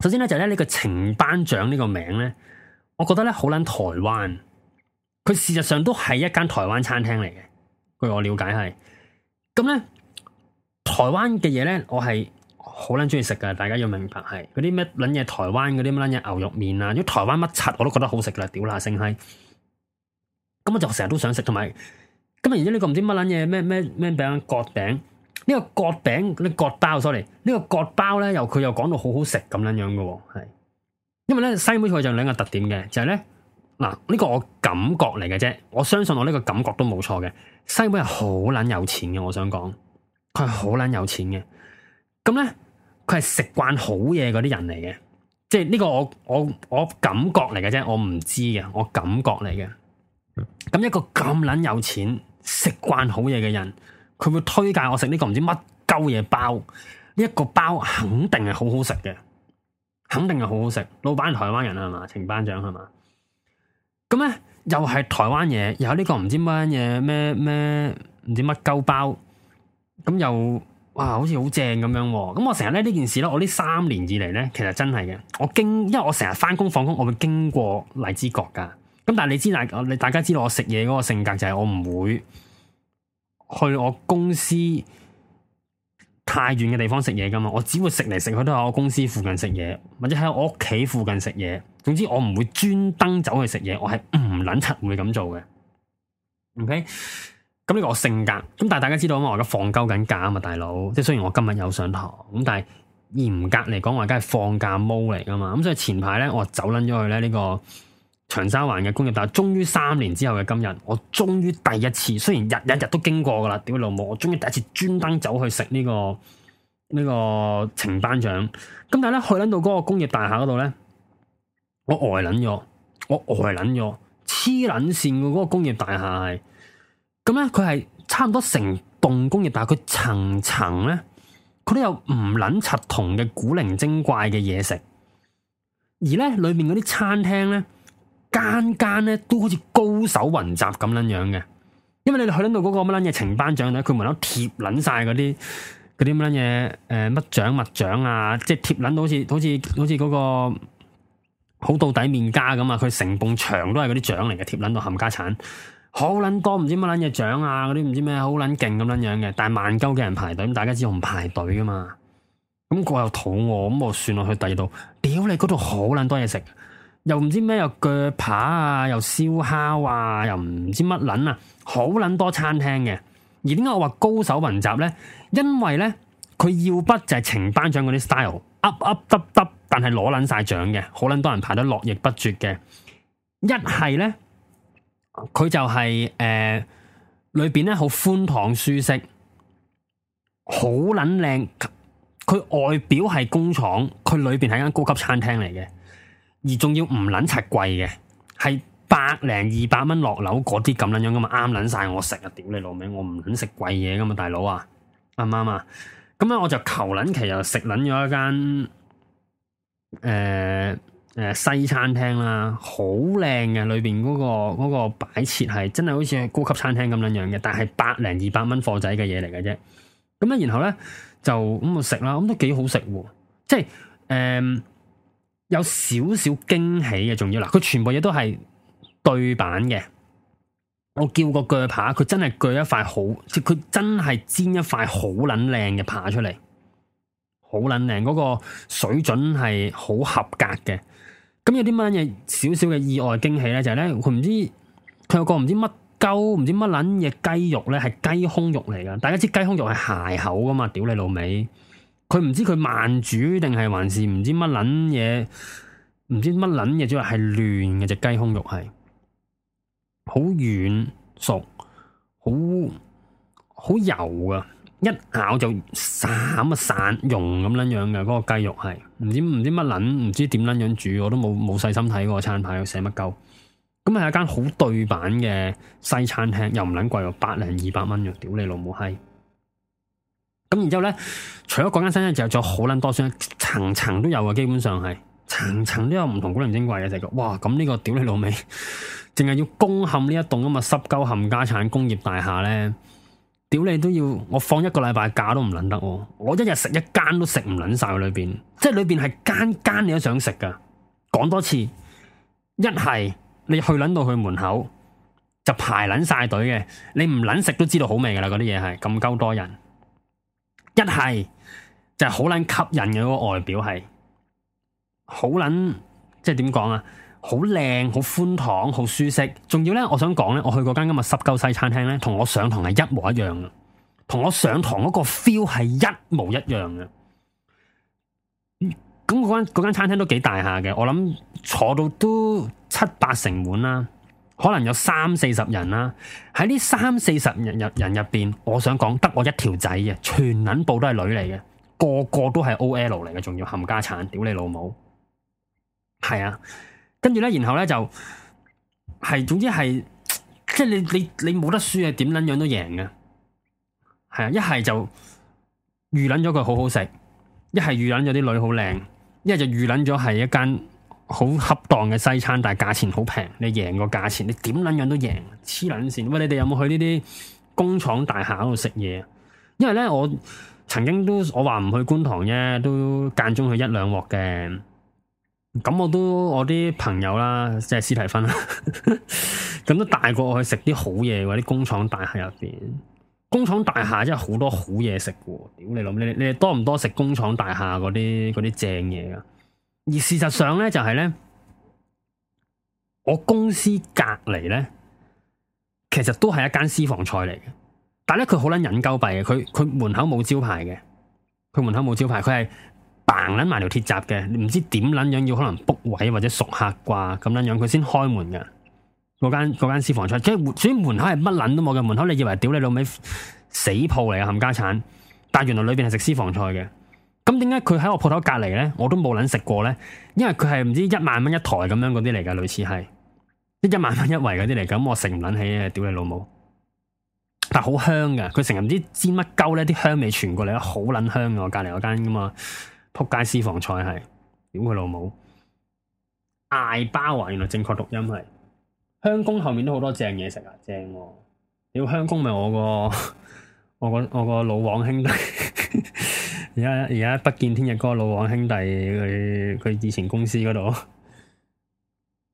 首先咧就係咧呢個程班長呢個名咧，我覺得咧好撚台灣，佢事實上都係一間台灣餐廳嚟嘅。據我了解係，咁咧台灣嘅嘢咧，我係好撚鍾意食噶。大家要明白係嗰啲乜撚嘢台灣嗰啲乜撚嘢牛肉麵啊，如果台灣乜柒我都覺得好食噶啦，屌啦，星係，咁我就成日都想食，同埋今日原因呢個唔知乜撚嘢咩咩咩餅角餅。個割餅割，Sorry，個割呢個角餅，呢個角包 sorry 嚟，呢個角包咧，又佢又講到好好食咁樣樣嘅，係，因為咧西門菜就有兩個特點嘅，就係咧，嗱，呢、呢個我感覺嚟嘅啫，我相信我呢個感覺都冇錯嘅，西門係好捻有錢嘅，我想講，佢係好捻有錢嘅，咁咧佢係食慣好嘢嗰啲人嚟嘅，即係呢個我我我感覺嚟嘅啫，我唔知嘅，我感覺嚟嘅，咁一個咁捻有錢食慣好嘢嘅人。佢會推介我食呢個唔知乜鳩嘢包，呢一個包肯定係好好食嘅，肯定係好好食。老闆係台灣人啊嘛，程班長係嘛。咁咧又係台灣嘢，又呢個唔知乜嘢咩咩唔知乜鳩包。咁又哇，好似好正咁樣。咁我成日咧呢件事咧，我呢三年以嚟咧，其實真係嘅。我經，因為我成日翻工放工，我會經過荔枝角噶。咁但係你知大，你大家知道我食嘢嗰個性格就係我唔會。去我公司太遠嘅地方食嘢噶嘛？我只會食嚟食去都喺我公司附近食嘢，或者喺我屋企附近食嘢。總之我唔會專登走去食嘢，我係唔捻柒會咁做嘅。OK，咁呢個我性格。咁但係大家知道啊嘛，我而家放鳩緊假啊嘛，大佬。即係雖然我今日有上堂，咁但係嚴格嚟講，我而家係放假毛嚟噶嘛。咁所以前排咧，我走捻咗去咧呢、這個。長沙灣嘅工業大廈，終於三年之後嘅今日，我終於第一次，雖然日日日都經過噶啦，屌老母，我終於第一次專登走去食呢個呢個程班長。咁但係咧去捻到嗰個工業大廈嗰度咧，我呆捻咗，我呆捻咗，黐捻線嘅嗰個工業大廈。咁咧佢係差唔多成棟工業大廈，佢層層咧，佢都有唔捻柒同嘅古靈精怪嘅嘢食。而咧裏面嗰啲餐廳咧。間間咧都好似高手雲集咁樣樣嘅，因為你哋去到嗰個乜捻嘢，程班長咧，佢門口貼捻晒嗰啲啲乜捻嘢誒乜獎乜獎啊，即係貼捻到好似好似好似嗰個好到底麵家咁啊，佢成埲牆都係嗰啲獎嚟嘅，貼捻到冚家產，好捻多唔知乜捻嘢獎啊，嗰啲唔知咩好捻勁咁樣樣嘅，但係萬鳩嘅人排隊，咁大家知道唔排隊噶嘛，咁我又肚餓，咁我算落去第二度，屌你嗰度好捻多嘢食。又唔知咩，又鋸扒啊，又燒烤啊，又唔知乜捻啊，好捻多餐廳嘅。而點解我話高手雲集呢？因為呢，佢要不就係程班長嗰啲 style，up up, up, up，但係攞捻晒獎嘅，好捻多人排得絡繹不絕嘅。一係呢，佢就係、是、誒、呃、裏邊咧好寬敞舒適，好捻靚。佢外表係工廠，佢裏邊係間高級餐廳嚟嘅。而仲要唔捻拆貴嘅，係百零二百蚊落樓嗰啲咁撚樣噶嘛，啱撚晒。我食啊！點你老味？我唔撚食貴嘢噶嘛，大佬啊，啱唔啱啊？咁、嗯、咧我就求撚其實食撚咗一間誒誒西餐廳啦，好靚嘅，裏邊嗰個嗰、嗰個擺設係真係好似係高級餐廳咁撚樣嘅，但係百零二百蚊貨仔嘅嘢嚟嘅啫。咁、嗯、咧，然後咧就咁啊食啦，咁都幾好食喎，即係誒。嗯有少少驚喜嘅，仲要嗱，佢全部嘢都係對版嘅。我叫個鋸扒，佢真係鋸一塊好，即佢真係煎一塊好撚靚嘅扒出嚟，好撚靚。嗰、那個水準係好合格嘅。咁有啲乜嘢少少嘅意外驚喜咧，就係咧佢唔知佢有個唔知乜鳩，唔知乜撚嘅雞肉咧，係雞胸肉嚟噶。大家知雞胸肉係鞋口噶嘛？屌你老味。佢唔知佢慢煮定係還是唔知乜捻嘢，唔知乜捻嘢，主要係亂嘅隻雞胸肉係好軟熟，好好油噶，一咬就散啊散溶咁捻樣嘅嗰個雞肉係，唔知唔知乜捻，唔知點撚樣煮，我都冇冇細心睇嗰個餐牌寫乜鳩，咁係一間好對版嘅西餐廳，又唔捻貴喎，百零二百蚊啫，屌你老母閪！咁然之後咧，除咗嗰間新咧，就有咗好捻多雙，層層都有啊！基本上係層層都有唔同古靈精怪嘅食個。哇！咁、這、呢個屌你老味，淨係要攻陷呢一棟咁嘅濕鳩冚家產工業大廈呢。屌你都要我放一個禮拜假都唔捻得我，我一日食一間都食唔捻晒裏邊，即係裏邊係間間你都想食噶。講多次，一係你去捻到去門口就排捻晒隊嘅，你唔捻食都知道好味噶啦，嗰啲嘢係咁鳩多人。一係就係好捻吸引嘅嗰個外表係，好捻即係點講啊？好靚，好寬敞，好舒適。仲要呢，我想講呢，我去嗰間今日濕鳩西餐廳呢，同我上堂係一模一樣嘅，同我上堂嗰個 feel 係一模一樣嘅。咁嗰間嗰間餐廳都幾大下嘅，我諗坐到都七八成滿啦。可能有三四十人啦，喺呢三四十人入人入邊，我想講得我一條仔嘅，全撚部都係女嚟嘅，個個都係 OL 嚟嘅，仲要冚家鏟，屌你老母，係啊，跟住咧，然後咧就係，總之係，即係你你你冇得輸啊，點撚樣都贏嘅，係啊，一係就預撚咗佢好好食，一係預撚咗啲女好靚，一係就預撚咗係一間。好恰當嘅西餐，但係價錢好平，你贏個價錢，你點撚樣都贏，黐撚線。喂，你哋有冇去呢啲工廠大廈嗰度食嘢啊？因為咧，我曾經都我話唔去觀塘啫，都間中去一兩鑊嘅。咁我都我啲朋友啦，即係斯提芬啦，咁 都帶過我去食啲好嘢，喎，啲工廠大廈入邊。工廠大廈真係好多好嘢食嘅。屌你老母，你你哋多唔多食工廠大廈嗰啲啲正嘢啊？而事實上咧，就係咧，我公司隔離咧，其實都係一間私房菜嚟嘅。但咧，佢好撚隱勾閉嘅，佢佢門口冇招牌嘅，佢門口冇招牌，佢係掟撚埋條鐵閘嘅，你唔知點撚樣要可能 book 位或者熟客啩咁撚樣，佢先開門嘅。嗰間嗰間私房菜，即係門口係乜撚都冇嘅門口，你以為屌你老味死鋪嚟啊，冚家產！但原來裏邊係食私房菜嘅。咁點解佢喺我鋪頭隔籬咧？我都冇捻食過咧，因為佢係唔知一萬蚊一台咁樣嗰啲嚟噶，類似係，一一萬蚊一圍嗰啲嚟。咁我食唔捻起嘅，屌你老母！但好香嘅，佢成日唔知煎乜鳩咧，啲香味傳過嚟，好捻香嘅。我隔籬嗰間噶嘛，仆街私房菜係，屌佢老母，艾包啊！原來正確讀音係香公，後面都好多正嘢食啊，正，哦！屌香公咪我個，我個我個老王兄弟。 而家而家不見天日哥，老王兄弟佢，佢以前公司嗰度，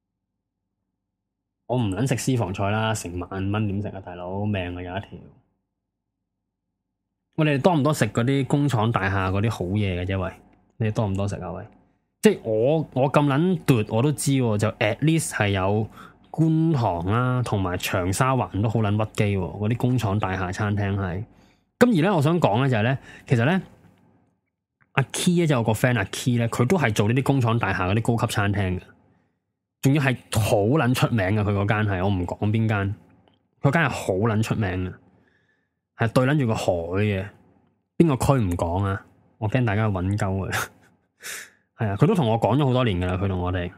我唔撚食私房菜啦，成萬蚊點食啊，大佬命啊，有一條。你哋多唔多食嗰啲工廠大廈嗰啲好嘢嘅啫，喂，你哋多唔多食啊？喂，即係我我咁撚奪我都知、啊，就 at least 係有觀塘啦、啊，同埋長沙灣都好撚屈機，嗰啲工廠大廈餐廳係。咁而咧，我想講咧就係咧，其實咧。阿 Key 咧就有個 friend 阿 Key 咧，佢都係做呢啲工廠大廈嗰啲高級餐廳嘅，仲要係好撚出名嘅。佢嗰間係我唔講邊間，佢間係好撚出名嘅，係對撚住個海嘅。邊個區唔講啊？我驚大家去搵鳩啊。係 啊，佢都同我講咗好多年噶啦。佢同我哋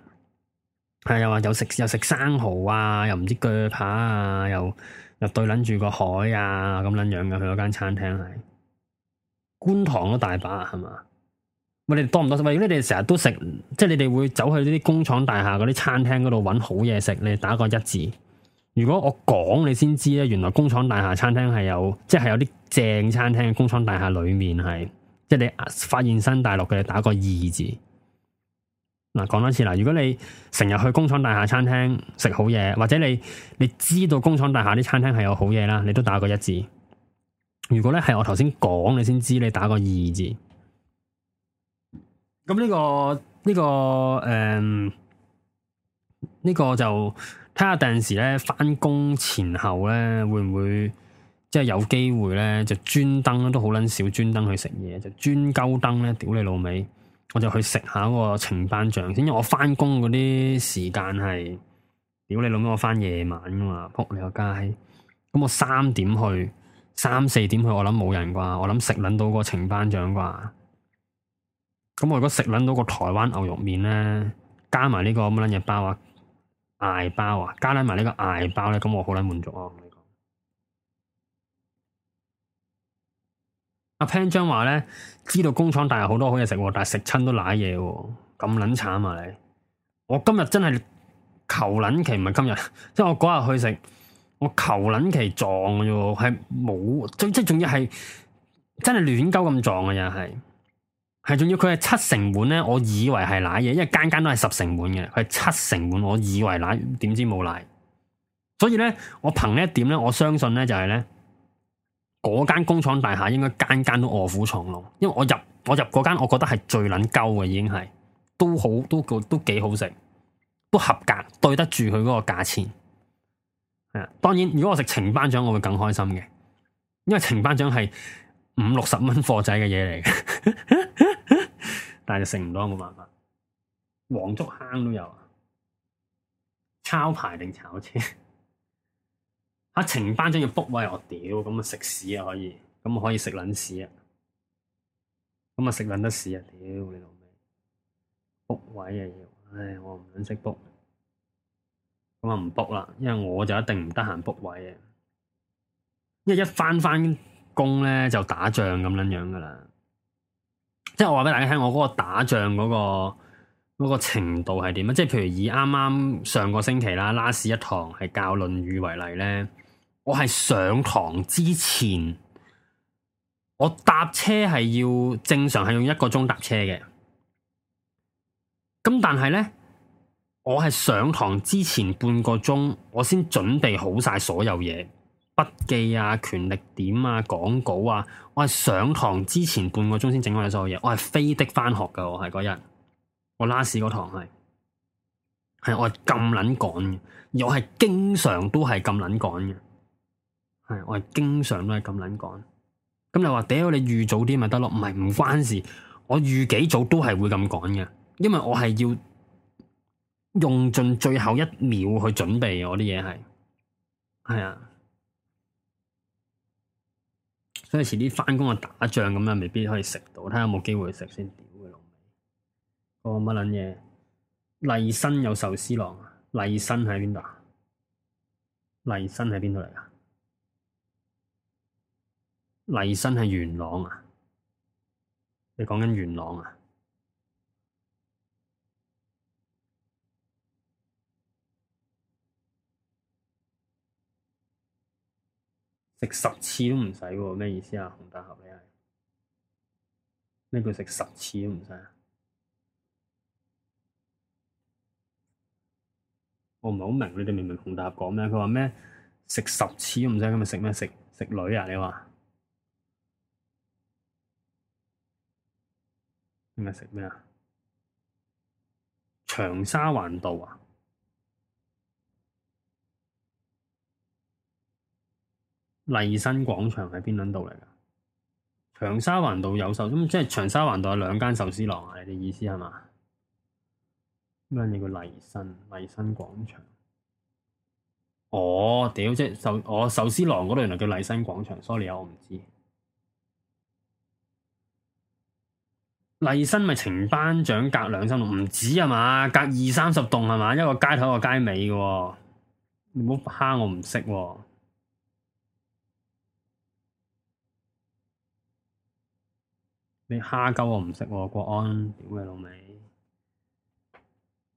係啊，又食又食生蠔啊，又唔知鋸扒啊，又又對撚住個海啊咁撚樣嘅。佢嗰間餐廳係。觀塘都大把係嘛，喂你多唔多食？喂，如果你哋成日都食，即係你哋會走去呢啲工廠大廈嗰啲餐廳嗰度揾好嘢食，你打個一字。如果我講你先知咧，原來工廠大廈餐廳係有，即係有啲正餐廳嘅工廠大廈裏面係，即係你發現新大陸嘅，你打個二字。嗱、啊，講多次啦，如果你成日去工廠大廈餐廳食好嘢，或者你你知道工廠大廈啲餐廳係有好嘢啦，你都打個一字。如果咧係我頭先講，你先知，你打個二字。咁呢、這個呢、這個誒，呢、呃這個就睇下第陣時咧，翻工前後咧會唔會即係有機會咧，就專登都好捻少專登去食嘢，就專鳩登咧，屌你老味，我就去食下嗰個程班長先。因為我翻工嗰啲時間係，屌你老母我翻夜晚噶嘛，扑你個街。咁我三點去。三四點去，我諗冇人啩，我諗食撚到個程班長啩。咁我如果食撚到個台灣牛肉麵咧，加埋呢個乜捻嘢包啊，艾包啊，加埋呢個艾包咧，咁我好捻滿足啊！阿 Pan 張話咧，知道工廠大有好多好嘢食，啊，但係食親都瀨嘢，咁捻慘啊！你，啊，我今日真係求捻其唔係今日，即 係我嗰日去食。我求撚其撞嘅啫，係冇最即仲要係真係亂鳩咁撞嘅，又係，係仲要佢係七成滿咧。我以為係瀨嘢，因為間間都係十成滿嘅，佢係七成滿，我以為瀨，點知冇瀨。所以咧，我憑呢一點咧，我相信咧就係、是、咧，嗰間工廠大廈應該間間都臥虎藏龍，因為我入我入嗰間，我覺得係最撚鳩嘅，已經係都好都都，都幾好食，都合格，對得住佢嗰個價錢。誒，當然，如果我食程班長，我會更開心嘅，因為程班長係五六十蚊貨仔嘅嘢嚟，但係食唔到，冇辦法。黃竹坑都有，抄牌定炒車？啊， 程班長要 book 位，我屌，咁啊食屎啊，可以，咁啊可以食撚屎啊，咁啊食撚得屎啊，屌你老味！book 位啊要，唉，我唔想識 book。咁啊唔卜啦，因為我就一定唔得閒卜位啊，因為一返返工咧就打仗咁樣樣噶啦，即係我話俾大家聽，我嗰個打仗嗰、嗰個、嗰個程度係點啊？即係譬如以啱啱上個星期啦，拉屎一堂係教《論語》為例咧，我係上堂之前，我搭車係要正常係用一個鐘搭車嘅，咁但係咧。我係上堂之前半個鐘，我先準備好晒所有嘢筆記啊、權力點啊、講稿啊。我係上堂之前半個鐘先整好咗所有嘢。我係飛的翻學噶，我係嗰日我 last 嗰堂係係我係咁撚趕嘅，又係經常都係咁撚趕嘅，係我係經常都係咁撚趕。咁你話屌你預早啲咪得咯？唔係唔關事，我預幾早都係會咁趕嘅，因為我係要。用盡最後一秒去準備我啲嘢係係啊，所以遲啲返工啊，打仗咁樣，未必可以食到。睇下有冇機會食先。屌佢老味，嗰個乜撚嘢？麗新有壽司郎啊？麗新喺邊度啊？麗新喺邊度嚟噶？麗新係元朗啊？你講緊元朗啊？食十次都唔使喎，咩意思啊？熊大俠你係、啊、咩叫食十次都唔使啊？我唔係好明，你哋明唔明熊大俠講咩？佢話咩食十次都唔使咁啊？食咩？食食女啊？你話點解食咩啊？長沙灣道啊？麗新廣場喺邊輪道嚟噶？長沙環道有售，咁即係長沙環道有兩間壽司郎啊？你嘅意思係嘛？咩你叫麗新？麗新廣場？哦，屌，即係壽，哦壽司郎嗰度原來叫麗新廣場，sorry 啊，我唔知。麗新咪程班長隔兩三棟，唔止係嘛？隔二三十棟係嘛？一個街頭一個街尾嘅喎，你唔好蝦我唔識喎。你蝦鳩我唔食喎，國安屌你老味？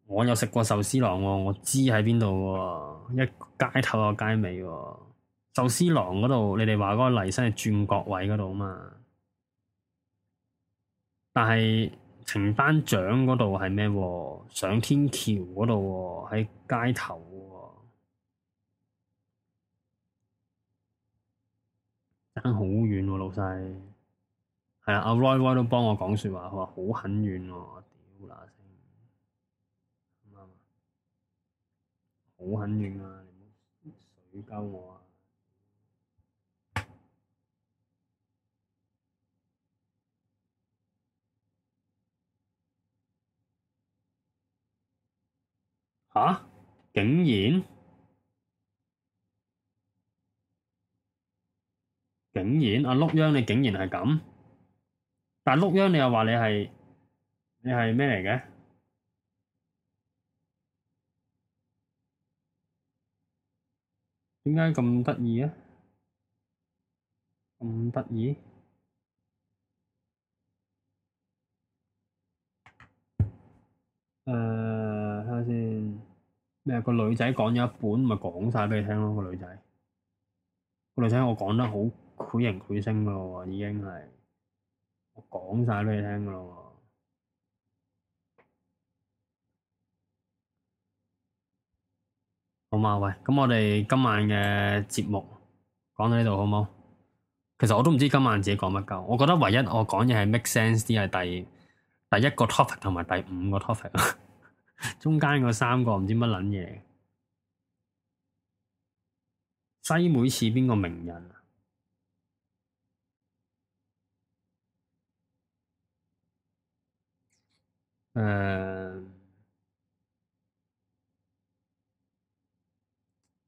我有食過壽司郎。啊，我知喺邊度。一街頭啊街尾啊，壽司郎嗰度，你哋話嗰個黎生係轉角位嗰度啊嘛？但係程班長嗰度係咩？上天橋嗰度喎，喺街頭喎，啊，爭好遠喎，老細。係啊，阿 Roy，Roy 都幫我講説話，佢話好很遠喎，屌嗱聲，好很遠啊！你冇水鳩我啊！嚇，竟然，竟然，阿碌央，你竟然係咁？但碌秧，你又話你係你係咩嚟嘅？點解咁得意啊？咁得意？誒，睇下先。咩？個女仔講咗一本，咪講曬畀你聽咯。個女仔，個女仔，我講得好繪形繪聲嘅喎，已經係。我講晒畀你聽噶喇喎，好嘛？喂，咁我哋今晚嘅節目講到呢度好冇？其實我都唔知今晚自己講乜鳩，我覺得唯一我講嘢係 make sense 啲係第第一個 topic 同埋第五個 topic， 中間嗰三個唔知乜撚嘢。西妹似邊個名人？誒誒，嗱、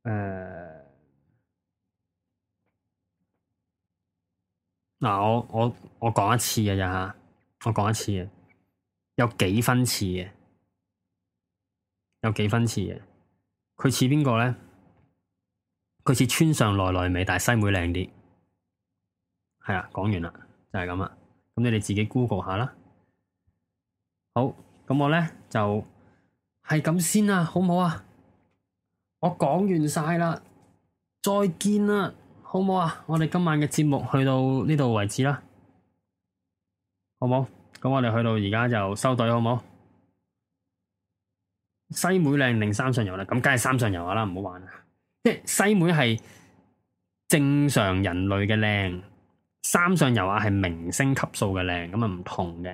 呃呃呃，我我我講一次嘅咋吓？我講一次嘅，有幾分似嘅，有幾分似嘅，佢似邊個咧？佢似川上奈奈美，但係西妹靚啲，係啊，講完啦，就係咁啦，咁你哋自己 Google 下啦。好，咁我呢，就係咁先啦，啊，好唔好啊？我講完晒啦，再見啦，好唔好啊？我哋今晚嘅節目去到呢度為止啦，好唔好？咁我哋去到而家就收隊，好唔好？西妹靚定三上游啦，啊，咁梗係三上游啦，唔好玩啦！即係西妹係正常人類嘅靚，三上游啊係明星級數嘅靚，咁啊唔同嘅。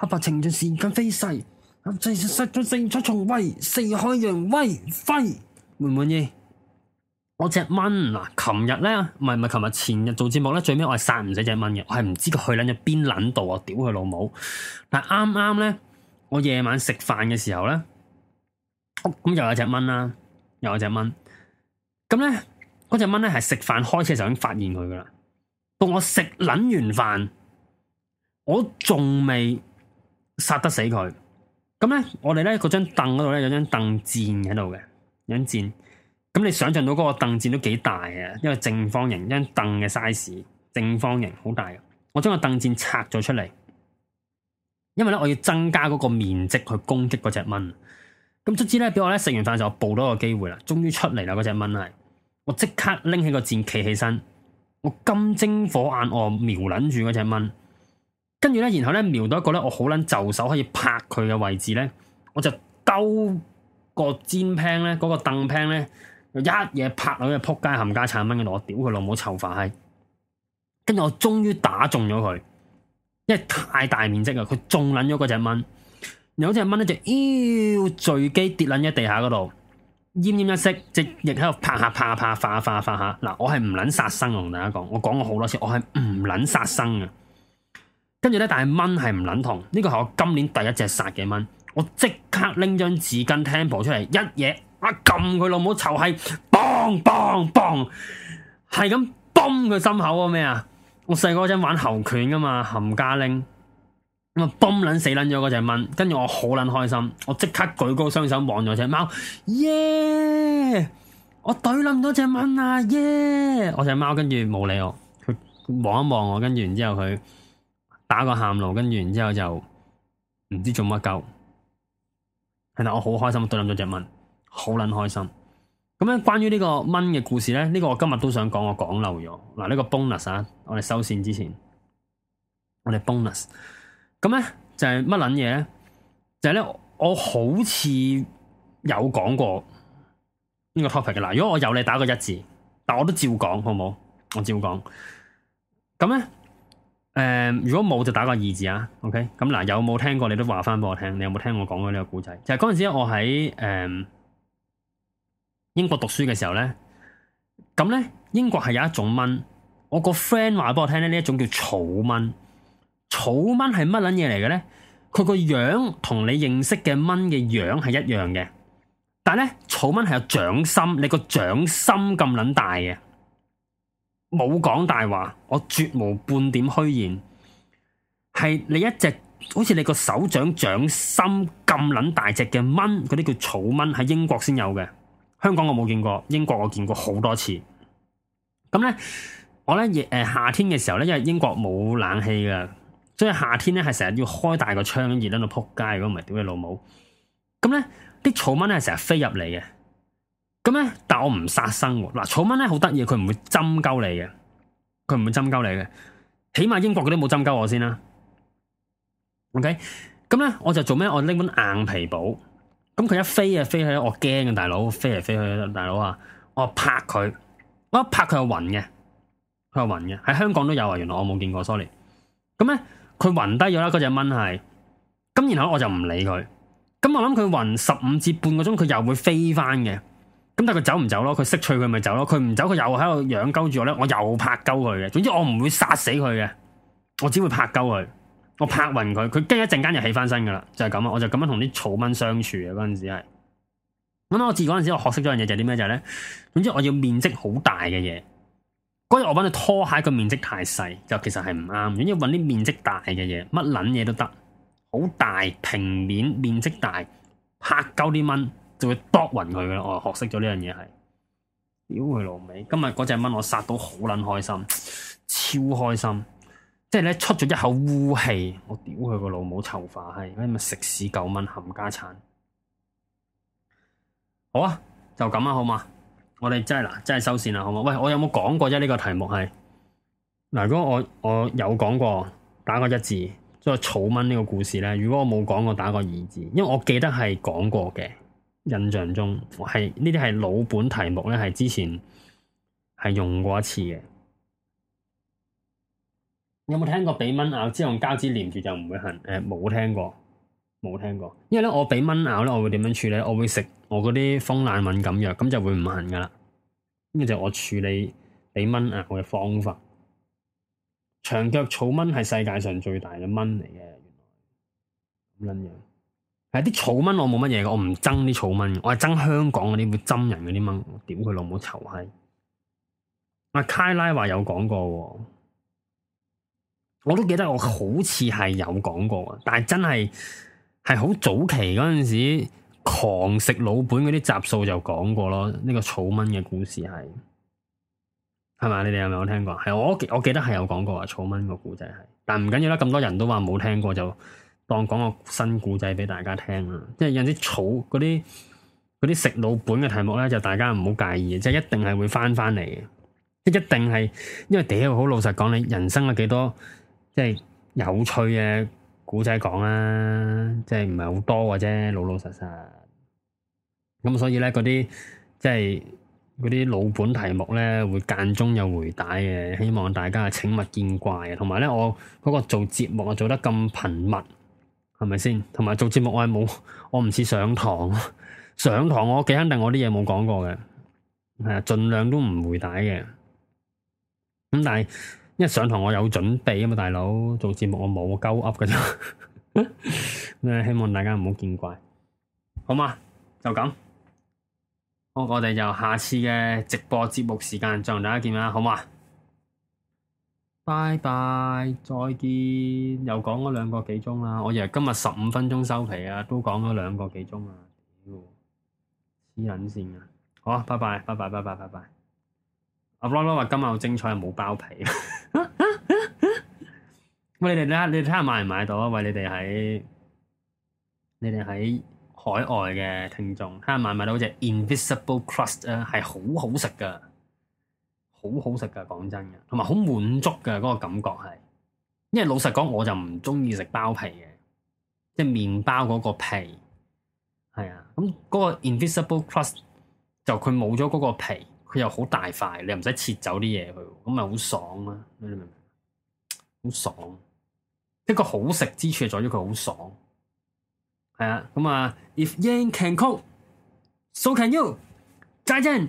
黑白情盡，時間飛逝；盡失咗勝，出重威，四海揚威。威滿唔滿意？ 嗯、我隻蚊嗱，琴日咧，唔係唔係，琴日前日做節目咧，最尾我係殺唔死隻蚊嘅，我係唔知佢去捻咗邊捻度啊！屌佢老母！但啱啱咧，我夜晚食飯嘅時候咧，咁又有隻蚊啦，又有隻蚊。咁咧，嗰隻蚊咧係食飯開始就已經發現佢噶啦。到我食捻完飯，我仲未，殺得死佢，咁咧我哋咧嗰張凳嗰度咧有張凳墊喺度嘅，有張墊。咁你想象到嗰個凳墊都幾大嘅，因為正方形，一張凳嘅 size，正方形好大。我將個凳墊拆咗出嚟，因為咧我要增加嗰個面積去攻擊嗰隻蚊。咁卒之咧，俾我咧食完飯就報到個機會啦，終於出嚟啦嗰隻蚊係，我即刻拎起個墊企起身，我金睛火眼我瞄捻住嗰隻蚊。跟住咧，然後咧，瞄到一個咧，我好捻就手可以拍佢嘅位置咧，我就兜個尖平咧，嗰、那個凳平就一嘢拍到一撲街冚家鏟蚊嘅，我屌佢老母臭化閪！跟住我終於打中咗佢，因為太大面積啊，佢中捻咗嗰隻蚊，然後隻蚊咧就妖墜、呃、機跌捻咗地下嗰度，奄奄一息，隻翼喺度拍下拍下拍下，拍下拍下拍下，嗱，我係唔捻殺生嘅，同大家講，我講過好多次，我係唔捻殺生啊。跟住呢，但係蚊係唔捻痛。呢、這個係我今年第一隻殺嘅蚊。我即刻拎張紙巾 i, TD TD on ong, Temple 出嚟，一嘢啊撳佢老母臭閪嘣嘣嘣，g b 係咁嘣佢心口啊咩啊！我細個嗰陣玩猴拳噶嘛，冚家拎咁啊嘣捻死捻咗嗰隻蚊，跟住、um、我好捻開心，我即刻舉高雙手望咗隻貓耶！Yeah! 我懟捻咗隻蚊啊耶！Yeah! 我隻貓跟住冇理我，佢望一望我，跟住然之後佢。打個喊路，跟住然之後就唔知做乜鳩。係啦，我好開心，對臨咗隻蚊，好撚開心。咁咧，關於呢個蚊嘅故事咧，呢個我今日都想講，我講漏咗。嗱，呢個 bonus 啊，我哋收線之前，我哋 bonus。咁咧就係乜撚嘢咧？就係咧，我好似有講過呢個 topic 噶啦。如果我有你打個一字，但我都照講，好唔好？我照講。咁咧。誒、呃，如果冇就打個二字啊，OK？咁嗱，有冇聽過你都話翻俾我聽？你有冇聽我講過呢個故仔？就係嗰陣時我，我喺誒英國讀書嘅時候咧，咁咧英國係有一種蚊，我個 friend 話俾我聽咧，呢一種叫草蚊。草蚊係乜撚嘢嚟嘅咧？佢個樣同你認識嘅蚊嘅樣係一樣嘅，但係咧草蚊係有掌心，你個掌心咁撚大嘅。冇講大話，我絕無半點虛言。係你一隻好似你個手掌掌心咁捻大隻嘅蚊，嗰啲叫草蚊，喺英國先有嘅。香港我冇見過，英國我見過好多次。咁咧，我咧誒夏天嘅時候咧，因為英國冇冷氣噶，所以夏天咧係成日要開大個窗，熱喺度撲街，如果唔係點嘅老母。咁咧啲草蚊咧係成日飛入嚟嘅。咁咧，但我唔殺生。嗱，草蚊咧好得意，佢唔會針鳩你嘅，佢唔會針鳩你嘅。起碼英國嗰啲冇針鳩我先啦。OK，咁、嗯、咧我就做咩？我拎本硬皮簿，咁佢一飛啊飛去，我驚啊大佬，飛嚟飛去，大佬啊，我拍佢，我一拍佢就暈嘅，佢就暈嘅。喺香港都有啊，原來我冇見過，sorry。咁、嗯、咧，佢暈低咗啦，嗰、那、隻、個、蚊係。咁然後我就唔理佢。咁、嗯、我諗佢暈十五至半個鐘，佢又會飛翻嘅。咁但係佢走唔走咯？佢識趣，佢咪走咯？佢唔走佢又喺度養鳩住我咧，我又拍鳩佢嘅。總之我唔會殺死佢嘅，我只會拍鳩佢，我拍暈佢，佢跟住一陣間又起翻身噶啦，就係咁啊！我就咁樣同啲草蚊相處啊嗰陣時係，咁我自嗰陣時我學識咗樣嘢就係啲咩就係咧，總之我要面積好大嘅嘢。嗰日我揾你拖鞋個面積太細，就其實係唔啱。總之要揾啲面積大嘅嘢，乜捻嘢都得，好大平面面積大，拍鳩啲蚊。就會剁暈佢嘅啦，我、哦、學識咗呢樣嘢係。屌佢老味。今日嗰隻蚊我殺到好撚開心，超開心！即係咧，出咗一口污氣，我屌佢個老母臭化，係咁咪食屎狗蚊冚家鏟。好啊，就咁啊，好嘛？我哋真係啦，真係收線啦，好嘛？喂，我有冇講過啫？呢、這個題目係嗱，如果我我有講過打個一字，即係草蚊呢個故事咧。如果我冇講過打個二字，因為我記得係講過嘅。印象中，我係呢啲係老本題目咧，係之前係用過一次嘅。有冇聽過畀蚊咬之後膠紙黏住就唔會痕？誒、欸，冇聽過，冇聽過。因為咧，我畀蚊咬咧，我會點樣處理？我會食我嗰啲風癩敏感藥，咁就會唔痕噶啦。咁就我處理畀蚊咬嘅方法。長腳草蚊係世界上最大嘅蚊嚟嘅，原來咁撚樣。啲草，草蚊，我冇乜嘢嘅，我唔憎啲草蚊，我係憎香港嗰啲會針人嗰啲蚊，我點佢老母臭閪。阿卡拉話有講過，我都記得我好似係有講過，但係真係係好早期嗰陣時，狂食老本嗰啲集數就講過咯。呢、這個草蚊嘅故事係，係咪？你哋係咪有聽過？係我我記得係有講過啊，草蚊個故仔係，但唔緊要啦，咁多人都話冇聽過就。當講個新故仔畀大家聽啦，即係有啲草嗰啲嗰啲食老本嘅題目咧，就大家唔好介意，即係一定係會翻翻嚟嘅，即一定係，因為屌好老實講，你人生有幾多即係有趣嘅故仔講啦，啊，即係唔係好多嘅啫，老老實實。咁所以咧，嗰啲即係嗰啲老本題目咧，會間中有回帶嘅，希望大家請勿見怪。同埋咧，我嗰個做節目啊，做得咁頻密。係咪先？同埋做節目我係冇，我唔似上堂，上堂我幾肯定我啲嘢冇講過嘅，係啊，盡量都唔回帶嘅。咁但係，一上堂我有準備啊嘛，大佬做節目我冇鳩噏嘅啫， 希望大家唔好見怪，好嘛？就咁，我我哋就下次嘅直播節目時間再同大家見面啦，好嘛？拜拜，bye bye, 再見！又講咗兩個幾鐘啦，我以為今日十五分鐘收皮啊，都講咗兩個幾鐘啊，屌，黐撚線啊！好，拜拜，拜拜，拜拜，拜拜。阿 law law 話今日好精彩，冇包皮、啊、 喂，你哋睇下，你哋睇下買唔買到啊？喂，你哋喺你哋喺海外嘅聽眾，睇下買唔買到隻 invisible crust 啊，係好好食噶。好好食噶，講真嘅，同埋好滿足噶嗰個感覺係，因為老實講，我就唔中意食包皮嘅，即係麵包嗰個皮，係啊，咁嗰個 invisible crust 就佢冇咗嗰個皮，佢又好大塊，你又唔使切走啲嘢佢咁咪好爽啊！你明唔明？好爽，一個好食之處係在於佢好爽，係啊，咁啊，uh,if Yan can cook, so can you, 再見。